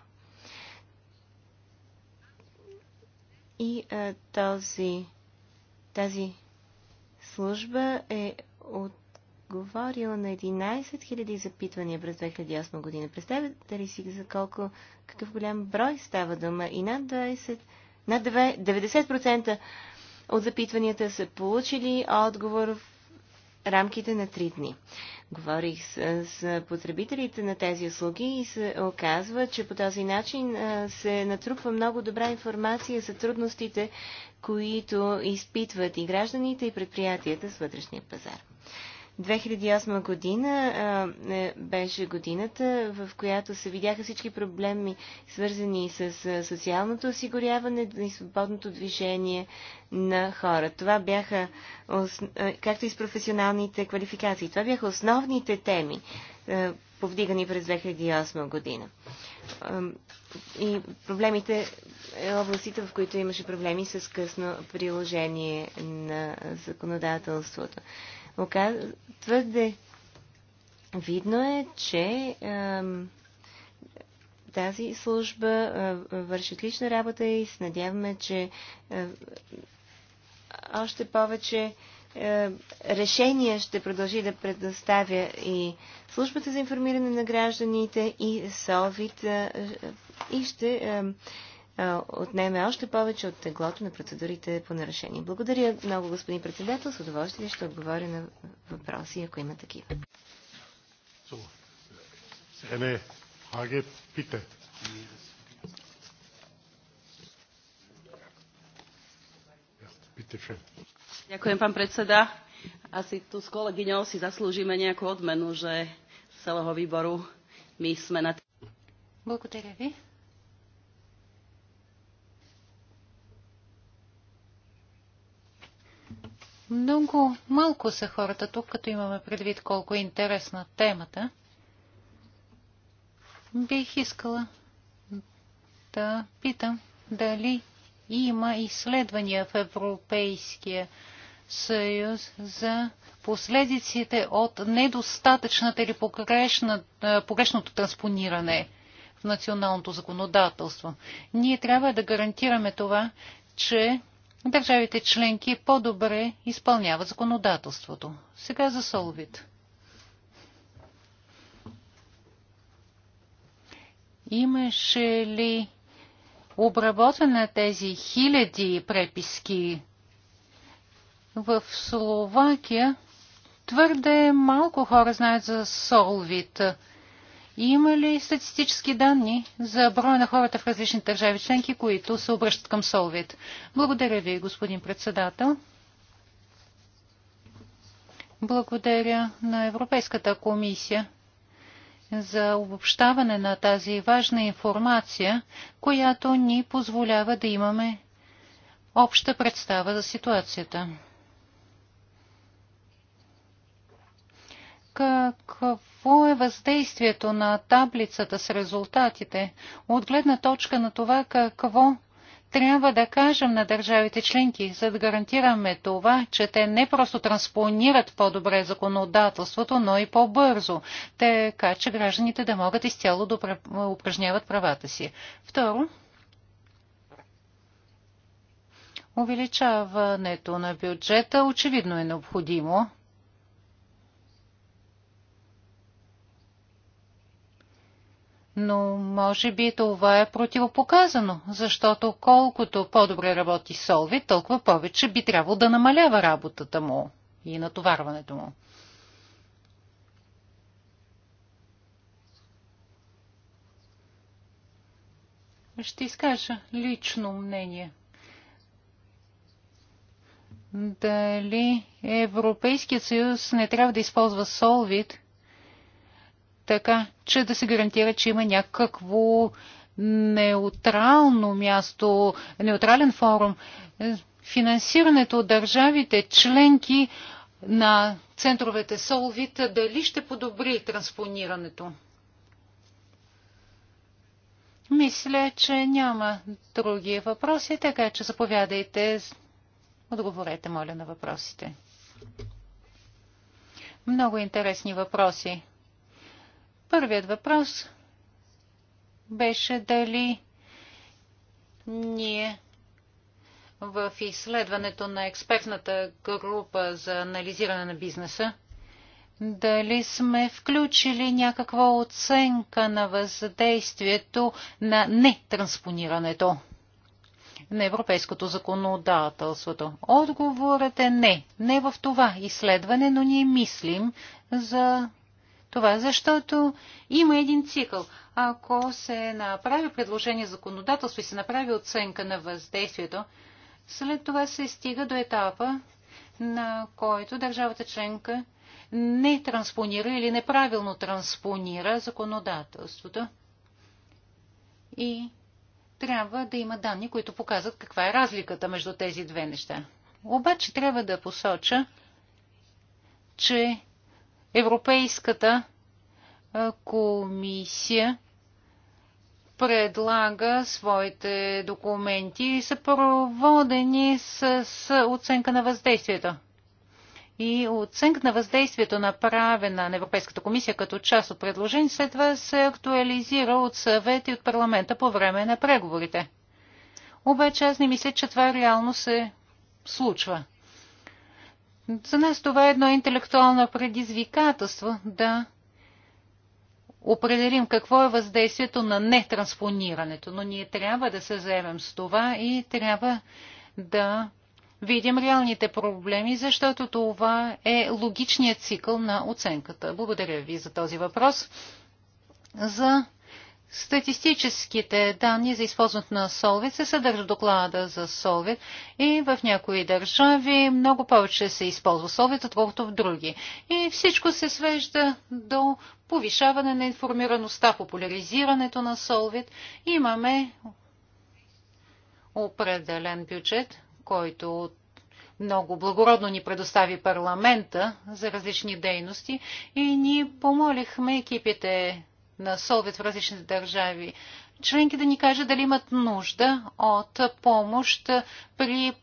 И а, този, тази служба е отговорила на 11 000 запитвания през 2008 година. Представете ли си за колко, какъв голям брой става дума и над 20, на 90% от запитванията са получили отговор в рамките на 3 дни. Говорих с, с потребителите на тези услуги и се оказва, че по този начин се натрупва много добра информация за трудностите, които изпитват и гражданите, и предприятията с вътрешния пазар. 2008 година е, беше годината, в която се видяха всички проблеми, свързани с социалното осигуряване и свободното движение на хора. Това бяха, както и с професионалните квалификации, това бяха основните теми, повдигани през 2008 година. и проблемите, е, областите, в които имаше проблеми с късно приложение на законодателството твърде видно е, че тази служба върши отлична работа и се надяваме, че още повече решения ще продължи да предоставя и службата за информиране на гражданите и СОВИТ и ще отнеме още повече от теглото на процедурите по нарушение. Благодаря много, господин председател. С удоволствие ще отговоря на въпроси, ако има такива. Сене, Хаге, пите. Ďakujem, pán predseda. Asi tu s kolegyňou si zaslúžime nejakú odmenu, že z celého výboru my sme na... Благодаря ви. Много малко са хората тук, като имаме предвид колко е интересна темата. Бих искала да питам дали има изследвания в Европейския съюз за последиците от недостатъчната или погрешното транспониране в националното законодателство. Ние трябва да гарантираме това, че държавите членки по-добре изпълняват законодателството. Сега за Соловит. Имаше ли обработване на тези хиляди преписки в Словакия? Твърде малко хора знаят за Солвит. Солвит има ли статистически данни за броя на хората в различни държави членки, които се обръщат към Солвит? Благодаря ви, господин председател. Благодаря на Европейската комисия за обобщаване на тази важна информация, която ни позволява да имаме обща представа за ситуацията. Какво какво е въздействието на таблицата с резултатите от гледна точка на това какво трябва да кажем на държавите членки, за да гарантираме това, че те не просто транспонират по-добре законодателството, но и по-бързо, така че гражданите да могат изцяло да упражняват правата си. Второ, увеличаването на бюджета очевидно е необходимо – но може би това е противопоказано, защото колкото по-добре работи Солви, толкова повече би трябвало да намалява работата му и натоварването му. Ще изкажа лично мнение. Дали Европейският съюз не трябва да използва Солвит – така че да се гарантира, че има някакво неутрално място, неутрален форум. Финансирането от държавите членки на центровете Солвит дали ще подобри транспонирането? Мисля, че няма други въпроси, така че заповядайте. Отговорете, моля, на въпросите. Много интересни въпроси. Първият въпрос беше дали ние в изследването на експертната група за анализиране на бизнеса, дали сме включили някаква оценка на въздействието на нетранспонирането на европейското законодателството? Отговорът е не. Не в това изследване, но ние мислим за това, защото има един цикъл. Ако се направи предложение законодателство и се направи оценка на въздействието, след това се стига до етапа, на който държавата членка не транспонира или неправилно транспонира законодателството. И трябва да има данни, които показват каква е разликата между тези две неща. Обаче трябва да посоча, че Европейската комисия предлага своите документи и са проводени с, с оценка на въздействието. И оценка на въздействието, направена на Европейската комисия като част от предложение, след това се актуализира от съвет и от парламента по време на преговорите. Обаче аз не мисля, че това реално се случва. За нас това е едно интелектуално предизвикателство да определим какво е въздействието на нетранспонирането, но ние трябва да се заемем с това и трябва да видим реалните проблеми, защото това е логичният цикъл на оценката. Благодаря ви за този въпрос. За Статистическите данни за използването на Солвит се съдържа в доклада за Солвит и в някои държави много повече се използва Солвит, отколкото в други. И всичко се свежда до повишаване на информираността, популяризирането на Солвит. Имаме определен бюджет, който много благородно ни предостави парламента за различни дейности и ни помолихме екипите на Совет в различните държави членки да ни кажат дали имат нужда от помощ при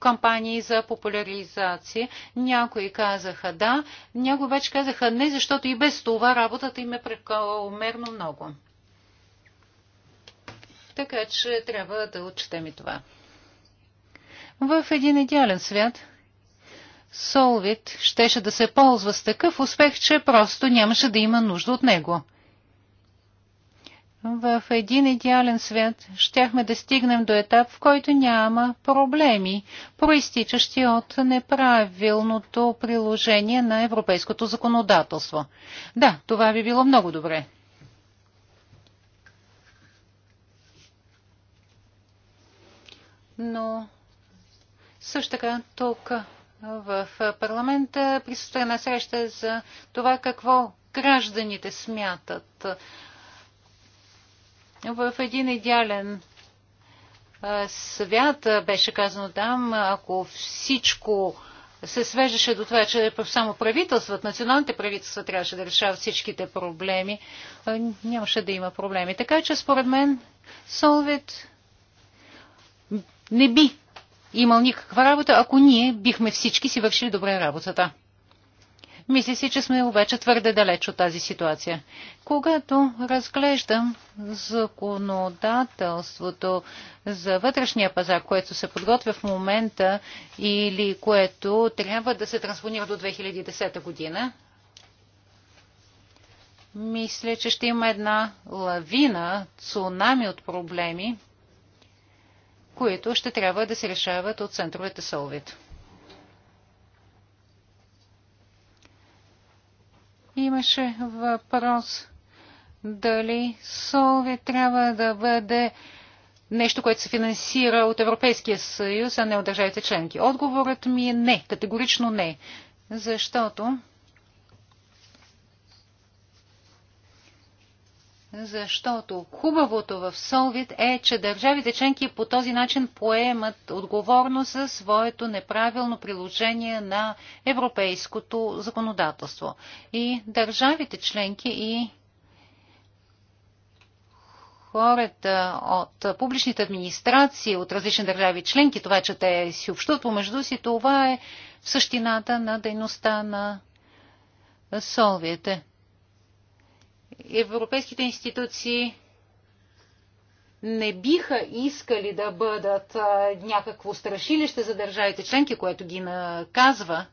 кампании за популяризация. Някои казаха да, някои вече казаха не, защото и без това работата им е прекаломерно много. Така че трябва да отчетем и това. В един идеален свят Солвит щеше да се ползва с такъв успех, че просто нямаше да има нужда от него – в един идеален свят щяхме да стигнем до етап, в който няма проблеми, проистичащи от неправилното приложение на европейското законодателство. Да, това би било много добре. Но също така тук в парламента присъства една среща за това какво гражданите смятат в един идеален свят, беше казано там, ако всичко се свежеше до това, че само правителствата, националните правителства трябваше да решават всичките проблеми, нямаше да има проблеми. Така че според мен Солвет не би имал никаква работа, ако ние бихме всички си вършили добре работата. Мисли си, че сме вече твърде далеч от тази ситуация. Когато разглеждам законодателството за вътрешния пазар, което се подготвя в момента или което трябва да се транспонира до 2010 година, мисля, че ще има една лавина, цунами от проблеми, които ще трябва да се решават от центровете Солвит. Имаше въпрос дали Солве трябва да бъде нещо, което се финансира от Европейския съюз, а не от държавите членки. Отговорът ми е не, категорично не, защото защото хубавото в Солвит е, че държавите членки по този начин поемат отговорност за своето неправилно приложение на европейското законодателство. И държавите членки и хората от публичните администрации от различни държави членки, това, че те си общуват помежду си, това е в същината на дейността на Солвите европейските институции не биха искали да бъдат някакво страшилище за държавите членки, което ги наказва.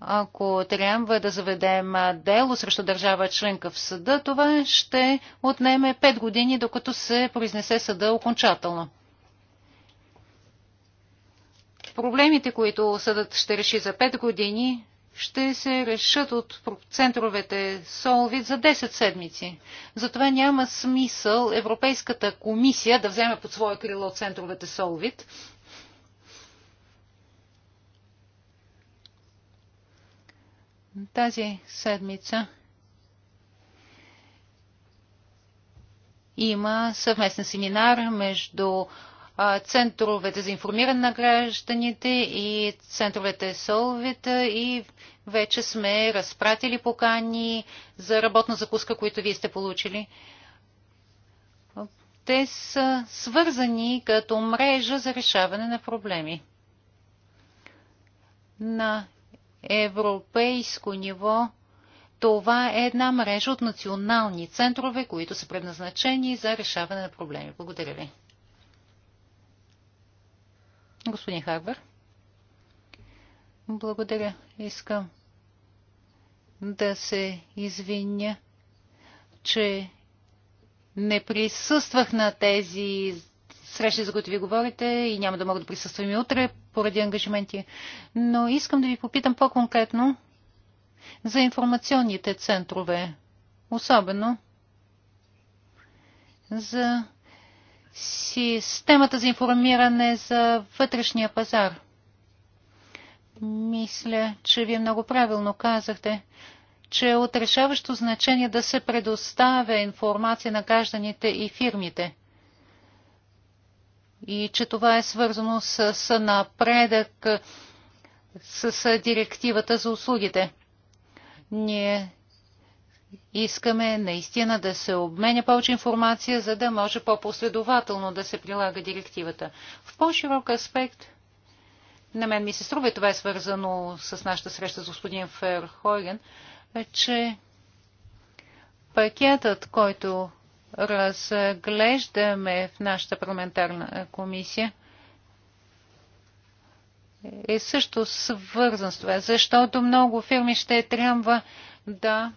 Ако трябва да заведем дело срещу държава членка в съда, това ще отнеме 5 години, докато се произнесе съда окончателно. Проблемите, които съдът ще реши за 5 години, ще се решат от центровете Солвит за 10 седмици. Затова няма смисъл Европейската комисия да вземе под своя крило центровете Солвит. Тази седмица има съвместен семинар между центровете за информиране на гражданите и центровете Солвит и вече сме разпратили покани за работна закуска, които вие сте получили. Те са свързани като мрежа за решаване на проблеми. На европейско ниво това е една мрежа от национални центрове, които са предназначени за решаване на проблеми. Благодаря ви. Господин Харбър. Благодаря. Искам да се извиня, че не присъствах на тези срещи, за които ви говорите и няма да мога да присъствам и утре поради ангажименти. Но искам да ви попитам по-конкретно за информационните центрове, особено за системата за информиране за вътрешния пазар. Мисля, че вие много правилно казахте, че е от решаващо значение да се предоставя информация на гражданите и фирмите. И че това е свързано с, с напредък с, с директивата за услугите. Ние Искаме наистина да се обменя повече информация, за да може по-последователно да се прилага директивата. В по-широк аспект, на мен ми се струва, и това е свързано с нашата среща с господин Ферхойген, е, че пакетът, който разглеждаме в нашата парламентарна комисия, е също свързан с това, защото много фирми ще трябва да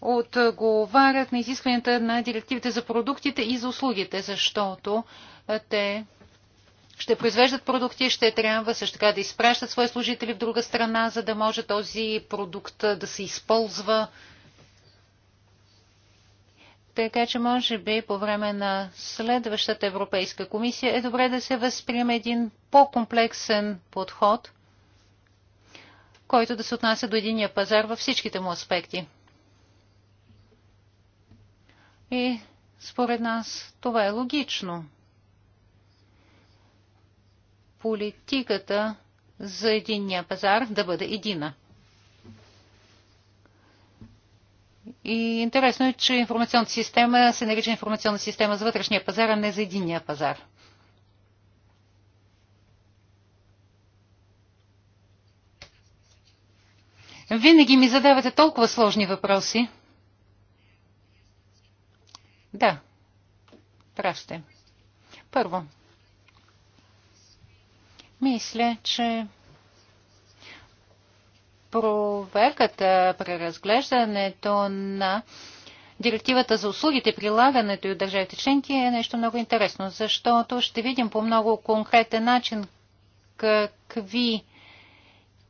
отговарят на изискванията на директивите за продуктите и за услугите, защото те ще произвеждат продукти, ще трябва също така да изпращат свои служители в друга страна, за да може този продукт да се използва. Така че, може би, по време на следващата Европейска комисия е добре да се възприеме един по-комплексен подход, който да се отнася до единия пазар във всичките му аспекти. И според нас това е логично. Политиката за единния пазар да бъде едина. И интересно е, че информационната система се нарича информационна система за вътрешния пазар, а не за единния пазар. Винаги ми задавате толкова сложни въпроси. Да, прав сте. Първо, мисля, че проверката, преразглеждането на директивата за услугите, прилагането и от държавите членки е нещо много интересно, защото ще видим по много конкретен начин какви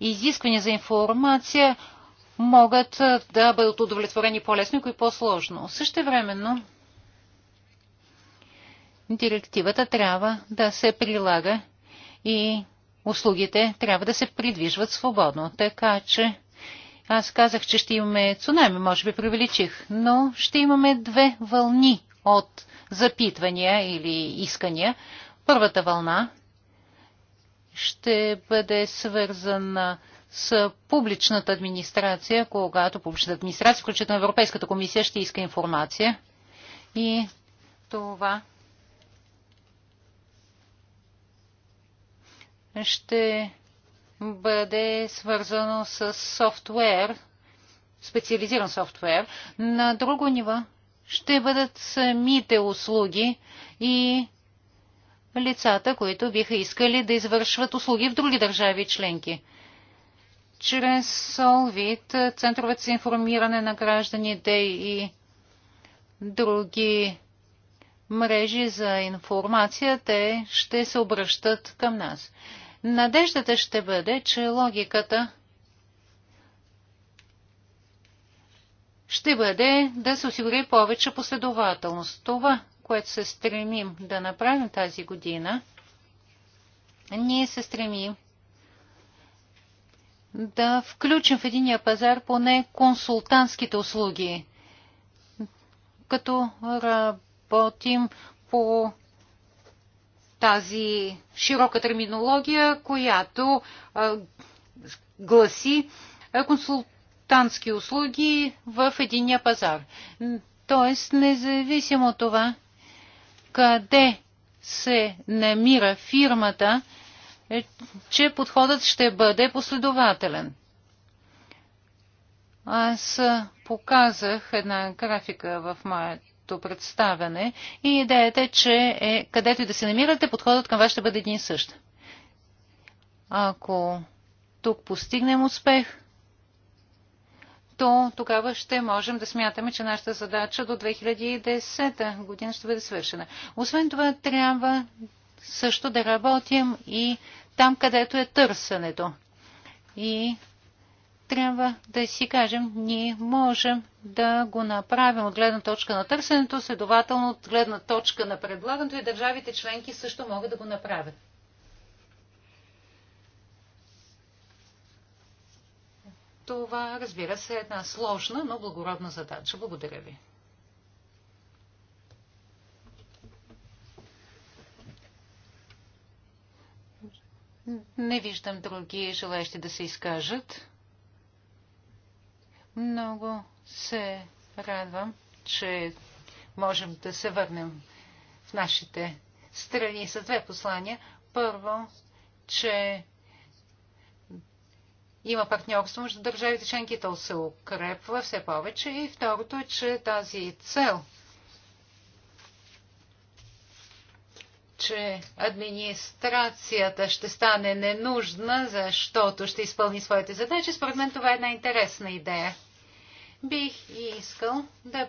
изисквания за информация могат да бъдат удовлетворени по-лесно и по-сложно. Също времено директивата трябва да се прилага и услугите трябва да се придвижват свободно. Така че аз казах, че ще имаме цунами, може би преувеличих, но ще имаме две вълни от запитвания или искания. Първата вълна ще бъде свързана с публичната администрация, когато публичната администрация, включително Европейската комисия, ще иска информация. И това ще бъде свързано с софтуер, специализиран софтуер. На друго ниво ще бъдат самите услуги и лицата, които биха искали да извършват услуги в други държави членки. Чрез Solvit центровете за информиране на гражданите и други мрежи за информация, те ще се обръщат към нас. Надеждата ще бъде, че логиката ще бъде да се осигури повече последователност. Това, което се стремим да направим тази година, ние се стремим да включим в единия пазар поне консултантските услуги, като работим по тази широка терминология, която а, гласи консултантски услуги в единия пазар. Тоест, независимо от това, къде се намира фирмата, е, че подходът ще бъде последователен. Аз показах една графика в моят моето представяне и идеята е, че е, където и да се намирате, подходът към вас ще бъде един и същ. Ако тук постигнем успех, то тогава ще можем да смятаме, че нашата задача до 2010 година ще бъде свършена. Освен това, трябва също да работим и там, където е търсенето. И трябва да си кажем, ние можем да го направим от гледна точка на търсенето, следователно от гледна точка на предлагането и държавите членки също могат да го направят. Това, разбира се, е една сложна, но благородна задача. Благодаря ви. Не виждам други желаящи да се изкажат. Много се радвам, че можем да се върнем в нашите страни с две послания. Първо, че има партньорство между държавите членки, то се укрепва все повече. И второто е, че тази цел, че администрацията ще стане ненужна, защото ще изпълни своите задачи, според мен това е една интересна идея. Бих искал да